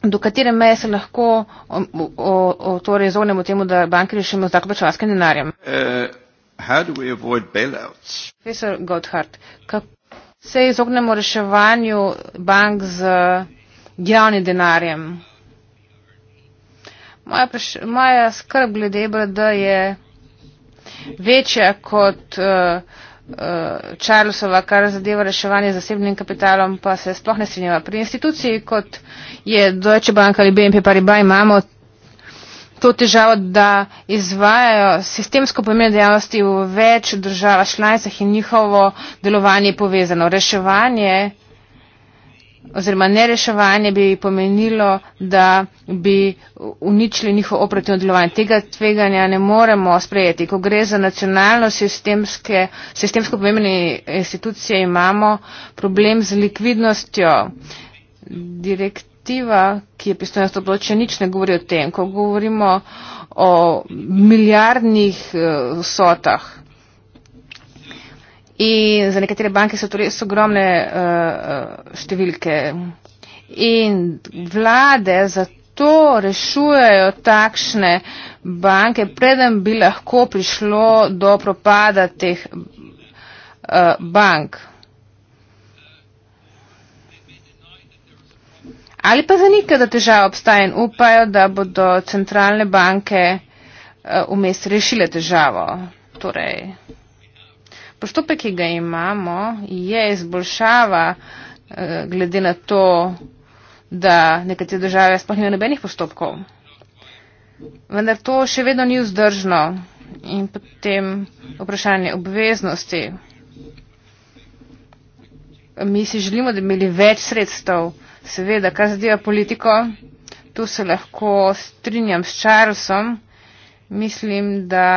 do katere meje se lahko um, o, o, o, torej izognemo temu, da banke rešimo z davkoplačevalskim denarjem. Uh, Profesor uh, Gotthard, kako se izognemo reševanju bank z javnim denarjem? Moja, moja skrb glede BRD je večja kot uh, uh, Charlesova, kar zadeva reševanje zasebnim kapitalom, pa se sploh ne strinjava. Pri instituciji, kot je Deutsche Bank ali BNP Paribas, imamo to težavo, da izvajajo sistemsko pomembne dejavnosti v več državah članicah in njihovo delovanje je povezano. Reševanje oziroma nereševanje bi pomenilo, da bi uničili njihovo operativno delovanje. Tega tveganja ne moremo sprejeti. Ko gre za nacionalno sistemsko pomembne institucije, imamo problem z likvidnostjo. Direktiva, ki je pristojna za to področje, nič ne govori o tem. Ko govorimo o milijardnih vsotah, eh, In za nekatere banke so to res ogromne uh, številke. In vlade zato rešujejo takšne banke, preden bi lahko prišlo do propada teh uh, bank. Ali pa zanika, da težava obstaja in upajo, da bodo centralne banke vmes uh, rešile težavo. Torej. Postopek, ki ga imamo, je izboljšava eh, glede na to, da nekatere države sploh nimajo nobenih postopkov. Vendar to še vedno ni vzdržno in potem vprašanje obveznosti. Mi si želimo, da bi imeli več sredstev. Seveda, kar zadeva politiko, tu se lahko strinjam s Charlesom. Mislim, da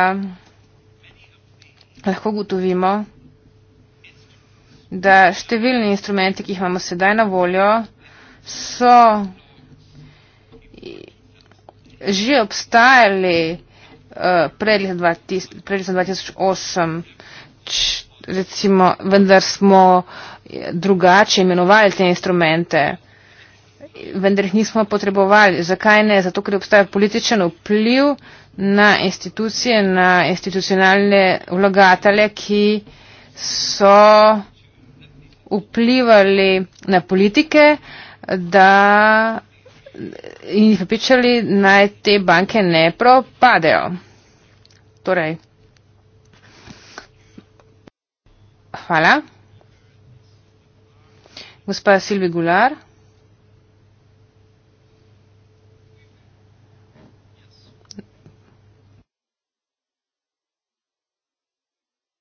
lahko gotovimo, da številni instrumenti, ki jih imamo sedaj na voljo, so že obstajali eh, pred letom 2008, recimo, vendar smo eh, drugače imenovali te instrumente, vendar jih nismo potrebovali. Zakaj ne? Zato, ker obstaja političen vpliv na institucije, na institucionalne vlagatele, ki so vplivali na politike, da in jih pričali, naj te banke ne propadejo. Torej, hvala. Gospa Silvi Gular.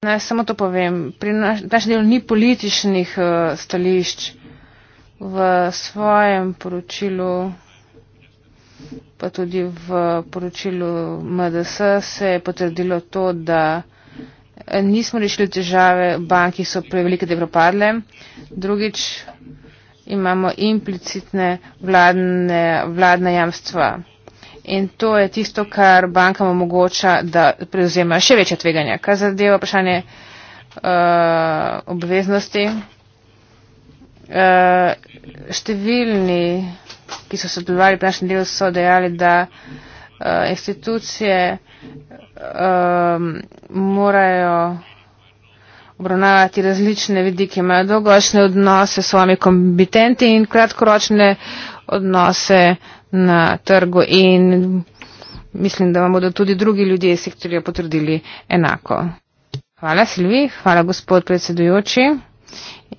Naj samo to povem. Pri naš, naš delu ni političnih uh, stališč. V svojem poročilu, pa tudi v poročilu MDS, se je potrdilo to, da eh, nismo rešili težave, banki so prevelike, da je propadle. Drugič, imamo implicitne vladne, vladne jamstva. In to je tisto, kar bankam omogoča, da prevzemajo še večje tveganja. Kar zadeva vprašanje uh, obveznosti, uh, številni, ki so sodelovali pri našem delu, so dejali, da uh, institucije uh, morajo obravnavati različne vidike, imajo dolgoročne odnose s svojimi kompetenti in kratkoročne odnose na trgu in mislim, da vam bodo tudi drugi ljudje iz sektorja potrdili enako. Hvala, Silvi. Hvala, gospod predsedujoči.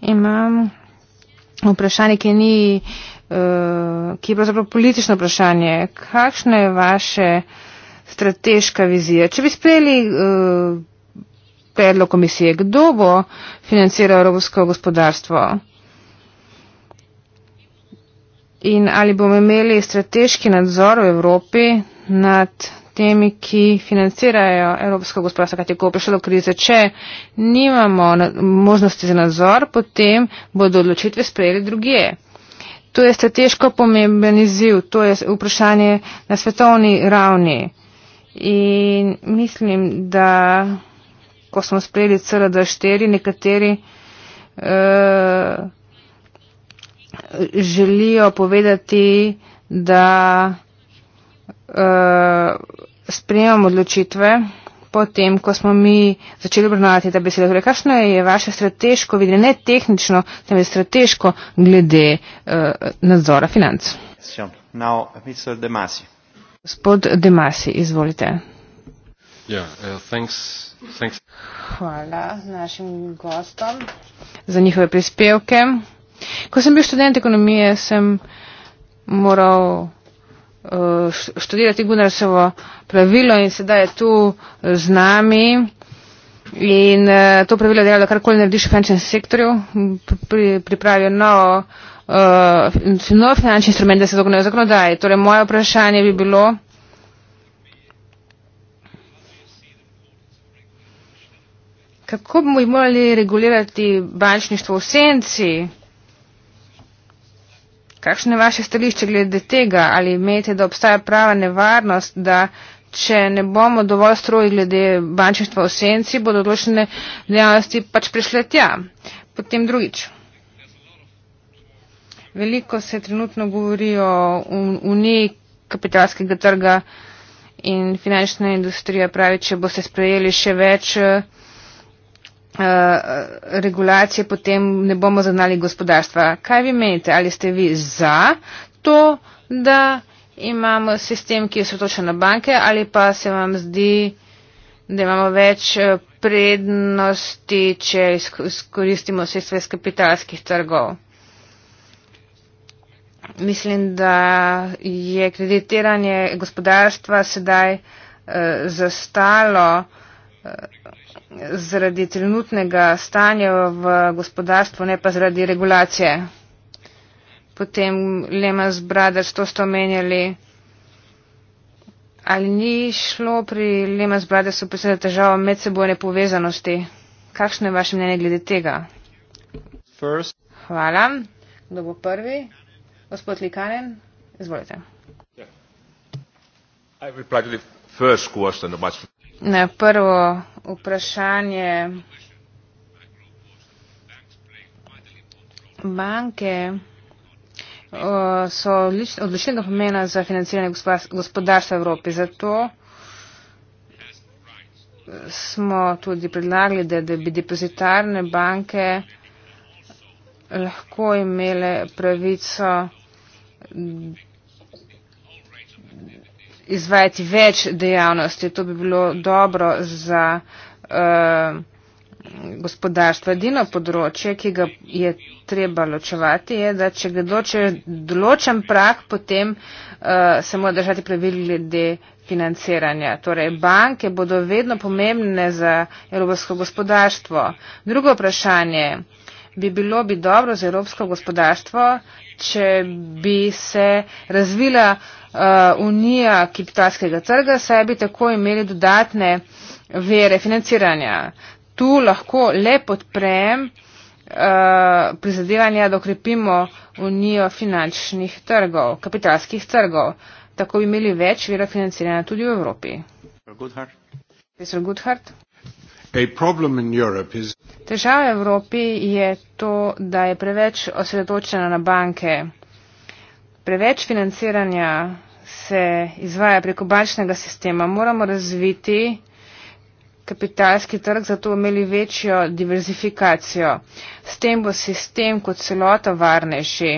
Imam vprašanje, ki ni. Eh, ki je pravzaprav politično vprašanje, kakšna je vaše strateška vizija? Če bi sprejeli uh, predlog komisije, kdo bo financiral evropsko gospodarstvo? in ali bomo imeli strateški nadzor v Evropi nad temi, ki financirajo evropsko gospodarstvo, kajti ko prišlo do krize, če nimamo možnosti za nadzor, potem bodo odločitve sprejeli drugje. To je strateško pomemben izziv, to je vprašanje na svetovni ravni. In mislim, da ko smo sprejeli CRD4, nekateri uh, želijo povedati, da uh, sprejemamo odločitve potem, ko smo mi začeli obravnavati ta beseda. Torej, kakšno je vaše strateško videnje, ne tehnično, temveč strateško glede uh, nadzora financ? Gospod Demasi, izvolite. Yeah, uh, thanks, thanks. Hvala našim gostom za njihove prispevke. Ko sem bil študent ekonomije, sem moral uh, študirati Gunarsovo pravilo in sedaj je tu eh, z nami. In uh, to pravilo dela, da karkoli narediš v finančnem sektorju, pri, pripravijo novo, uh, nov finančni instrument, da se dognajo zakonodaje. Torej, moje vprašanje bi bilo. Kako bi morali regulirati bančništvo v senci Kakšno je vaše stališče glede tega? Ali menite, da obstaja prava nevarnost, da če ne bomo dovolj stroji glede bančništva v senci, bodo odločene dejavnosti pač prišle tja? Potem drugič. Veliko se trenutno govori o uniji kapitalskega trga in finančna industrija pravi, če boste sprejeli še več Eh, regulacije, potem ne bomo zaznali gospodarstva. Kaj vi menite? Ali ste vi za to, da imamo sistem, ki je sotočen na banke, ali pa se vam zdi, da imamo več eh, prednosti, če izkoristimo sredstva iz kapitalskih trgov? Mislim, da je kreditiranje gospodarstva sedaj uh, zastalo. Uh, zaradi trenutnega stanja v gospodarstvu, ne pa zaradi regulacije. Potem Lemans Brothers, to ste omenjali. Ali ni šlo pri Lemans Brothersu predvsem za težavo medsebojne povezanosti? Kakšno je vaše mnenje glede tega? First. Hvala. Kdo bo prvi? Gospod Likanen, izvolite. Yeah. Na prvo vprašanje. Banke so odločenega pomena za financiranje gospodarstva Evropi. Zato smo tudi predlagali, da bi depozitarne banke lahko imele pravico izvajati več dejavnosti. To bi bilo dobro za uh, gospodarstvo. Edino področje, ki ga je treba ločevati, je, da če gredo, če je določen prak, potem uh, se mora držati pravil glede financiranja. Torej, banke bodo vedno pomembne za evropsko gospodarstvo. Drugo vprašanje bi bilo bi dobro za evropsko gospodarstvo, če bi se razvila uh, Uh, unija kapitalskega trga sebi tako imeli dodatne vere financiranja. Tu lahko le podprem uh, prizadevanja, da okrepimo unijo finančnih trgov, kapitalskih trgov. Tako bi imeli več vira financiranja tudi v Evropi. Težava v Evropi je to, da je preveč osredotočena na banke. Preveč financiranja se izvaja preko bančnega sistema. Moramo razviti kapitalski trg, zato imeli večjo diverzifikacijo. S tem bo sistem kot celota varnejši.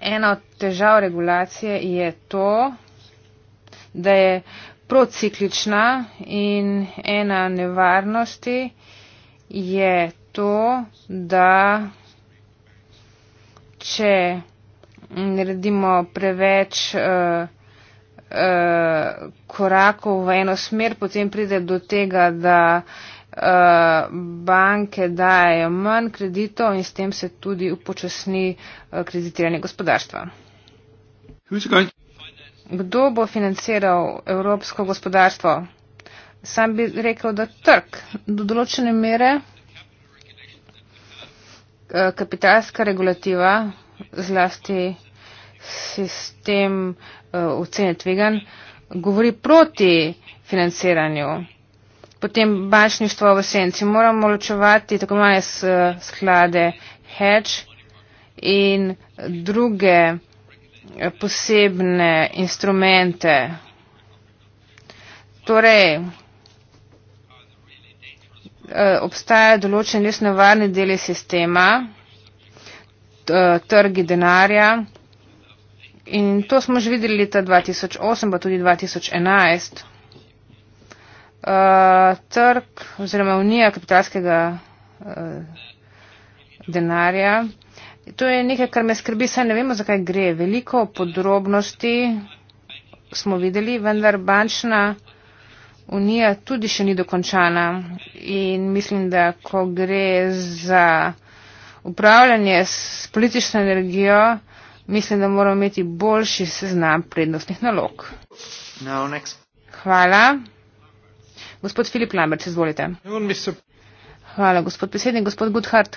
Ena od težav regulacije je to, da je prociklična in ena nevarnosti je to, da če naredimo preveč uh, uh, korakov v eno smer, potem pride do tega, da uh, banke dajo manj kreditov in s tem se tudi upočasni uh, kreditiranje gospodarstva. Kdo bo financiral evropsko gospodarstvo? Sam bi rekel, da trg do določene mere, kapitalska regulativa, zlasti sistem eh, ocene tvegan, govori proti financiranju. Potem bančništvo v senci. Moramo ločevati tako imajo sklade hedge in druge eh, posebne instrumente. Torej, eh, obstajajo določeni res nevarni deli sistema. Eh, trgi denarja. In to smo že videli leta 2008, pa tudi 2011. Uh, eh, trg oziroma unija kapitalskega uh, denarja. To je nekaj, kar me skrbi, saj ne vemo, zakaj gre. Veliko podrobnosti smo videli, vendar bančna unija tudi še ni dokončana. In mislim, da ko gre za upravljanje s politično energijo, mislim, da moramo imeti boljši seznam prednostnih nalog. No, Hvala. Gospod Filip Lambert, izvolite. Hvala, gospod predsednik, gospod Guthart.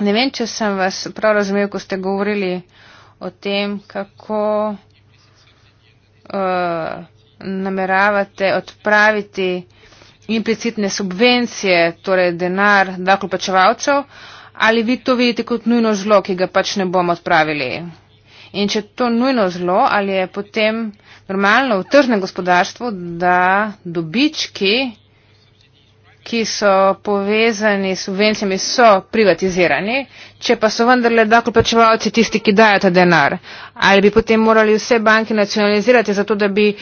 Ne vem, če sem vas prav razumel, ko ste govorili o tem, kako uh, nameravate odpraviti implicitne subvencije, torej denar davkoplačevalcev. Uh, ali vi to vidite kot nujno zlo, ki ga pač ne bomo odpravili? In če to nujno zlo, ali je potem normalno v tržnem gospodarstvu, da dobički, ki so povezani s subvencijami, so privatizirani, če pa so vendarle dako plačevalci tisti, ki dajo ta denar? Ali bi potem morali vse banke nacionalizirati, zato da bi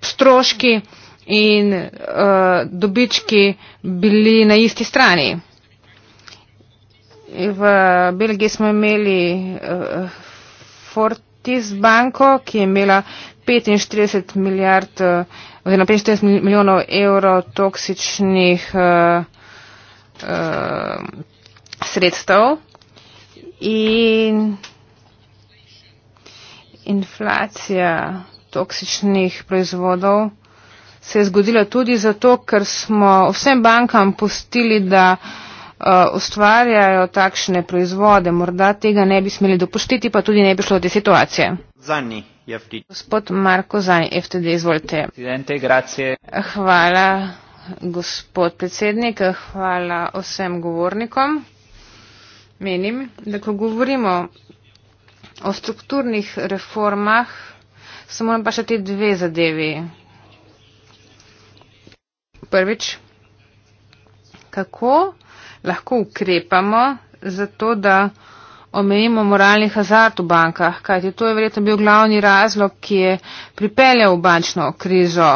stroški in uh, dobički bili na isti strani? v Belgiji smo imeli uh, Fortis banko, ki je imela 45 milijard eh, oziroma 45 milijonov evrov toksičnih uh, uh, sredstev. In inflacija toksičnih proizvodov se je zgodila tudi zato, ker smo vsem bankam pustili, da uh, Eh, ustvarjajo takšne proizvode, morda tega ne bi smeli dopuščiti, pa tudi ne bi šlo te situacije. Zani. Gospod Marko Zani, FTD, izvolite. Hvala, gospod predsednik, hvala vsem govornikom. Menim, da ko govorimo o strukturnih reformah, se moram pa še te dve zadevi. Prvič, kako lahko ukrepamo za to, da omejimo moralni hazard v bankah, kajti to je verjetno bil glavni razlog, ki je pripeljal v bančno krizo,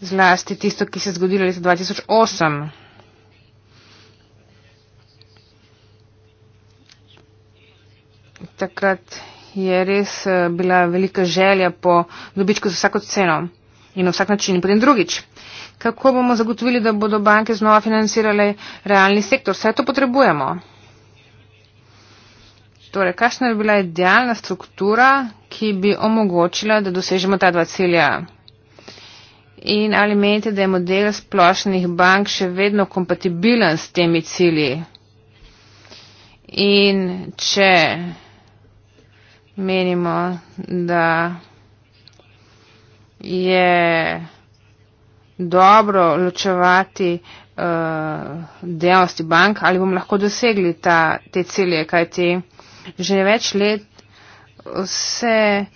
zlasti tisto, ki se je zgodilo leta 2008. Takrat je res eh, bila velika želja po dobičku za vsako ceno in na vsak način in potem drugič kako bomo zagotovili, da bodo banke znova financirale realni sektor. Vse to potrebujemo. Torej, kakšna bi bila idealna struktura, ki bi omogočila, da dosežemo ta dva cilja? In ali menite, da je model splošnih bank še vedno kompatibilen s temi cilji? In če menimo, da je dobro ločevati uh, dejavnosti bank ali bomo lahko dosegli ta, te cilje, kajti že več let vse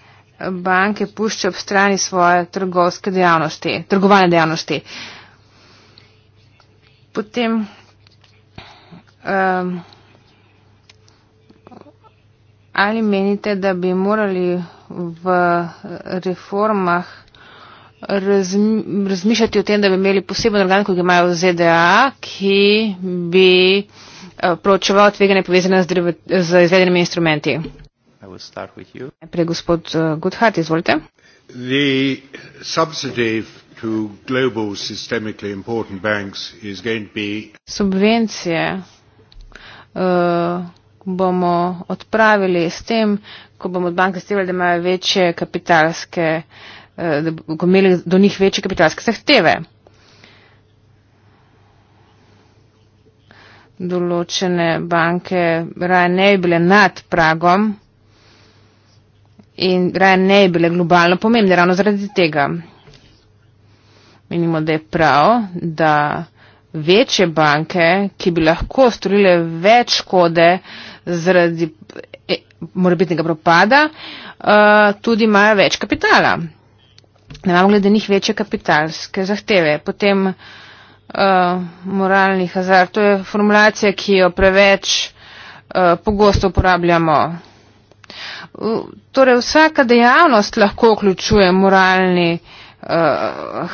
banke pušča ob strani svoje trgovske dejavnosti, trgovane dejavnosti. Potem um, ali menite, da bi morali v reformah razmišljati o tem, da bi imeli poseben organ, kot ga imajo v ZDA, ki bi eh, pročeval tvegane povezane z, z izvedenimi instrumenti. Najprej gospod eh, Guthart, izvolite. The subsidy to global systemically important banks is going to be. Subvencije uh, bomo odpravili s tem, ko bomo od bank zahtevali, da imajo večje kapitalske uh, Eh, da bomo imeli do njih večje kapitalske zahteve. Določene banke raje ne bi bile nad pragom in raje ne bi bile globalno pomembne ravno zaradi tega. Menimo, da je prav, da večje banke, ki bi lahko storile več škode zaradi e, morebitnega propada, eh, tudi imajo več kapitala da imamo glede njih večje kapitalske zahteve. Potem uh, moralni hazard, to je formulacija, ki jo preveč uh, pogosto uporabljamo. Torej, vsaka dejavnost lahko vključuje moralni uh,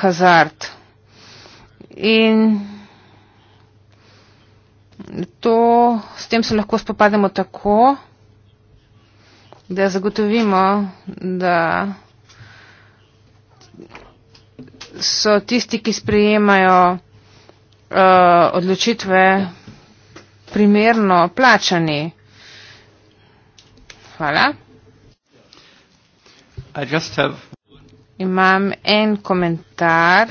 hazard. In to, s tem se lahko spopademo tako, da zagotovimo, da so tisti, ki sprejemajo uh, odločitve, primerno plačani. Hvala. Imam en komentar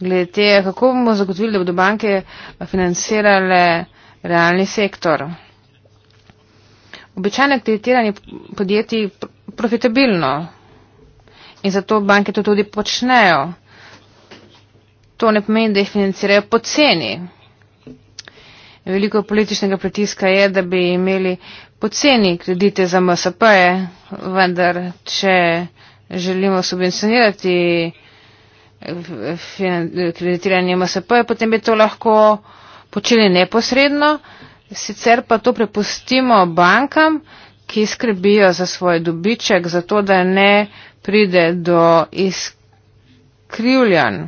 glede tega, kako bomo zagotovili, da bodo banke financirale realni sektor. Običajno je kreditiranje podjetij profitabilno in zato banke to tudi počnejo. To ne pomeni, da jih financirajo poceni. Veliko političnega pritiska je, da bi imeli poceni kredite za MSP-je, vendar če želimo subvencionirati eh, kreditiranje MSP-je, potem bi to lahko počeli neposredno, sicer pa to prepustimo bankam, ki skrbijo za svoj dobiček, zato da ne pride do izkrivljanj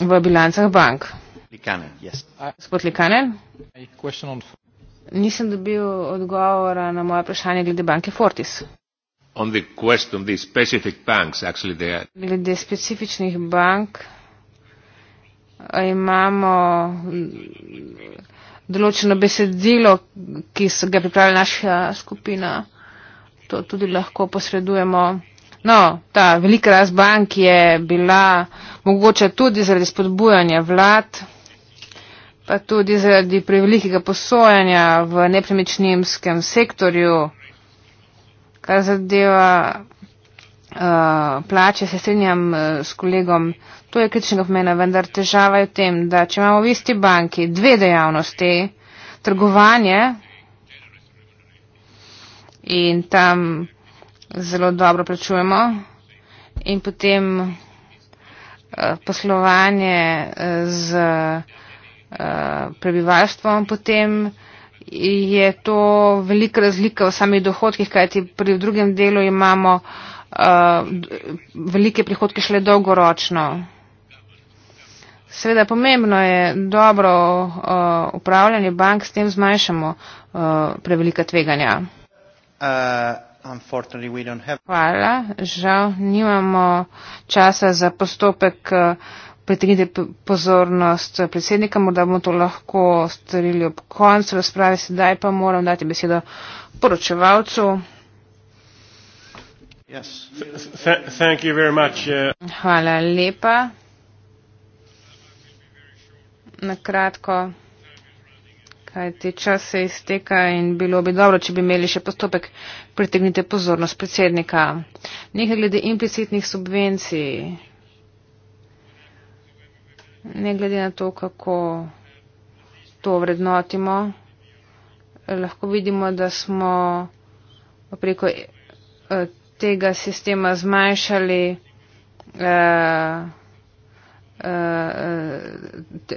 v bilancah bank. Gospod Likanen, yes. uh, nisem dobil odgovora na moje vprašanje glede banke Fortis. Banks, actually, are... Glede specifičnih bank imamo določeno besedilo, ki so ga pripravila naša skupina to tudi lahko posredujemo. No, ta velika rast bank je bila mogoče tudi zaradi spodbujanja vlad, pa tudi zaradi prevelikega posojanja v nepremičnimskem sektorju, kar zadeva uh, plače, se strinjam uh, s kolegom, to je kritičnega pomena, vendar težava je v tem, da če imamo v isti banki dve dejavnosti, trgovanje, in tam zelo dobro plačujemo. In potem eh, poslovanje eh, z eh, prebivalstvom, potem je to velika razlika v samih dohodkih, kajti pri drugem delu imamo velike prihodke šele dolgoročno. Seveda pomembno je dobro upravljanje bank, s tem zmanjšamo prevelika tveganja. Uh, Hvala. Žal nimamo časa za postopek uh, pritrite pozornost predsednika, morda bomo to lahko storili ob koncu razprave, sedaj pa moram dati besedo poročevalcu. Yes. Uh. Hvala lepa. Na kratko. Kajti čas se izteka in bilo bi dobro, če bi imeli še postopek, pritegnite pozornost predsednika. Nekaj glede implicitnih subvencij, ne glede na to, kako to vrednotimo, lahko vidimo, da smo preko eh, tega sistema zmanjšali. Eh,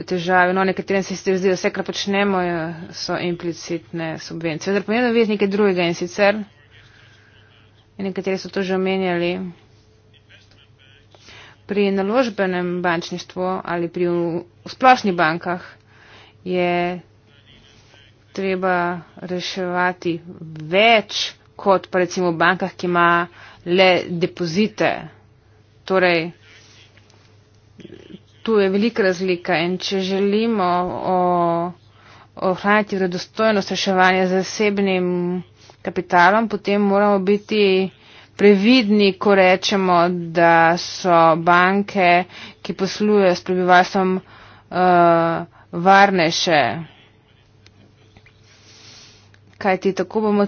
težave. No, nekaterim se je zdelo, da vse, kar počnemo, so implicitne subvencije. Vendar pomeni, da vidiš nekaj drugega in sicer. In nekateri so to že omenjali. Pri naložbenem bančništvu ali pri splošnih bankah je treba reševati več kot pa recimo v bankah, ki ima le depozite. Torej, tu je velika razlika in če želimo ohraniti vredostojnost reševanja z zasebnim kapitalom, potem moramo biti previdni, ko rečemo, da so banke, ki poslujejo s prebivalstvom, uh, varnejše. Kaj ti tako bomo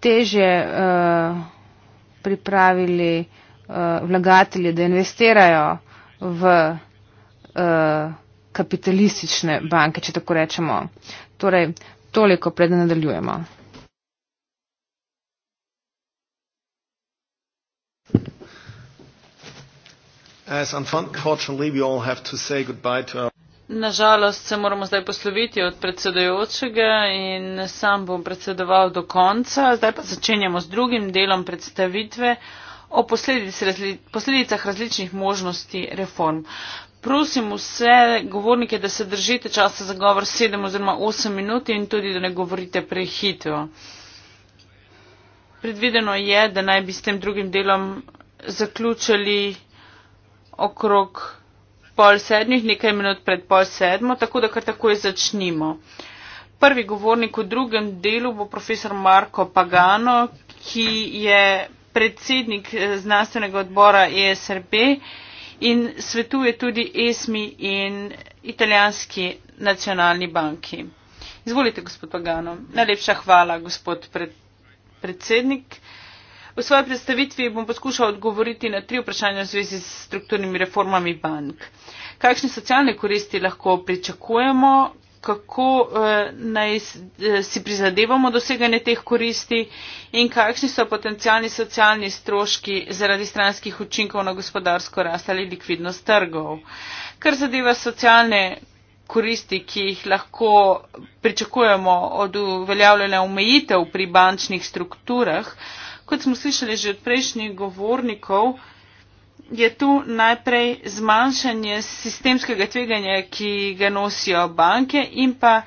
teže uh, eh, pripravili uh, vlagatelje, da investirajo v Eh, kapitalistične banke, če tako rečemo. Torej, toliko preden nadaljujemo. Nažalost se moramo zdaj posloviti od predsedojočega in sam bom predsedoval do konca. Zdaj pa začenjamo z drugim delom predstavitve o posledic, posledicah različnih možnosti reform. Uh, prosim vse govornike, da se držite časa za govor 7 oziroma 8 minut in tudi, da ne govorite prehitro. Predvideno je, da naj bi s tem drugim delom zaključili okrog pol sedmih, nekaj minut pred pol sedmo, tako da kar takoj začnimo. Prvi govornik v drugem delu bo profesor Marko Pagano, ki je predsednik eh, znanstvenega odbora ESRB in svetuje tudi ESMI in italijanski nacionalni banki. Izvolite, gospod Pagano. Najlepša hvala, gospod pred, predsednik. V svoji predstavitvi bom poskušal odgovoriti na tri vprašanja v zvezi s strukturnimi reformami bank. Kakšne socialne koristi lahko pričakujemo, kako eh, naj eh, si prizadevamo doseganje teh koristi in kakšni so potencijalni socialni stroški zaradi stranskih učinkov na gospodarsko rast ali likvidnost trgov. Kar zadeva socialne koristi, ki jih lahko pričakujemo od uveljavljene omejitev pri bančnih strukturah, kot smo slišali že od prejšnjih govornikov, je tu najprej zmanjšanje sistemskega tveganja, ki ga nosijo banke in pa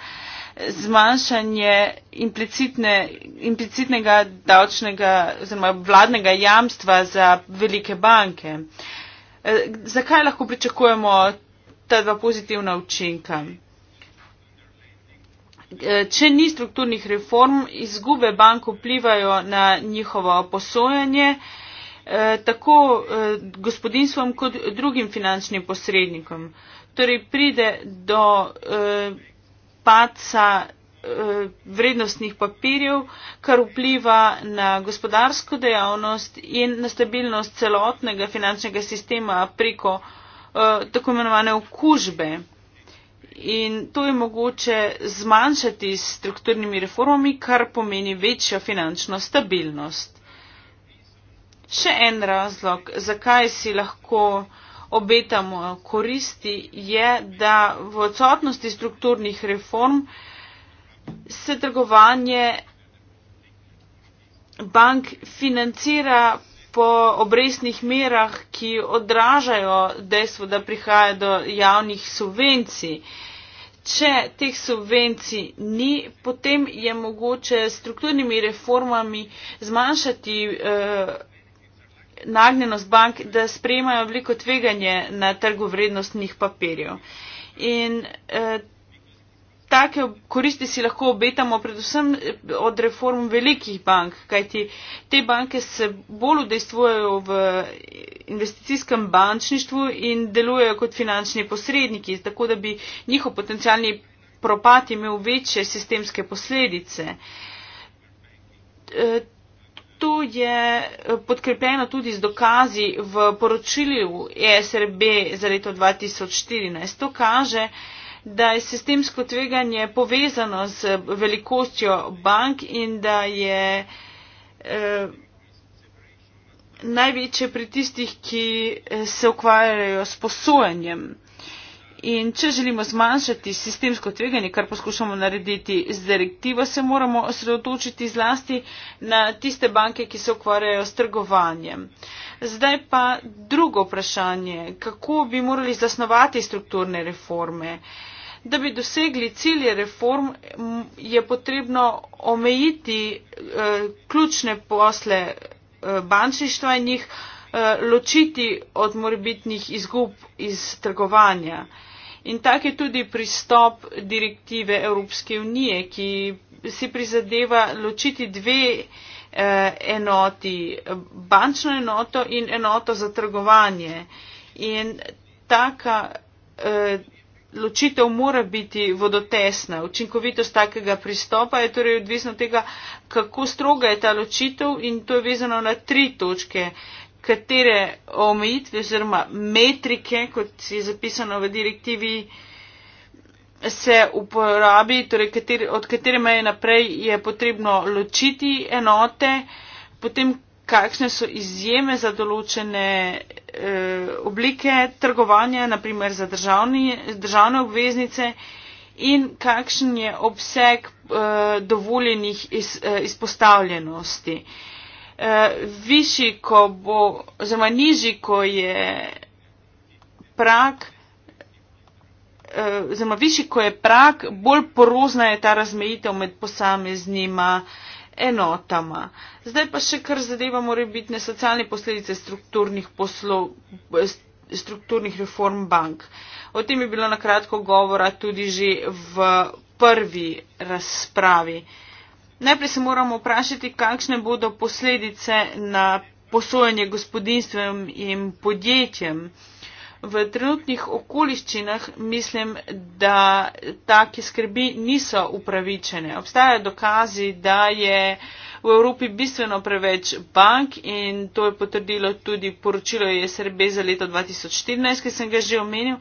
zmanjšanje implicitne, implicitnega davčnega oziroma vladnega jamstva za velike banke. E, zakaj lahko pričakujemo ta dva pozitivna učinka? E, če ni strukturnih reform, izgube bank vplivajo na njihovo posojanje. Eh, tako eh, gospodinstvom kot drugim finančnim posrednikom. Torej pride do eh, paca vrednostnih papirjev, kar vpliva na gospodarsko dejavnost in na stabilnost celotnega finančnega sistema preko tako imenovane okužbe. In to je mogoče zmanjšati s strukturnimi reformami, kar pomeni večjo finančno stabilnost. Še en razlog, zakaj si lahko obetamo koristi, je, da v odsotnosti strukturnih reform se trgovanje bank financira po obresnih merah, ki odražajo dejstvo, da prihaja do javnih subvencij. Če teh subvencij ni, potem je mogoče strukturnimi reformami zmanjšati eh, nagnjenost bank, da sprejemajo veliko tveganje na trgu vrednostnih papirjev. In eh, take koristi si lahko obetamo predvsem eh, od reform velikih bank, kajti te banke se bolj udejstvujejo v investicijskem bančništvu in delujejo kot finančni posredniki, tako da bi njihov potencialni propad imel večje sistemske posledice. Eh, To je eh, podkrepljeno tudi z dokazi v poročilju ESRB za leto 2014. To kaže, da je sistemsko tveganje povezano z velikostjo bank in da je eh, največje pri tistih, ki eh, se ukvarjajo s posojanjem in če želimo zmanjšati sistemsko tveganje kar poskušamo narediti z direktivo se moramo osredotočiti zlasti na tiste banke ki se ukvarjajo s trgovanjem. Zdaj pa drugo vprašanje, kako bi morali zasnovati strukturne reforme. Da bi dosegli cilje reform, je potrebno omejiti eh, ključne posle eh, bančništva in jih eh, Eh, ločiti od morbitnih izgub iz trgovanja. In tak je tudi pristop direktive Evropske unije, ki si prizadeva ločiti dve eh, enoti, bančno enoto in enoto za trgovanje. In taka eh, ločitev mora biti vodotesna. Učinkovitost takega pristopa je torej odvisna od tega, kako stroga je ta ločitev in to je vezano na tri točke katere omejitve oziroma metrike, kot je zapisano v direktivi, se uporabi, torej kateri, od katere meje naprej je potrebno ločiti enote, potem kakšne so izjeme za določene e, oblike trgovanja, naprimer za državni, državne obveznice in kakšen je obseg e, dovoljenih iz, e, izpostavljenosti. E, Eh, višji, ko bo, oziroma nižji, ko je prak, eh, oziroma višji, ko je prak, bolj porozna je ta razmejitev med posameznima enotama. Zdaj pa še kar zadeva more biti ne socialne posledice strukturnih poslov, strukturnih reform bank. O tem je bilo na kratko govora tudi že v prvi razpravi. Uh, Najprej se moramo vprašati, kakšne bodo posledice na posojanje gospodinstvom in podjetjem. V trenutnih okoliščinah mislim, da take skrbi niso upravičene. Obstajajo dokazi, da je v Evropi bistveno preveč bank in to je potrdilo tudi poročilo ESRB za leto 2014, ki sem ga že omenil.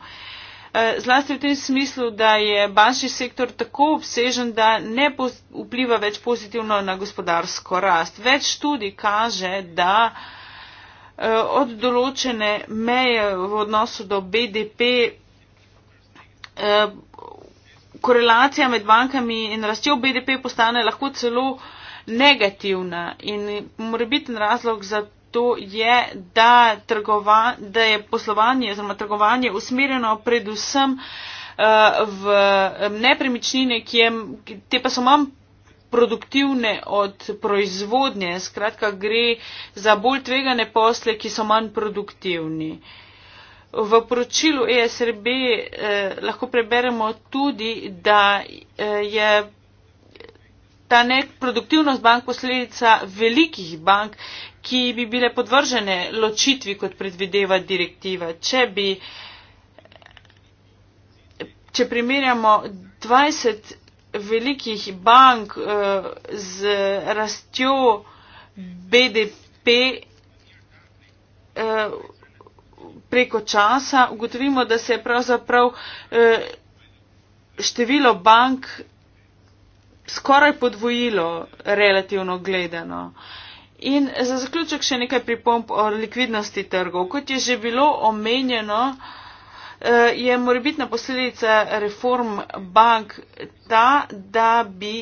Eh, zlasti v tem smislu, da je bančni sektor tako obsežen, da ne vpliva več pozitivno na gospodarsko rast. Več tudi kaže, da eh, od določene meje v odnosu do BDP eh, korelacija med bankami in rastjo BDP postane lahko celo negativna in morebiten razlog za to, to je, da, trgova, da je poslovanje oziroma trgovanje usmerjeno predvsem eh, v eh, nepremičnine, ki je, te pa so manj produktivne od proizvodnje. Skratka, gre za bolj tvegane posle, ki so manj produktivni. V poročilu ESRB eh, lahko preberemo tudi, da eh, je ta neproduktivnost bank posledica velikih bank, ki bi bile podvržene ločitvi, kot predvideva direktiva. Če, bi, če primerjamo 20 velikih bank uh, z rastjo BDP uh, eh, preko časa, ugotovimo, da se je pravzaprav uh, število bank skoraj podvojilo relativno gledano. Uh, In za zaključek še nekaj pripomp o likvidnosti trgov. Kot je že bilo omenjeno, eh, je morebitna posledica reform bank ta, da bi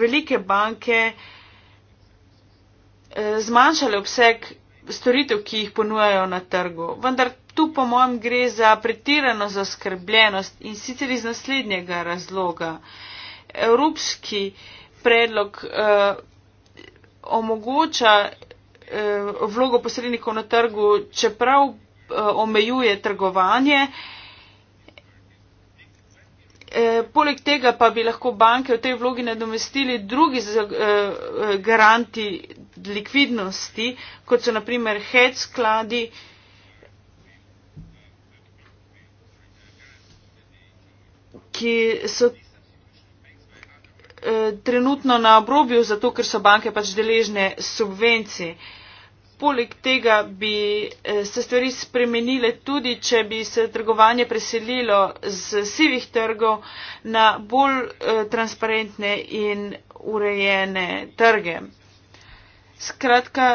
velike banke eh, zmanjšale obseg storitev, ki jih ponujajo na trgu. Vendar tu, po mojem, gre za pretirano zaskrbljenost in sicer iz naslednjega razloga. Evropski predlog. Uh, omogoča eh, vlogo posrednikov na trgu, čeprav eh, omejuje trgovanje. Eh, poleg tega pa bi lahko banke v tej vlogi nadomestili drugi garanti likvidnosti, kot so naprimer hedge skladi. ki so Eh, trenutno na obrobju, zato ker so banke pač deležne subvencij. Poleg tega bi eh, se stvari spremenile tudi, če bi se trgovanje preselilo z sivih trgov na bolj eh, transparentne in urejene trge. Skratka,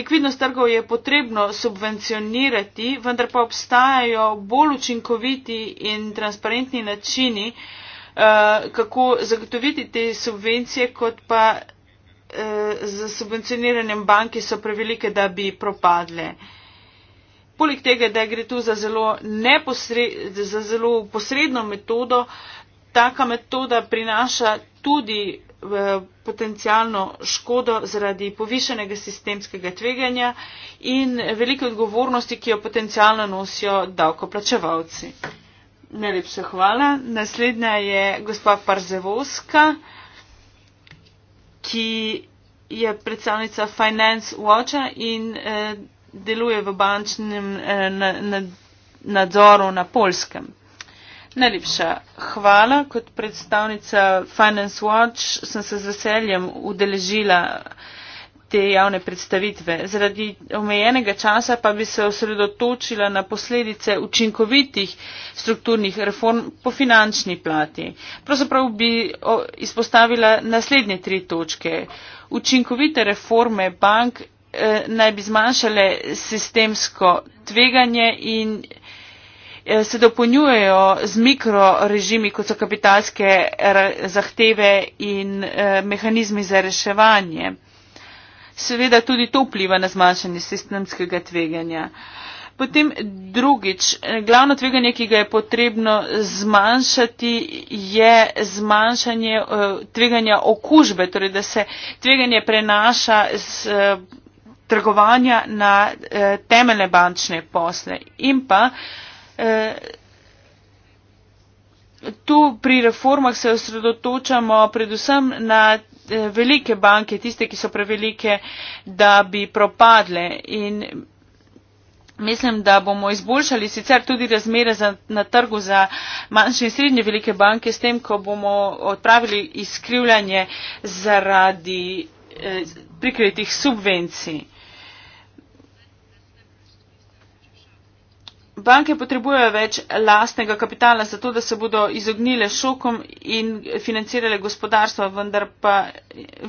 likvidnost trgov je potrebno subvencionirati, vendar pa obstajajo bolj učinkoviti in transparentni načini, uh, kako zagotoviti te subvencije, kot pa uh, z subvencioniranjem banke so prevelike, da bi propadle. Poleg tega, da gre tu za zelo, za zelo posredno metodo, taka metoda prinaša tudi v eh, potencijalno škodo zaradi povišenega sistemskega tveganja in velike odgovornosti, ki jo potencijalno nosijo davkoplačevalci. Najlepša hvala. Naslednja je gospa Parzevoska, ki je predstavnica Finance Watcha in eh, deluje v bančnem eh, na, na, nadzoru na Polskem. Najlepša hvala. Kot predstavnica Finance Watch sem se z veseljem udeležila eh, te javne predstavitve. Zaradi omejenega časa pa bi se osredotočila na posledice učinkovitih strukturnih reform po finančni plati. Pravzaprav bi izpostavila naslednje tri točke. Učinkovite reforme bank eh, naj bi zmanjšale sistemsko tveganje in eh, se dopolnjujejo z mikrorežimi, kot so kapitalske eh, zahteve in mehanizmi za reševanje. Seveda tudi to vpliva na zmanjšanje sistemskega tveganja. Potem drugič, glavno tveganje, ki ga je potrebno zmanjšati, je zmanjšanje eh, tveganja okužbe, torej da se tveganje prenaša z eh, trgovanja na eh, temeljne bančne posle. In pa tu pri reformah se osredotočamo predvsem na Eh, velike banke, tiste, ki so prevelike, da bi propadle. In mislim, da bomo izboljšali sicer tudi razmere za, na trgu za manjše in srednje velike banke s tem, ko bomo odpravili izkrivljanje zaradi eh, prikritih subvencij. Banke potrebujejo več lastnega kapitala, zato da se bodo izognile šokom in financirale gospodarstvo, vendar pa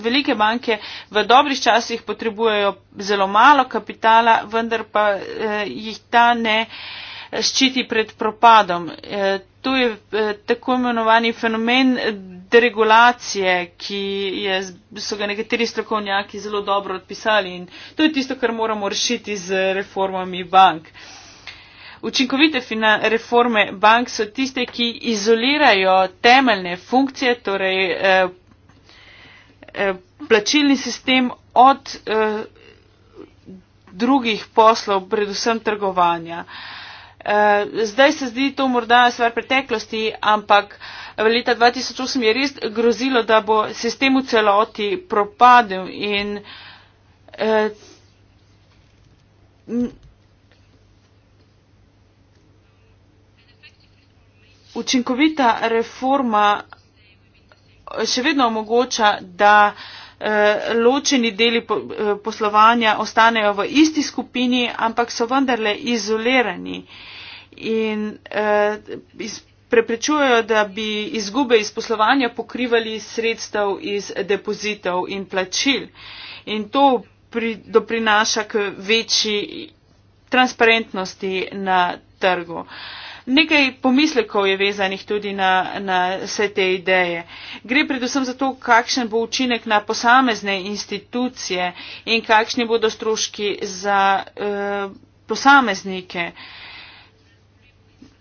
velike banke v dobrih časih potrebujejo zelo malo kapitala, vendar pa eh, jih ta ne eh, ščiti pred propadom. Eh, to je eh, tako imenovani fenomen deregulacije, ki je, so ga nekateri strokovnjaki zelo dobro odpisali in to je tisto, kar moramo rešiti z reformami bank. Eh, učinkovite reforme bank so tiste, ki izolirajo temeljne funkcije, torej eh, eh, plačilni sistem od eh, drugih poslov, predvsem trgovanja. Zdaj se zdi to morda stvar preteklosti, ampak v leta 2008 je res grozilo, da bo sistem v celoti propadel in učinkovita reforma eh, še vedno omogoča, da eh, ločeni deli eh, poslovanja ostanejo v isti skupini, ampak so vendarle izolirani in preprečujejo, da bi izgube iz poslovanja pokrivali sredstev iz depozitev in plačil. In to pri, doprinaša k večji transparentnosti na trgu. Uh, Nekaj pomislekov je vezanih tudi na, na vse te ideje. Gre predvsem za to, kakšen bo učinek na posamezne institucije in kakšni bodo stroški za uh, posameznike.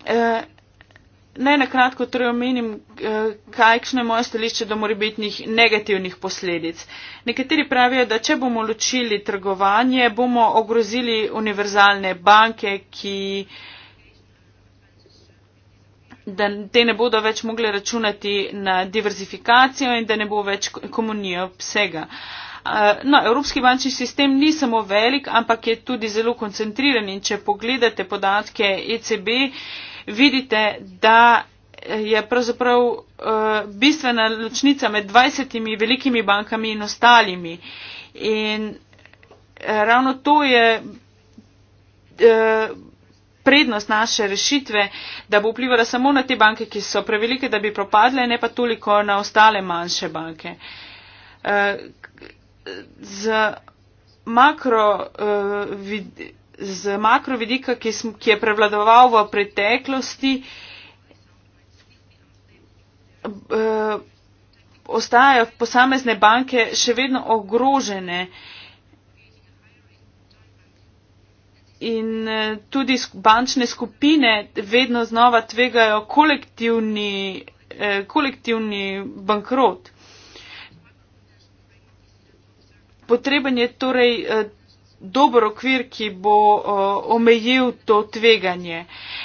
Uh, Naj na kratko torej omenim, eh, kakšno je moje stališče do morebitnih negativnih posledic. Nekateri pravijo, da če bomo ločili trgovanje, bomo ogrozili univerzalne banke, ki uh, da te ne bodo več mogli računati na diverzifikacijo in da ne bo več komunijo vsega. No, Evropski bančni sistem ni samo velik, ampak je tudi zelo koncentriran in če pogledate podatke ECB, vidite, da je pravzaprav e, bistvena ločnica med 20 velikimi bankami in ostalimi. In e, ravno to je. E, prednost naše rešitve, da bo vplivala samo na te banke, ki so prevelike, da bi propadle, ne pa toliko na ostale manjše banke. Eh, z makro, eh, z makro vidika, ki je prevladoval v preteklosti, eh, ostajajo posamezne banke še vedno ogrožene. in eh, tudi bančne skupine vedno znova tvegajo kolektivni, eh, kolektivni bankrot. Potreben je torej eh, dober okvir, ki bo omejil to tveganje.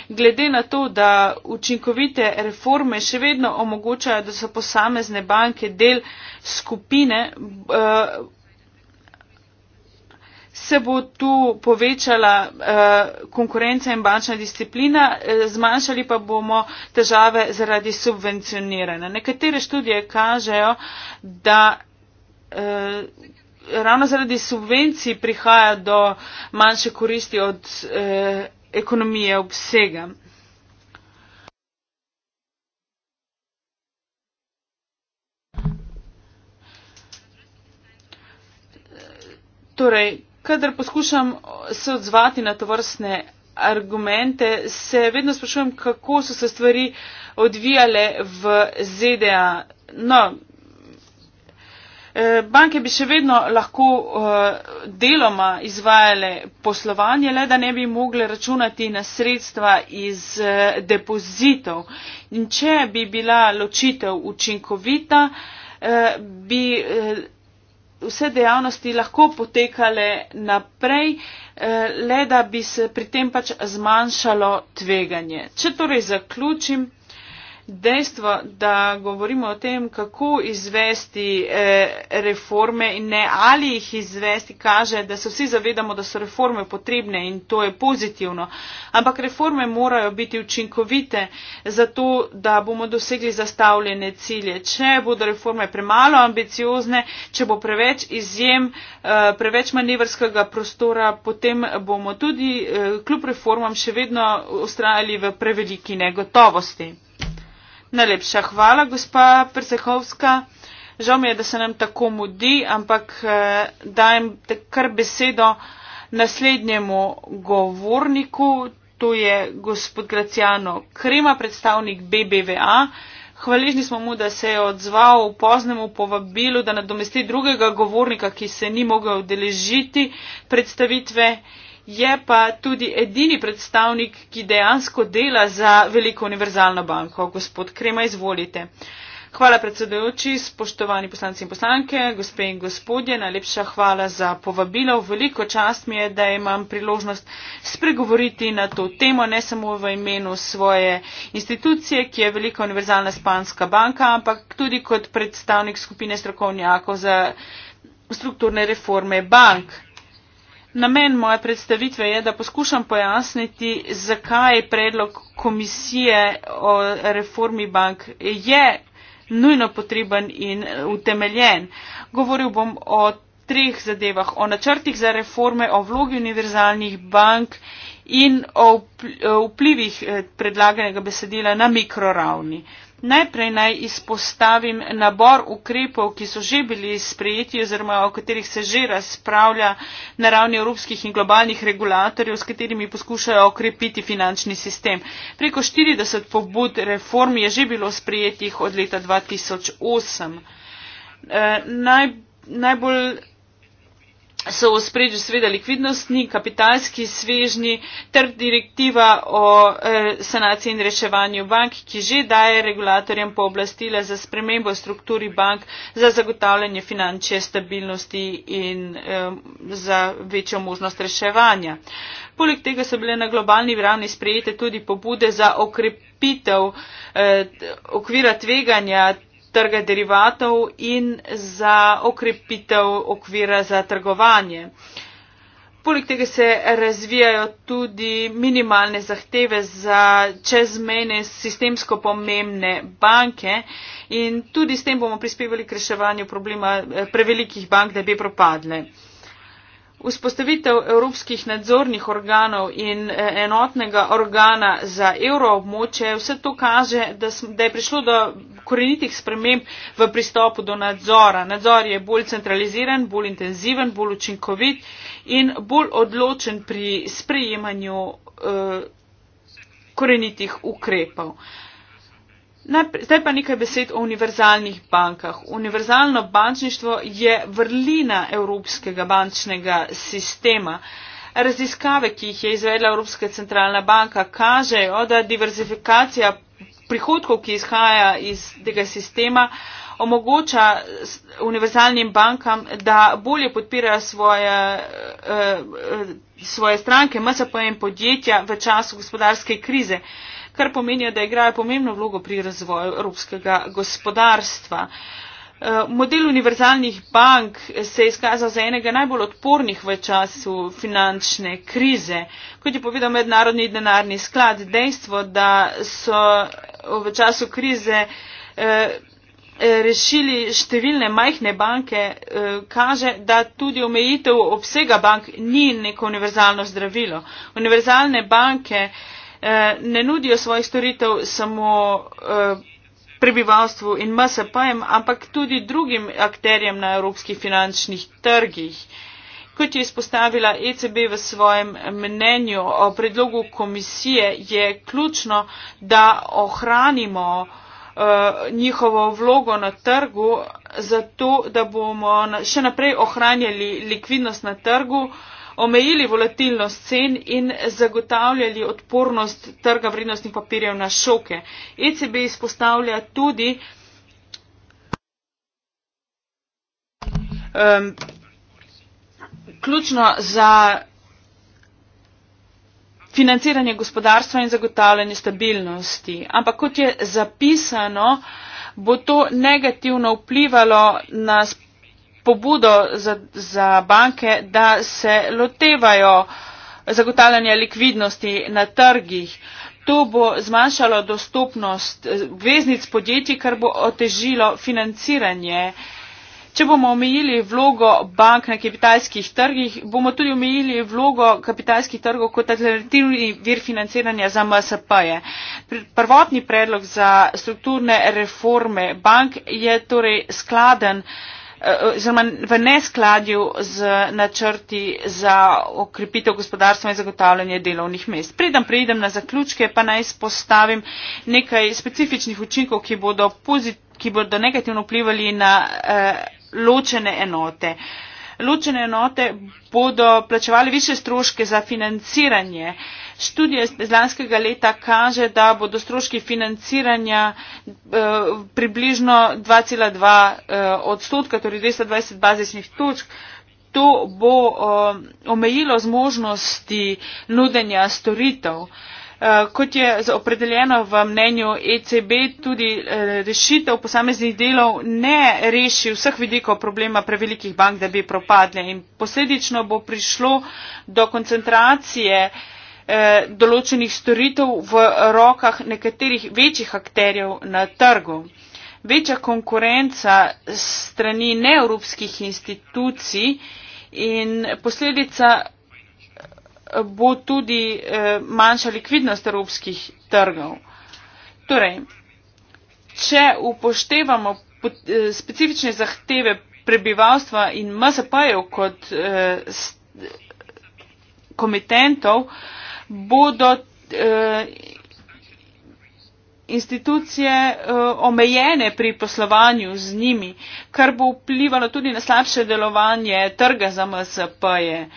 Glede na to, da učinkovite reforme še vedno omogočajo, da so posamezne banke del skupine, se bo tu povečala uh, konkurenca in bančna disciplina, uh, zmanjšali pa bomo težave zaradi subvencioniranja. Nekatere študije kažejo, da uh, ravno zaradi subvencij prihaja do manjše koristi od uh, ekonomije obsega. Torej, kadar poskušam se odzvati na to vrstne argumente, se vedno sprašujem, kako so se stvari odvijale v ZDA. No, eh, banke bi še vedno lahko eh, deloma izvajale poslovanje, le da ne bi mogle računati na sredstva iz eh, depozitov. In če bi bila ločitev učinkovita, bi vse dejavnosti lahko potekale naprej, eh, le da bi se pri tem pač zmanjšalo tveganje. Če torej zaključim, dejstvo, da govorimo o tem, kako izvesti eh, reforme in ne ali jih izvesti, kaže, da se vsi zavedamo, da so reforme potrebne in to je pozitivno. Ampak reforme morajo biti učinkovite, zato da bomo dosegli zastavljene cilje. Če bodo reforme premalo ambiciozne, če bo preveč izjem, eh, preveč manevrskega prostora, potem bomo tudi eh, kljub reformam še vedno ustrajali v preveliki negotovosti. Najlepša hvala, gospa Persehovska. Žal mi je, da se nam tako mudi, ampak eh, dajem kar besedo naslednjemu govorniku. To je gospod Graciano Krema, predstavnik BBVA. Hvaležni smo mu, da se je odzval v poznemu povabilu, da nadomesti drugega govornika, ki se ni mogel deležiti predstavitve je pa tudi edini predstavnik, ki dejansko dela za veliko univerzalno banko. Gospod Krema, izvolite. Hvala predsedujoči, spoštovani poslanci in poslanke, gospe in gospodje, najlepša hvala za povabilo. Veliko čast mi je, da imam priložnost spregovoriti na to temo, ne samo v imenu svoje institucije, ki je velika univerzalna spanska banka, ampak tudi kot predstavnik skupine strokovnjakov za strukturne reforme bank. Namen moje predstavitve je, da poskušam pojasniti, zakaj predlog komisije o reformi bank je nujno potreben in utemeljen. Govoril bom o treh zadevah, o načrtih za reforme, o vlogi univerzalnih bank in o vplivih eh, predlaganega besedila na mikroravni. Najprej naj izpostavim nabor ukrepov, ki so že bili sprejeti oziroma o katerih se že razpravlja na ravni evropskih in globalnih regulatorjev, s katerimi poskušajo okrepiti finančni sistem. Preko 40 pobud reform je že bilo sprejetih od leta 2008. E, eh, naj, najbolj so v spredju seveda likvidnostni, kapitalski, svežni ter direktiva o eh, sanaciji in reševanju bank, ki že daje regulatorjem pooblastila za spremembo strukturi bank za zagotavljanje finančne stabilnosti in eh, za večjo možnost reševanja. Poleg tega so bile na globalni ravni sprejete tudi pobude za okrepitev eh, okvira tveganja trga derivatov in za okrepitev okvira za trgovanje. Poleg tega se razvijajo tudi minimalne zahteve za čezmejne sistemsko pomembne banke in tudi s tem bomo prispevali k reševanju problema eh, prevelikih bank, da bi propadle. Vzpostavitev evropskih nadzornih organov in eh, enotnega organa za evroobmoče, vse to kaže, da, sm, da je prišlo do korenitih sprememb v pristopu do nadzora. Nadzor je bolj centraliziran, bolj intenziven, bolj učinkovit in bolj odločen pri sprejemanju eh, korenitih ukrepov. Eh, Zdaj pa nekaj besed o univerzalnih bankah. Univerzalno bančništvo je vrlina evropskega bančnega sistema. Raziskave, ki jih je izvedla Evropska centralna banka, kažejo, da diverzifikacija prihodkov, ki izhaja iz tega sistema, omogoča univerzalnim bankam, da bolje podpirajo svoje, eh, eh, svoje stranke, MSP in podjetja v času gospodarske krize kar pomeni, da igrajo pomembno vlogo pri razvoju evropskega gospodarstva. Eh, model univerzalnih bank se je izkazal za enega najbolj odpornih v času finančne krize. Kot je povedal Mednarodni denarni sklad, dejstvo, da so v času krize eh, rešili številne majhne banke, eh, kaže, da tudi omejitev obsega bank ni neko univerzalno zdravilo. Univerzalne banke Eh, ne nudijo svojih storitev samo eh, prebivalstvu in MSP-jem, ampak tudi drugim akterjem na evropskih finančnih trgih. Kot je izpostavila ECB v svojem mnenju o predlogu komisije, je ključno, da ohranimo uh, njihovo vlogo na trgu, zato da bomo še naprej ohranjali likvidnost na trgu uh, omejili volatilnost cen in zagotavljali odpornost trga vrednostnih papirjev na šoke. ECB izpostavlja tudi um, ključno za financiranje gospodarstva in zagotavljanje stabilnosti. Ampak kot je zapisano, bo to negativno vplivalo na pobudo za, za banke, da se lotevajo zagotavljanja likvidnosti na trgih. To bo zmanjšalo dostopnost eh, veznic podjetij, kar bo otežilo financiranje. Če bomo omejili vlogo bank na kapitalskih trgih, bomo tudi omejili vlogo kapitalskih trgov kot alternativni vir financiranja za MSP-je. Prvotni predlog za strukturne reforme bank je torej skladen Eh, oziroma v neskladju z načrti za okrepitev gospodarstva in zagotavljanje delovnih mest. Predem preidem na zaključke, pa naj spostavim nekaj specifičnih učinkov, ki bodo, pozit, ki bodo negativno vplivali na eh, ločene enote. Ločene enote bodo plačevali više stroške za financiranje eh, Študija iz lanskega leta kaže, da bodo stroški financiranja eh, približno 2,2 eh, odstotka, torej 220 bazičnih točk. To bo eh, omejilo zmožnosti nudenja storitev. Eh, kot je opredeljeno v mnenju ECB, tudi eh, rešitev posameznih delov ne reši vseh vidikov problema prevelikih bank, da bi propadle. In posledično bo prišlo do koncentracije eh, eh, določenih storitev v rokah nekaterih večjih akterjev na trgu. Večja konkurenca strani neevropskih institucij in posledica eh, bo tudi eh, manjša likvidnost evropskih trgov. Torej, če upoštevamo pot, eh, specifične zahteve prebivalstva in MSP-jev kot eh, komitentov, eh, bodo eh, institucije eh, omejene pri poslovanju z njimi, kar bo vplivalo tudi na slabše delovanje trga za MSP-je.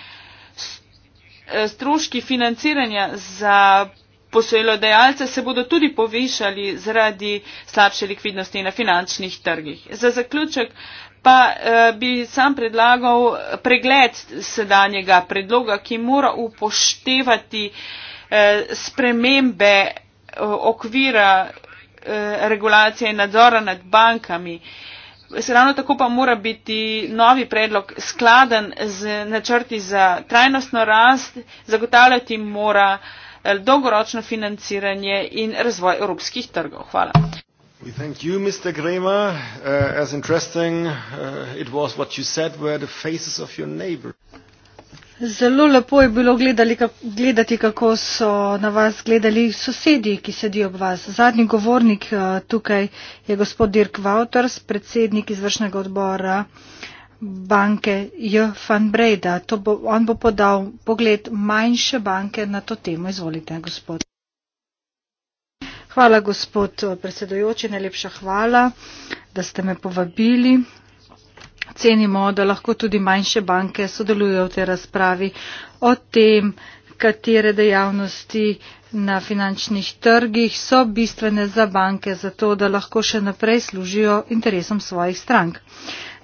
Eh, stroški financiranja za posojilodajalce se bodo tudi povišali zaradi slabše likvidnosti na finančnih trgih. Za zaključek pa eh, bi sam predlagal pregled sedanjega predloga, ki mora upoštevati eh, spremembe eh, okvira regulacije in nadzora nad bankami. Ravno tako pa mora biti novi predlog skladen z načrti za trajnostno rast, zagotavljati mora dolgoročno financiranje in razvoj evropskih trgov. Hvala. We thank you, Mr. Gremer. Uh, as interesting uh, it was what you said were the faces of your neighbor. Zelo lepo je bilo gledali, gledati, kako so na vas gledali sosedi, ki sedijo ob vas. Zadnji govornik uh, tukaj je gospod Dirk Wouters, predsednik izvršnega odbora banke J. van Breda. Bo, on bo podal pogled manjše banke na to temo. Izvolite, gospod. Hvala, gospod eh, predsedojoči, najlepša hvala, da ste me povabili. Cenimo, da lahko tudi manjše banke sodelujo v tej razpravi o tem, katere dejavnosti na finančnih trgih so bistvene za banke, zato da lahko še naprej služijo interesom svojih strank.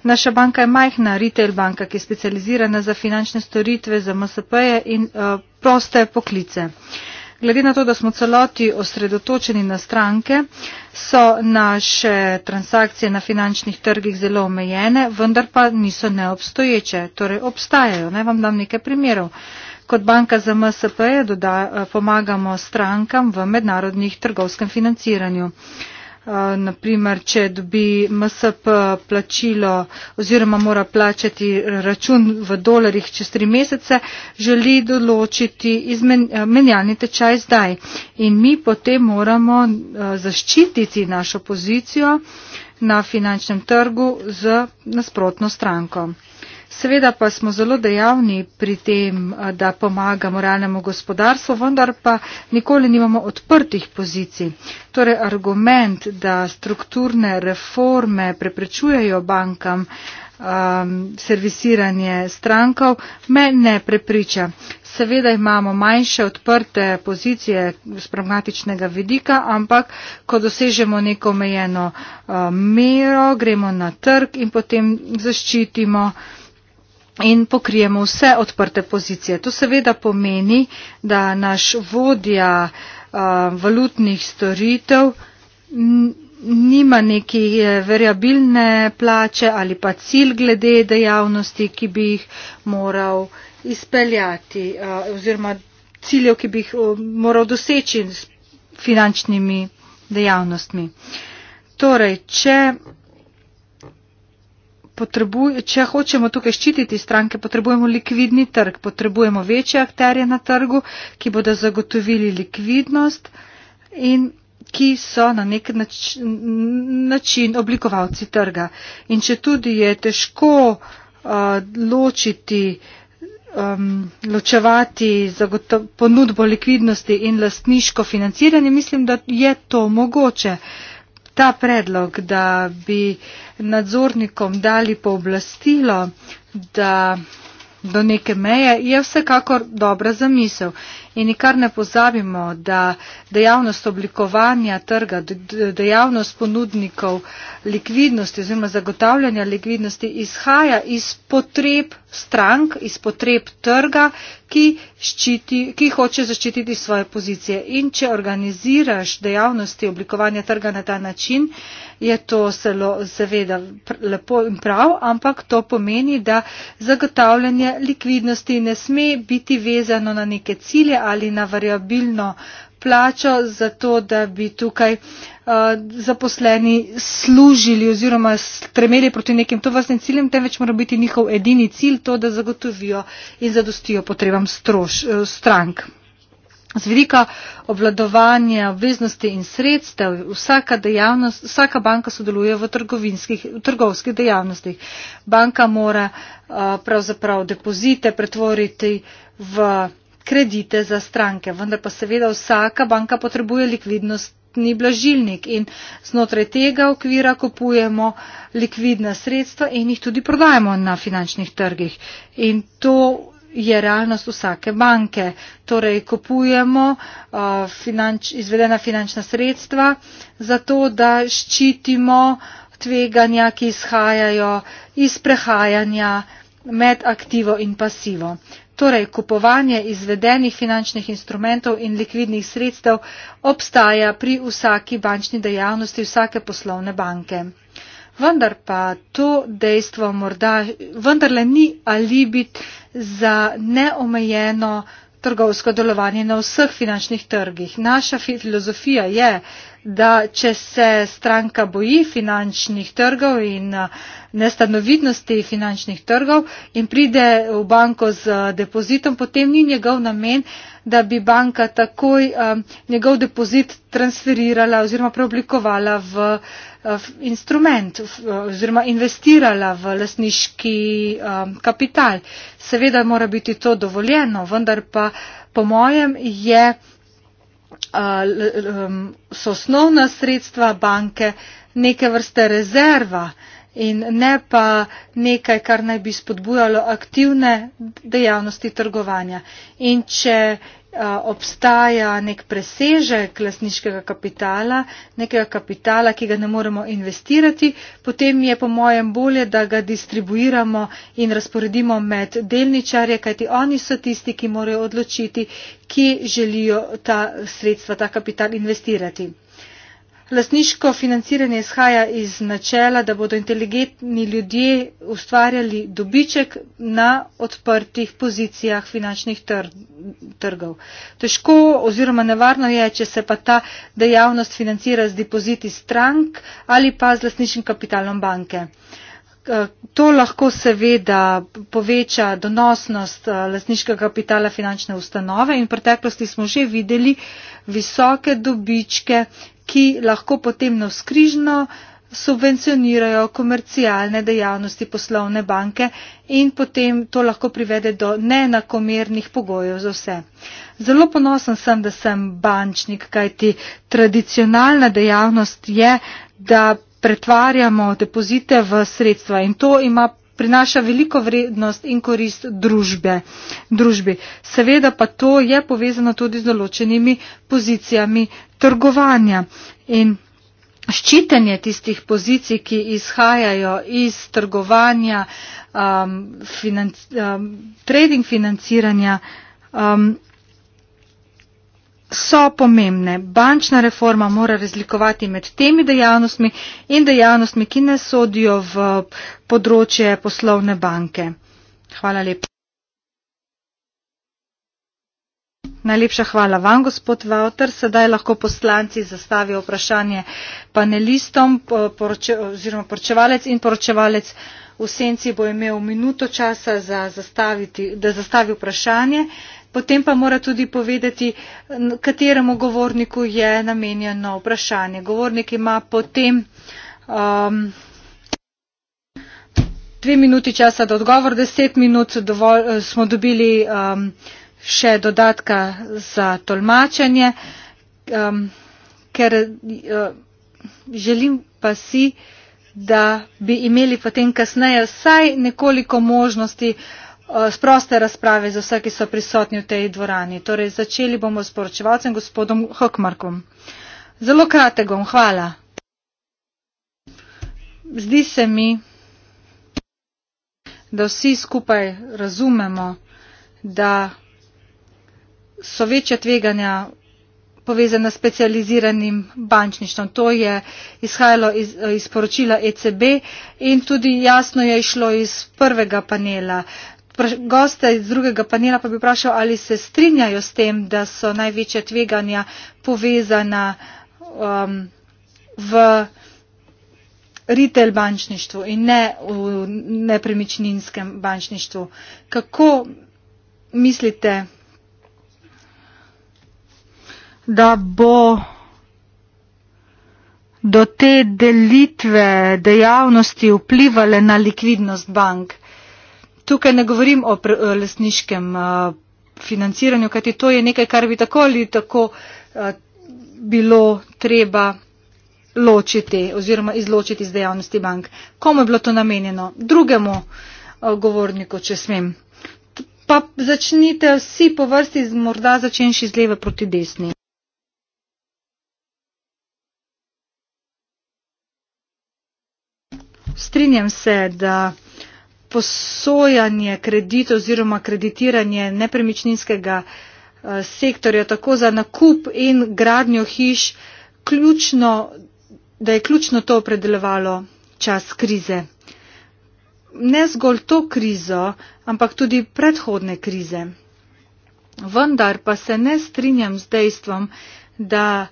Naša banka je majhna retail banka, ki je specializirana za finančne storitve, za MSP-je in uh, proste poklice. Uh, Glede na to, da smo celoti osredotočeni na stranke, so naše transakcije na finančnih trgih zelo omejene, vendar pa niso neobstoječe, torej obstajajo. Naj vam dam nekaj primerov. Kot banka za MSP doda, pomagamo strankam v mednarodnih trgovskem financiranju. Eh, naprimer, če dobi MSP plačilo oziroma mora plačati račun v dolarjih čez tri mesece, želi določiti eh, menjalni tečaj zdaj. In mi potem moramo eh, zaščititi našo pozicijo na finančnem trgu z nasprotno strankom. Seveda pa smo zelo dejavni pri tem, eh, da pomagamo realnemu gospodarstvu, vendar pa nikoli nimamo odprtih pozicij. Torej argument, da strukturne reforme preprečujejo bankam um, servisiranje strankov, me ne prepriča. Seveda imamo manjše odprte pozicije z pragmatičnega vidika, ampak ko dosežemo neko omejeno uh, mero, gremo na trg in potem zaščitimo in pokrijemo vse odprte pozicije. To seveda pomeni, da naš vodja eh, valutnih storitev nima neke eh, variabilne plače ali pa cilj glede dejavnosti, ki bi jih moral izpeljati eh, oziroma ciljev, ki bi jih moral doseči s finančnimi dejavnostmi. Torej, če če hočemo tukaj ščititi stranke, potrebujemo likvidni trg, potrebujemo večje akterje na trgu, ki bodo zagotovili likvidnost in ki so na nek način, način oblikovalci trga. In če tudi je težko uh, ločiti, um, ločevati ponudbo likvidnosti in lastniško financiranje, mislim, da je to mogoče. Uh, ta predlog, da bi nadzornikom dali pooblastilo, da do neke meje je vsekakor dobra zamisel in nikar ne pozabimo, da dejavnost oblikovanja trga, dejavnost ponudnikov likvidnosti oziroma zagotavljanja likvidnosti izhaja iz potreb strank, iz potreb trga, ki, ščiti, ki hoče zaščititi svoje pozicije. In če organiziraš dejavnosti oblikovanja trga na ta način, je to zelo seveda lepo in prav, ampak to pomeni, da zagotavljanje likvidnosti ne sme biti vezano na neke cilje ali na variabilno plačo, zato da bi tukaj uh, zaposleni služili oziroma stremeli proti nekim tovrstnim ciljem, temveč mora biti njihov edini cilj to, da zagotovijo in zadostijo potrebam stroš, eh, strank. Z vidika obvladovanja obveznosti in sredstev vsaka, dejavnost, vsaka banka sodeluje v, v trgovskih dejavnostih. Banka mora uh, pravzaprav depozite pretvoriti v kredite za stranke. Vendar pa seveda vsaka banka potrebuje likvidnostni blažilnik in znotraj tega okvira kupujemo likvidna sredstva in jih tudi prodajemo na finančnih trgih. In to je realnost vsake banke. Torej, kupujemo uh, finanč, izvedena finančna sredstva zato, da ščitimo tveganja, ki izhajajo iz prehajanja med aktivo in pasivo torej kupovanje izvedenih finančnih instrumentov in likvidnih sredstev, obstaja pri vsaki bančni dejavnosti vsake poslovne banke. Vendar pa to dejstvo morda vendarle ni alibit za neomejeno trgovsko delovanje na vseh finančnih trgih. Naša filozofija je, da če se stranka boji finančnih trgov in eh, nestanovidnosti finančnih trgov in pride v banko z eh, depozitom, potem ni njegov namen, da bi banka takoj um, njegov depozit transferirala oziroma preoblikovala v, v instrument v, oziroma investirala v lasniški um, kapital. Seveda mora biti to dovoljeno, vendar pa po mojem je, um, so osnovna sredstva banke neke vrste rezerva in ne pa nekaj, kar naj bi spodbujalo aktivne dejavnosti trgovanja. In če obstaja nek presežek lasniškega kapitala, nekega kapitala, ki ga ne moremo investirati, potem je po mojem bolje, da ga distribuiramo in razporedimo med delničarje, kajti oni so tisti, ki morajo odločiti, kje želijo ta sredstva, ta kapital investirati. Lastniško financiranje izhaja iz načela, da bodo inteligentni ljudje ustvarjali dobiček na odprtih pozicijah finančnih tr trgov. Težko oziroma nevarno je, če se pa ta dejavnost financira z depoziti strank ali pa z lastničnim kapitalom banke. Uh, Eh, to lahko seveda poveča donosnost eh, lasniškega kapitala finančne ustanove in v preteklosti smo že videli visoke dobičke, ki lahko potem navskrižno subvencionirajo komercialne dejavnosti poslovne banke in potem to lahko privede do neenakomernih pogojev za vse. Zelo ponosen sem, da sem bančnik, kajti tradicionalna dejavnost je, da pretvarjamo depozite v sredstva in to ima prinaša veliko vrednost in korist družbe, družbi. Seveda pa to je povezano tudi z določenimi pozicijami trgovanja. In ščitenje tistih pozicij, ki izhajajo iz trgovanja, um, financ um, trading financiranja, um, so pomembne. Bančna reforma mora razlikovati med temi dejavnostmi in dejavnostmi, ki ne sodijo v področje poslovne banke. Hvala lepa. Najlepša hvala vam, gospod Vauter. Sedaj lahko poslanci zastavijo vprašanje panelistom, poroče, oziroma poročevalec in poročevalec v senci bo imel minuto časa, za da zastavi vprašanje. Uh, potem pa mora tudi povedati, kateremu govorniku je namenjeno vprašanje. Govornik ima potem um, dve minuti časa do odgovor, deset minut dovolj, eh, smo dobili um, še dodatka za tolmačenje, um, ker uh, želim pa si, da bi imeli potem kasneje vsaj nekoliko možnosti, uh, Eh, sproste razprave za vse, ki so prisotni v tej dvorani. Torej, začeli bomo s poročevalcem gospodom Hokmarkom. Zelo kratkom, hvala. Zdi se mi, da vsi skupaj razumemo, da so večja tveganja povezana s specializiranim bančništvom. To je izhajalo iz, eh, iz poročila ECB in tudi jasno je išlo iz prvega panela goste iz drugega panela pa bi vprašal, ali se strinjajo s tem, da so največja tveganja povezana um, v retail bančništvu in ne v nepremičninskem bančništvu. Kako mislite, da bo do te delitve dejavnosti vplivale na likvidnost bank? tukaj ne govorim o eh, lasniškem eh, financiranju, kajti to je nekaj, kar bi tako ali tako eh, bilo treba ločiti oziroma izločiti iz dejavnosti bank. Komu je bilo to namenjeno? Drugemu govorniku, če smem. Pa začnite vsi po vrsti, morda začenši z leve proti desni. Strinjam se, da posojanje kredita oziroma kreditiranje nepremičninskega eh, sektorja tako za nakup in gradnjo hiš, ključno, da je ključno to opredelovalo čas krize. Ne zgolj to krizo, ampak tudi predhodne krize. Vendar pa se ne strinjam z dejstvom, da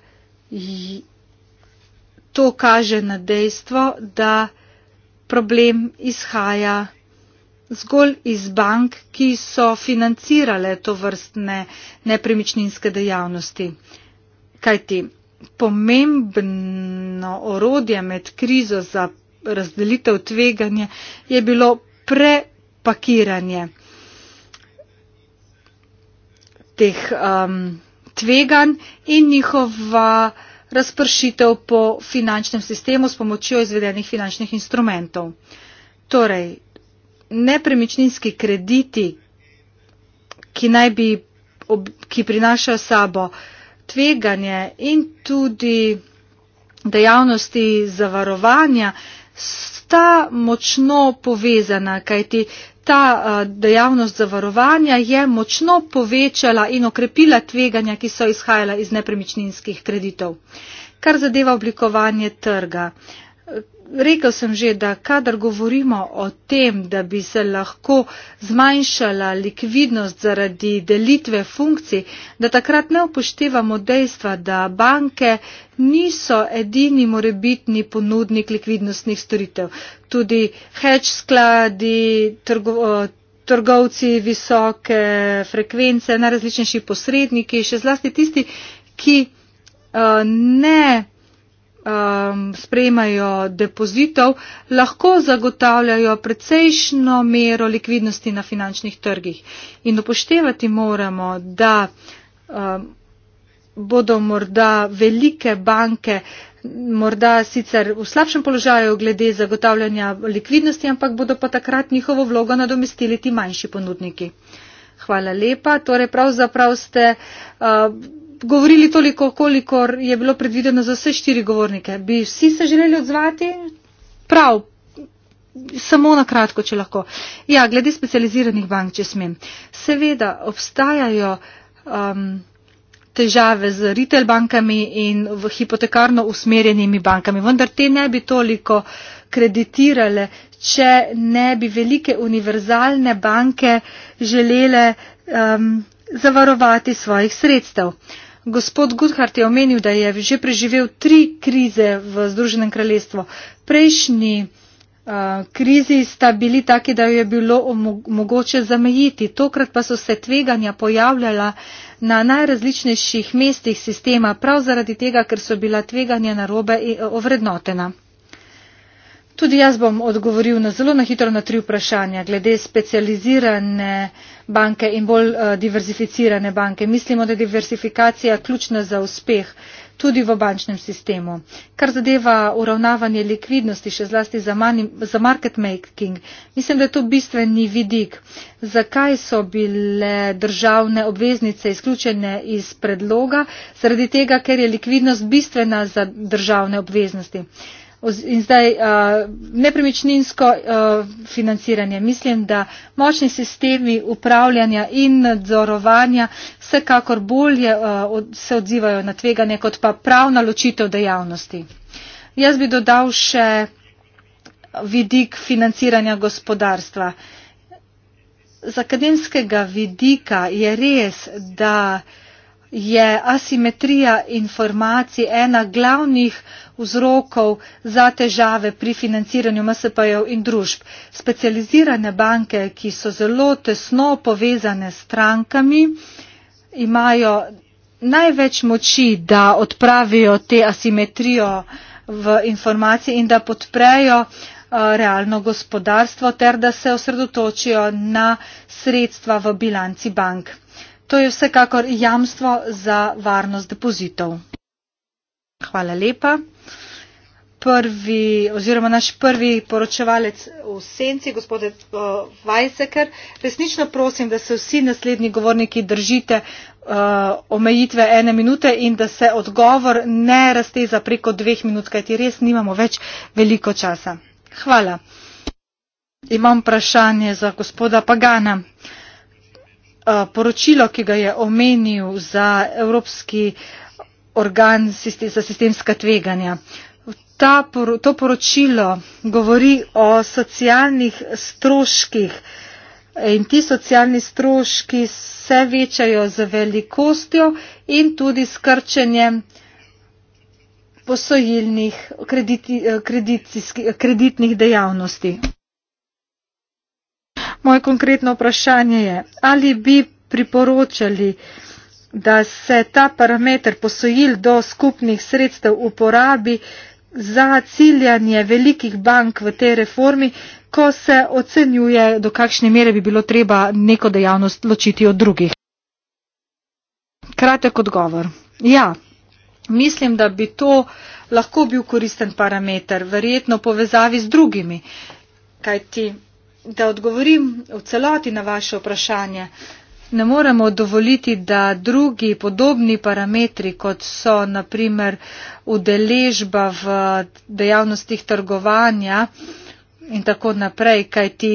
to kaže na dejstvo, da problem izhaja zgolj iz bank, ki so financirale to vrstne nepremičninske dejavnosti. Kajti pomembno orodje med krizo za razdelitev tveganja je bilo prepakiranje teh um, tveganj in njihova razpršitev po finančnem sistemu s pomočjo izvedenih finančnih instrumentov. Torej, nepremičninski krediti, ki naj bi, ob, ki prinašajo sabo tveganje in tudi dejavnosti zavarovanja, sta močno povezana, kajti ta dejavnost zavarovanja je močno povečala in okrepila tveganja, ki so izhajala iz nepremičninskih kreditov. Kar zadeva oblikovanje trga. Uh, rekel sem že, da kadar govorimo o tem, da bi se lahko zmanjšala likvidnost zaradi delitve funkcij, da takrat ne upoštevamo dejstva, da banke niso edini morebitni ponudnik likvidnostnih storitev. Tudi hedge skladi, trgo, trgovci visoke frekvence, najrazličnejši posredniki, še zlasti tisti, ki uh, ne um, sprejmajo depozitov, lahko zagotavljajo precejšno mero likvidnosti na finančnih trgih. In upoštevati moramo, da um, bodo morda velike banke morda sicer v slabšem položaju glede zagotavljanja likvidnosti, ampak bodo pa takrat njihovo vlogo nadomestili ti manjši ponudniki. Hvala lepa. Torej, pravzaprav ste. Uh, govorili toliko, kolikor je bilo predvideno za vse štiri govornike. Bi vsi se želeli odzvati? Prav. Samo na kratko, če lahko. Ja, glede specializiranih bank, če smem. Seveda obstajajo um, težave z retail bankami in v hipotekarno usmerjenimi bankami, vendar te ne bi toliko kreditirale, če ne bi velike univerzalne banke želele um, zavarovati svojih sredstev. Uh, Gospod Guthart je omenil, da je že preživel tri krize v Združenem kraljestvu. Prejšnji uh, krizi sta bili taki, da jo je bilo mogoče zamejiti. Tokrat pa so se tveganja pojavljala na najrazličnejših mestih sistema, prav zaradi tega, ker so bila tveganja narobe eh, ovrednotena. Tudi jaz bom odgovoril na zelo na hitro na tri vprašanja glede specializirane banke in bolj eh, diverzificirane banke. Mislimo, da je diverzifikacija ključna za uspeh tudi v bančnem sistemu. Kar zadeva uravnavanje likvidnosti, še zlasti za, mani, za market making, mislim, da je to bistveni vidik. Zakaj so bile državne obveznice izključene iz predloga? Zaradi tega, ker je likvidnost bistvena za državne obveznosti in zdaj uh, nepremičninsko uh, financiranje. Mislim, da močni sistemi upravljanja in nadzorovanja vsekakor bolje uh, se odzivajo na tveganje kot pa pravna ločitev dejavnosti. Jaz bi dodal še vidik financiranja gospodarstva. Z akademskega vidika je res, da uh, je asimetrija informacij ena glavnih vzrokov za težave pri financiranju MSP-jev in družb. Specializirane banke, ki so zelo tesno povezane s strankami, imajo največ moči, da odpravijo te asimetrijo v informaciji in da podprejo realno gospodarstvo ter da se osredotočijo na sredstva v bilanci bank. To je vsekakor jamstvo za varnost depozitov. Hvala lepa. Prvi, oziroma naš prvi poročevalec v senci, gospod Vajseker, eh, resnično prosim, da se vsi naslednji govorniki držite uh, omejitve ene minute in da se odgovor ne razteza preko dveh minut, kajti res nimamo več veliko časa. Hvala. Imam vprašanje za gospoda Pagana. Uh, Eh, poročilo, ki ga je omenil za Evropski organ za sistemska tveganja. Ta, to poročilo govori o socialnih stroških in ti socialni stroški se večajo z velikostjo in tudi s krčenjem posojilnih krediti, eh, kreditnih dejavnosti. Moje konkretno vprašanje je, ali bi priporočali, da se ta parameter posojil do skupnih sredstev uporabi za ciljanje velikih bank v tej reformi, ko se ocenjuje, do kakšne mere bi bilo treba neko dejavnost ločiti od drugih. Kratek odgovor. Ja, mislim, da bi to lahko bil koristen parameter, verjetno povezavi z drugimi. Kaj ti? da odgovorim v celoti na vaše vprašanje. Ne moremo dovoliti, da drugi podobni parametri, kot so naprimer udeležba v dejavnostih trgovanja in tako naprej, kaj ti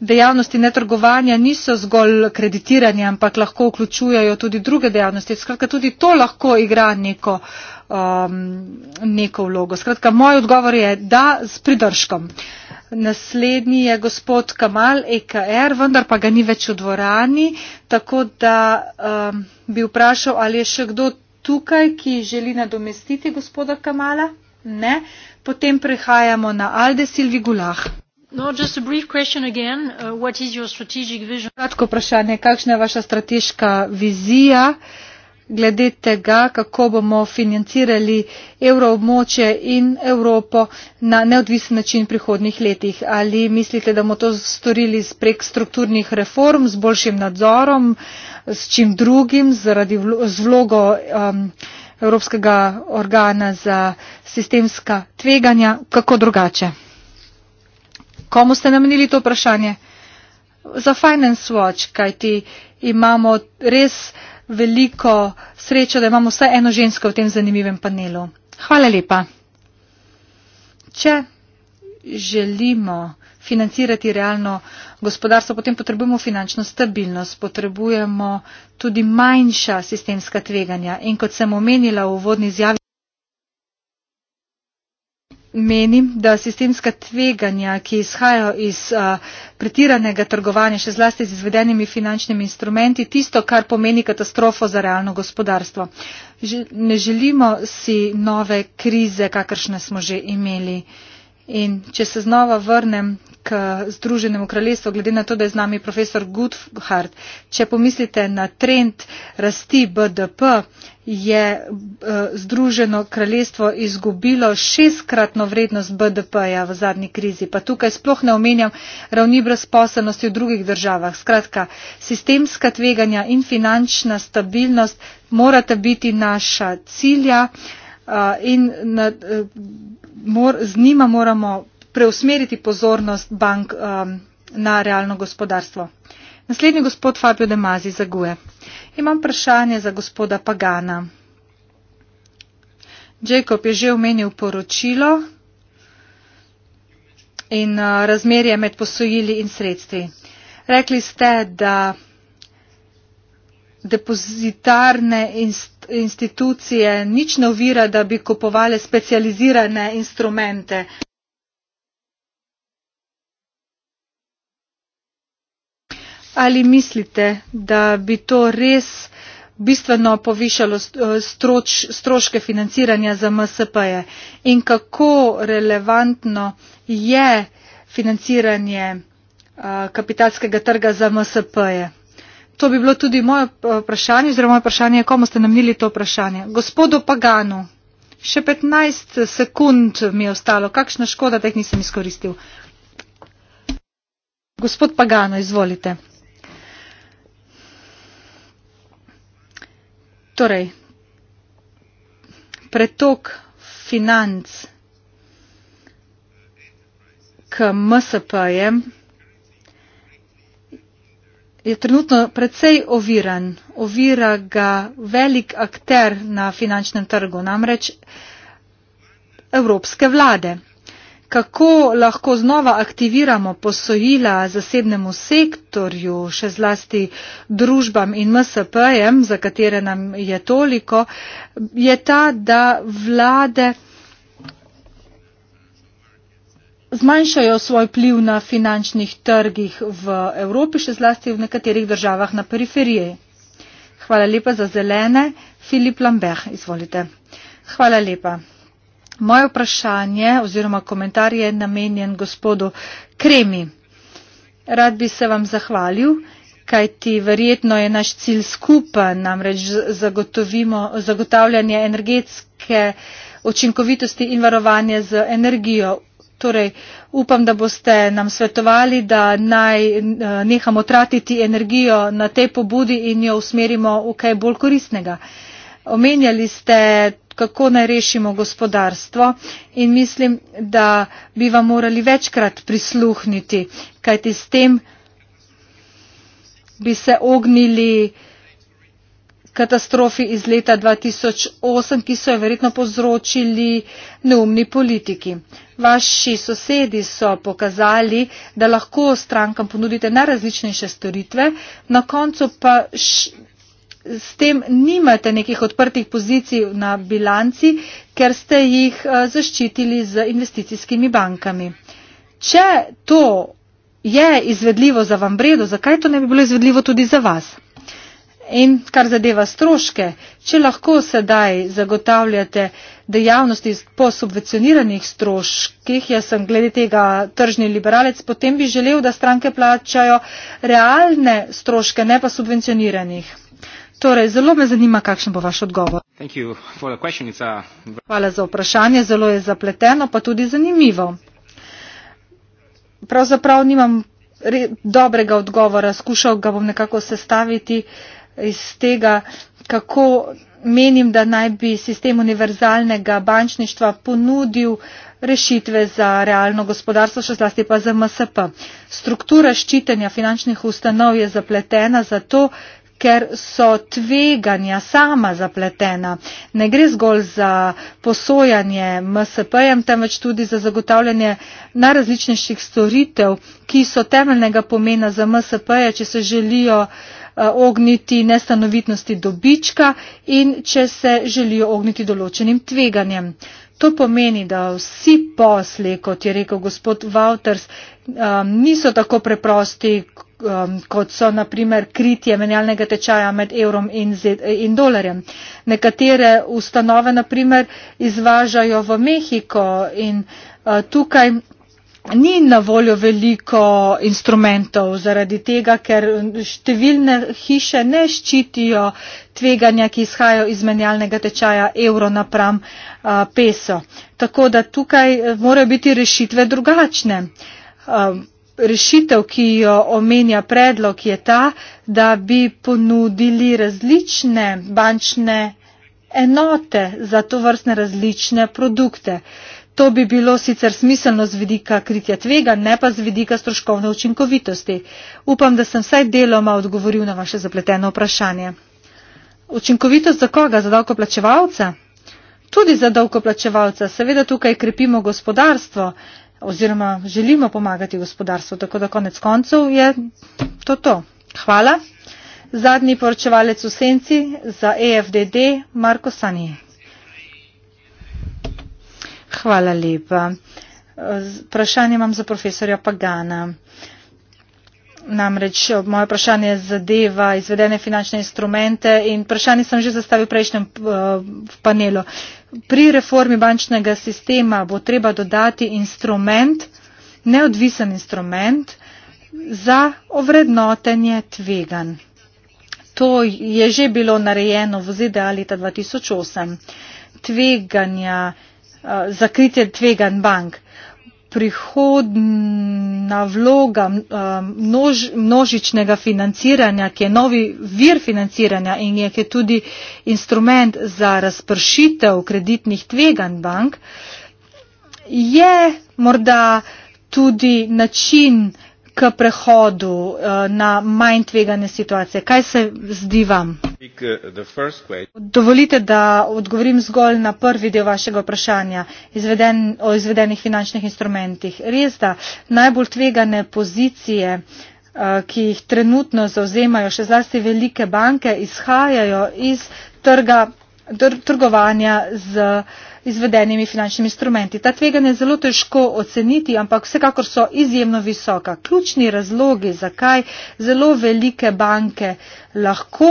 dejavnosti netrgovanja niso zgolj kreditiranje, ampak lahko vključujajo tudi druge dejavnosti. Skratka, tudi to lahko igra neko, um, neko vlogo. Skratka, moj odgovor je, da s pridržkom. Uh, Naslednji je gospod Kamal EKR, vendar pa ga ni več v dvorani, tako da um, bi vprašal, ali je še kdo tukaj, ki želi nadomestiti gospoda Kamala? Ne. Potem prehajamo na Alde Silvi Gulah. No, just a brief question again. Uh, what is your strategic vision? Kratko vprašanje, kakšna je vaša strateška vizija? Uh, glede tega, kako bomo financirali evroobmoče in Evropo na neodvisen način v prihodnih letih. Ali mislite, da bomo to storili prek strukturnih reform, z boljšim nadzorom, s čim drugim, zaradi vlogo um, Evropskega organa za sistemska tveganja, kako drugače? Komu ste namenili to vprašanje? Za Finance Watch, kajti imamo res veliko srečo, da imamo vsaj eno žensko v tem zanimivem panelu. Hvala lepa. Če želimo financirati realno gospodarstvo, potem potrebujemo finančno stabilnost, potrebujemo tudi manjša sistemska tveganja. In kot sem omenila v uvodni izjavi, menim, da sistemska tveganja, ki izhajajo iz uh, pretiranega trgovanja, še zlasti z izvedenimi finančnimi instrumenti, tisto, kar pomeni katastrofo za realno gospodarstvo. Že, ne želimo si nove krize, kakršne smo že imeli. In če se znova vrnem k Združenemu kraljestvu, glede na to, da je z nami profesor Gutfhard. Če pomislite na trend rasti BDP, je eh, Združeno kraljestvo izgubilo šestkratno vrednost BDP-ja v zadnji krizi. Pa tukaj sploh ne omenjam ravni brezposobnosti v drugih državah. Skratka, sistemska tveganja in finančna stabilnost morata biti naša cilja eh, in na, eh, mor, z njima moramo preusmeriti pozornost bank um, na realno gospodarstvo. Naslednji gospod Fabio De Mazi zaguje. Imam vprašanje za gospoda Pagana. Jacob je že omenil poročilo in uh, razmerje med posojili in sredstvi. Rekli ste, da depozitarne institucije nič ne ovira, da bi kupovali specializirane instrumente. ali mislite, da bi to res bistveno povišalo eh, stroč, stroške financiranja za MSP-je in kako relevantno je financiranje eh, kapitalskega trga za MSP-je. To bi bilo tudi moje eh, vprašanje, oziroma moje vprašanje, komu ste namnili to vprašanje. Gospodu Paganu, še 15 sekund mi je ostalo, kakšna škoda, da jih nisem izkoristil. Gospod Pagano, izvolite. Torej, pretok financ k MSP-jem je trenutno precej oviran. Ovira ga velik akter na finančnem trgu, namreč evropske vlade kako lahko znova aktiviramo posojila zasebnemu sektorju, še zlasti družbam in MSP-jem, za katere nam je toliko, je ta, da vlade zmanjšajo svoj pliv na finančnih trgih v Evropi, še zlasti v nekaterih državah na periferiji. Hvala lepa za zelene. Filip Lambeh, izvolite. Hvala lepa. Moje vprašanje oziroma komentar je namenjen gospodu Kremi. Rad bi se vam zahvalil, kajti verjetno je naš cilj skupaj namreč zagotavljanje energetske učinkovitosti in varovanje z energijo. Torej, upam, da boste nam svetovali, da naj eh, nehamo tratiti energijo na tej pobudi in jo usmerimo v kaj bolj koristnega. Omenjali ste kako naj rešimo gospodarstvo in mislim, da bi vam morali večkrat prisluhniti, kajti s tem bi se ognili katastrofi iz leta 2008, ki so jo verjetno povzročili neumni politiki. Vaši sosedi so pokazali, da lahko strankam ponudite najrazličnejše storitve, na koncu pa s tem nimate nekih odprtih pozicij na bilanci, ker ste jih eh, zaščitili z investicijskimi bankami. Če to je izvedljivo za vam bredo, zakaj to ne bi bilo izvedljivo tudi za vas? In kar zadeva stroške, če lahko sedaj zagotavljate dejavnosti po subvencioniranih stroških, jaz sem glede tega tržni liberalec, potem bi želel, da stranke plačajo realne stroške, ne pa subvencioniranih. Torej, zelo me zanima, kakšen bo vaš odgovor. Uh, Hvala za vprašanje, zelo je zapleteno, pa tudi zanimivo. Pravzaprav nimam dobrega odgovora, skušal ga bom nekako sestaviti iz tega, kako menim, da naj bi sistem univerzalnega bančništva ponudil rešitve za realno gospodarstvo, še zlasti pa za MSP. Struktura ščitenja finančnih ustanov je zapletena, zato ker so tveganja sama zapletena. Ne gre zgolj za posojanje MSP-jem, temveč tudi za zagotavljanje najrazličnejših storitev, ki so temeljnega pomena za MSP-je, če se želijo eh, ogniti nestanovitnosti dobička in če se želijo ogniti določenim tveganjem. To pomeni, da vsi posli, kot je rekel gospod Wouters, eh, niso tako preprosti, um, kot so naprimer kritje menjalnega tečaja med evrom in, in dolarjem. Nekatere ustanove naprimer izvažajo v Mehiko in uh, tukaj. Ni na voljo veliko instrumentov zaradi tega, ker številne hiše ne ščitijo tveganja, ki izhajajo iz menjalnega tečaja evro napram uh, peso. Tako da tukaj eh, morajo biti rešitve drugačne. Um, rešitev, ki jo omenja predlog, je ta, da bi ponudili različne bančne enote za to vrstne različne produkte. To bi bilo sicer smiselno z vidika kritja tvega, ne pa z vidika stroškovne učinkovitosti. Upam, da sem vsaj deloma odgovoril na vaše zapleteno vprašanje. Učinkovitost za koga? Za davkoplačevalca? Tudi za davkoplačevalca. Seveda tukaj krepimo gospodarstvo oziroma želimo pomagati gospodarstvu. Tako da konec koncev je to to. Hvala. Zadnji poročevalec v senci za EFDD, Marko Sani. Hvala lepa. Vprašanje imam za profesorja Pagana. Namreč moje vprašanje zadeva izvedene finančne instrumente in vprašanje sem že zastavil v prejšnjem eh, panelu pri reformi bančnega sistema bo treba dodati instrument, neodvisen instrument za ovrednotenje tvegan. To je že bilo narejeno v ZDA leta 2008. Tveganja, eh, zakritje tvegan bank prihodna vloga množ, množičnega financiranja, ki je novi vir financiranja in je, je tudi instrument za razpršitev kreditnih tveganj bank, je morda tudi način, k prehodu eh, na manj tvegane situacije. Kaj se zdi vam? Eh, Dovolite, da odgovorim zgolj na prvi del vašega vprašanja izveden, o izvedenih finančnih instrumentih. Res da najbolj tvegane pozicije, eh, ki jih trenutno zauzemajo še zlasti velike banke, izhajajo iz trga, trgovanja z uh, izvedenimi finančnimi instrumenti. Ta tveganja je zelo težko oceniti, ampak vsekakor so izjemno visoka. Ključni razlogi, zakaj zelo velike banke lahko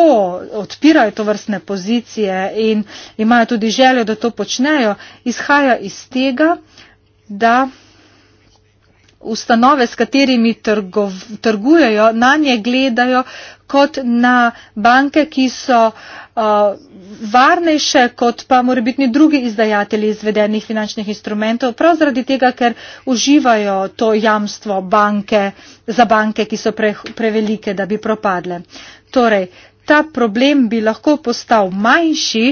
odpirajo to vrstne pozicije in imajo tudi željo, da to počnejo, izhaja iz tega, da ustanove, s katerimi trgov, trgujejo, na nje gledajo kot na banke, ki so uh, Uh, varnejše kot pa morebitni drugi izdajatelji izvedenih finančnih instrumentov, prav zaradi tega, ker uživajo to jamstvo banke, za banke, ki so pre, prevelike, da bi propadle. Torej, ta problem bi lahko postal manjši,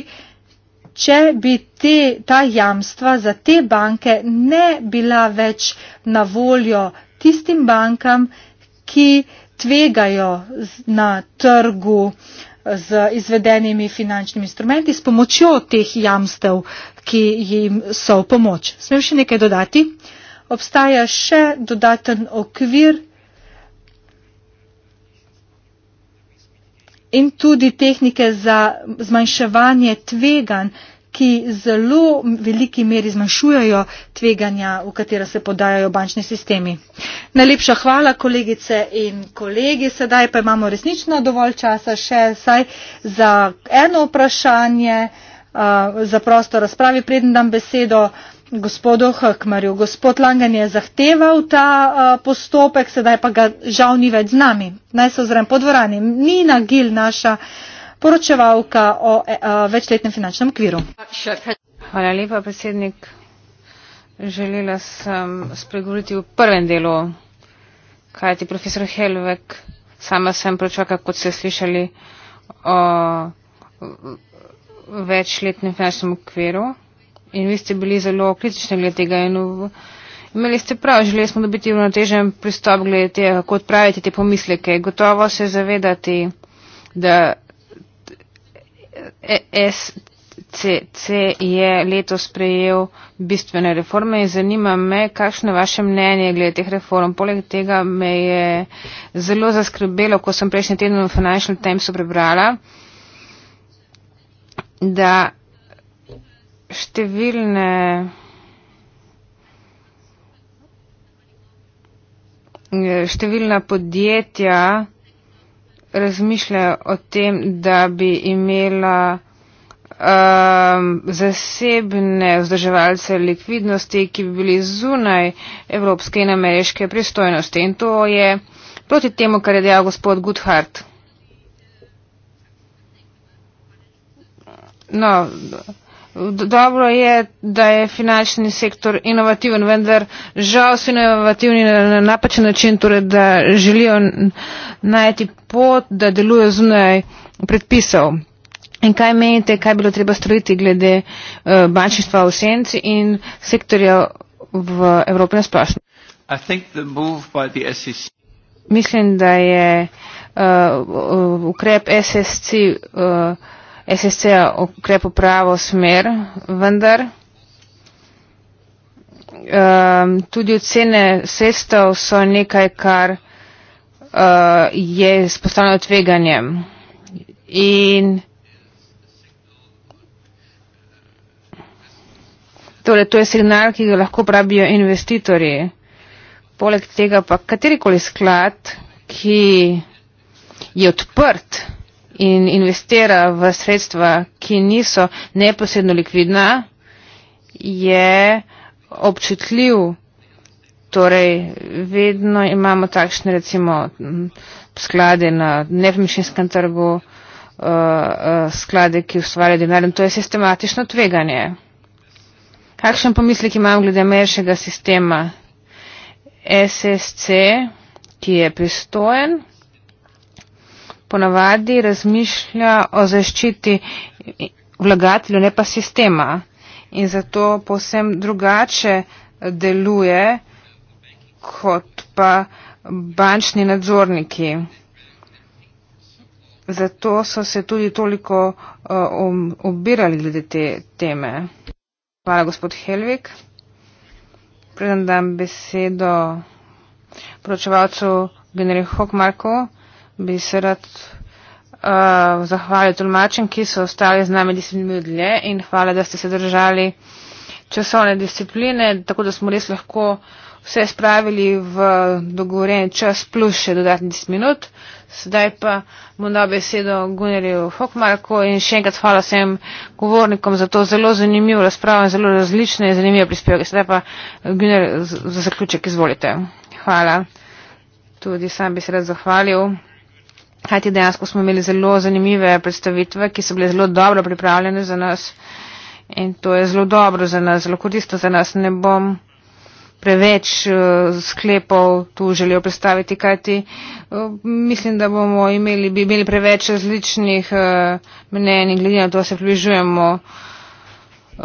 če bi te, ta jamstva za te banke ne bila več na voljo tistim bankam, ki tvegajo na trgu uh, z izvedenimi finančnimi instrumenti, s pomočjo teh jamstev, ki jim so v pomoč. Smem še nekaj dodati? Obstaja še dodaten okvir in tudi tehnike za zmanjševanje tveganj, ki zelo veliki meri zmanjšujejo tveganja, v katera se podajajo bančni sistemi. Najlepša hvala, kolegice in kolegi. Sedaj pa imamo resnično dovolj časa še saj za eno vprašanje, za prosto razpravi. Predem dam besedo gospodu Hkmarju. Gospod Langen je zahteval ta postopek, sedaj pa ga žal ni več z nami. Naj se ozrem po dvorani. Nina Gil, naša poročevalka o e, večletnem finančnem okviru. Hvala lepa, predsednik. Želela sem spregovoriti v prvem delu, kaj ti profesor Helvek, sama sem pročaka, kot ste slišali, o večletnem finančnem okviru. In vi ste bili zelo kritični glede tega in v, imeli ste prav, želeli smo dobiti uravnotežen pristop glede tega, kako odpraviti te pomisleke. Gotovo se zavedati, da E SCC je letos sprejel bistvene reforme in zanima me, kakšno je vaše mnenje glede teh reform. Poleg tega me je zelo zaskrbelo, ko sem prejšnji teden v Financial Timesu prebrala, da številne številna podjetja razmišljajo o tem, da bi imela um, zasebne vzdrževalce likvidnosti, ki bi bili zunaj evropske in ameriške pristojnosti. In to je proti temu, kar je dejal gospod Guthart. No, Dobro je, da je finančni sektor inovativen, vendar žal so inovativni na napačen način, torej da želijo najti pot, da delujejo zunaj predpisov. In kaj menite, kaj bilo treba storiti glede eh, bančništva v senci in sektorja v Evropi nasplošno? E Mislim, da je uh, ukrep SSC. E uh, eh, SSC ukrep v pravo smer, vendar um, tudi ocene sestav so nekaj, kar uh, je spostavljeno tveganjem. In torej, to je signal, ki ga lahko pravijo investitorji. Poleg tega pa katerikoli sklad, ki je odprt, in investira v sredstva, ki niso neposredno likvidna, je občutljiv. Torej, vedno imamo takšne, recimo, sklade na nepremičninskem trgu, uh, uh, sklade, ki ustvarjajo denar in to je sistematično tveganje. Kakšen pomislek imam glede ameriškega sistema SSC, ki je pristojen? ponavadi razmišlja o zaščiti vlagatelju, ne pa sistema. In zato posem drugače deluje kot pa bančni nadzorniki. Zato so se tudi toliko obirali eh, um, glede te teme. Hvala, gospod Helvik. Predam dam besedo poročevalcu Generi Hokmarku bi se rad uh, zahvalil tolmačem, ki so ostali z nami desetimi dlje in hvala, da ste se držali časovne discipline, tako da smo res lahko vse spravili v dogovoren čas plus še dodatni 10 minut. Sedaj pa bom dal besedo Gunnerju Fokmarku in še enkrat hvala vsem govornikom za to zelo zanimivo razpravo in zelo različne in zanimive prispevke. Sedaj pa Gunner za zaključek izvolite. Hvala. Tudi sam bi se rad zahvalil. Kajti dejansko smo imeli zelo zanimive predstavitve, ki so bile zelo dobro pripravljene za nas in to je zelo dobro za nas, zelo koristno za nas. Ne bom preveč uh, sklepov tu želel predstaviti, kajti uh, mislim, da bomo imeli, bi imeli preveč različnih uh, eh, mnen in glede na to se približujemo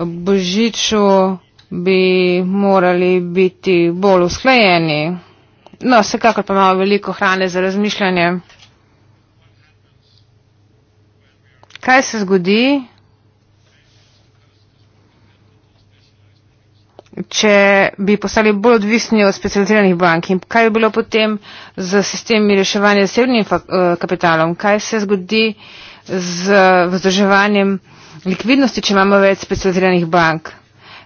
Božiču, bi morali biti bolj usklajeni. No, vsekakor pa imamo veliko hrane za razmišljanje. Kaj se zgodi, če bi postali bolj odvisni od specializiranih bank in kaj bi bilo potem z sistemi reševanja zasebnim eh, kapitalom? Kaj se zgodi z vzdrževanjem likvidnosti, če imamo več specializiranih bank?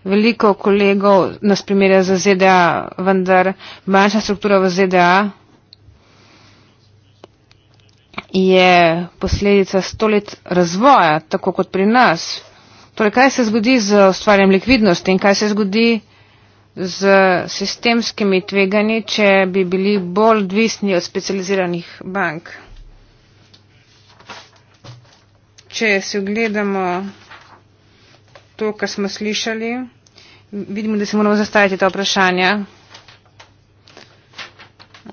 Veliko kolegov nas primerja za ZDA, vendar bančna struktura v ZDA je posledica stolet razvoja, tako kot pri nas. Torej, kaj se zgodi z ustvarjanjem likvidnosti in kaj se zgodi z sistemskimi tveganji, če bi bili bolj odvisni od specializiranih bank? Če si ogledamo to, kar smo slišali, vidimo, da si moramo zastaviti ta vprašanja.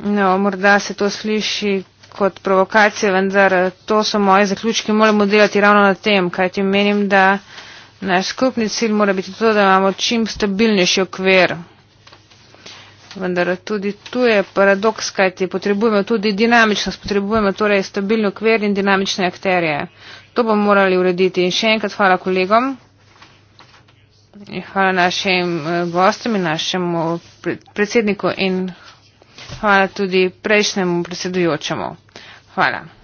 No, morda se to sliši kot provokacije, vendar eh, to so moje zaključke, moramo delati ravno na tem, kajti menim, da naš skupni cilj mora biti to, da imamo čim stabilnejši okvir. Vendar eh, tudi tu je paradoks, kajti potrebujemo tudi dinamičnost, potrebujemo torej stabilni okvir in dinamične akterje. To bomo morali urediti. In še enkrat hvala kolegom. In hvala našim eh, gostom in našemu predsedniku in Hvala tudi prejšnjemu predsedujočemu. Hvala.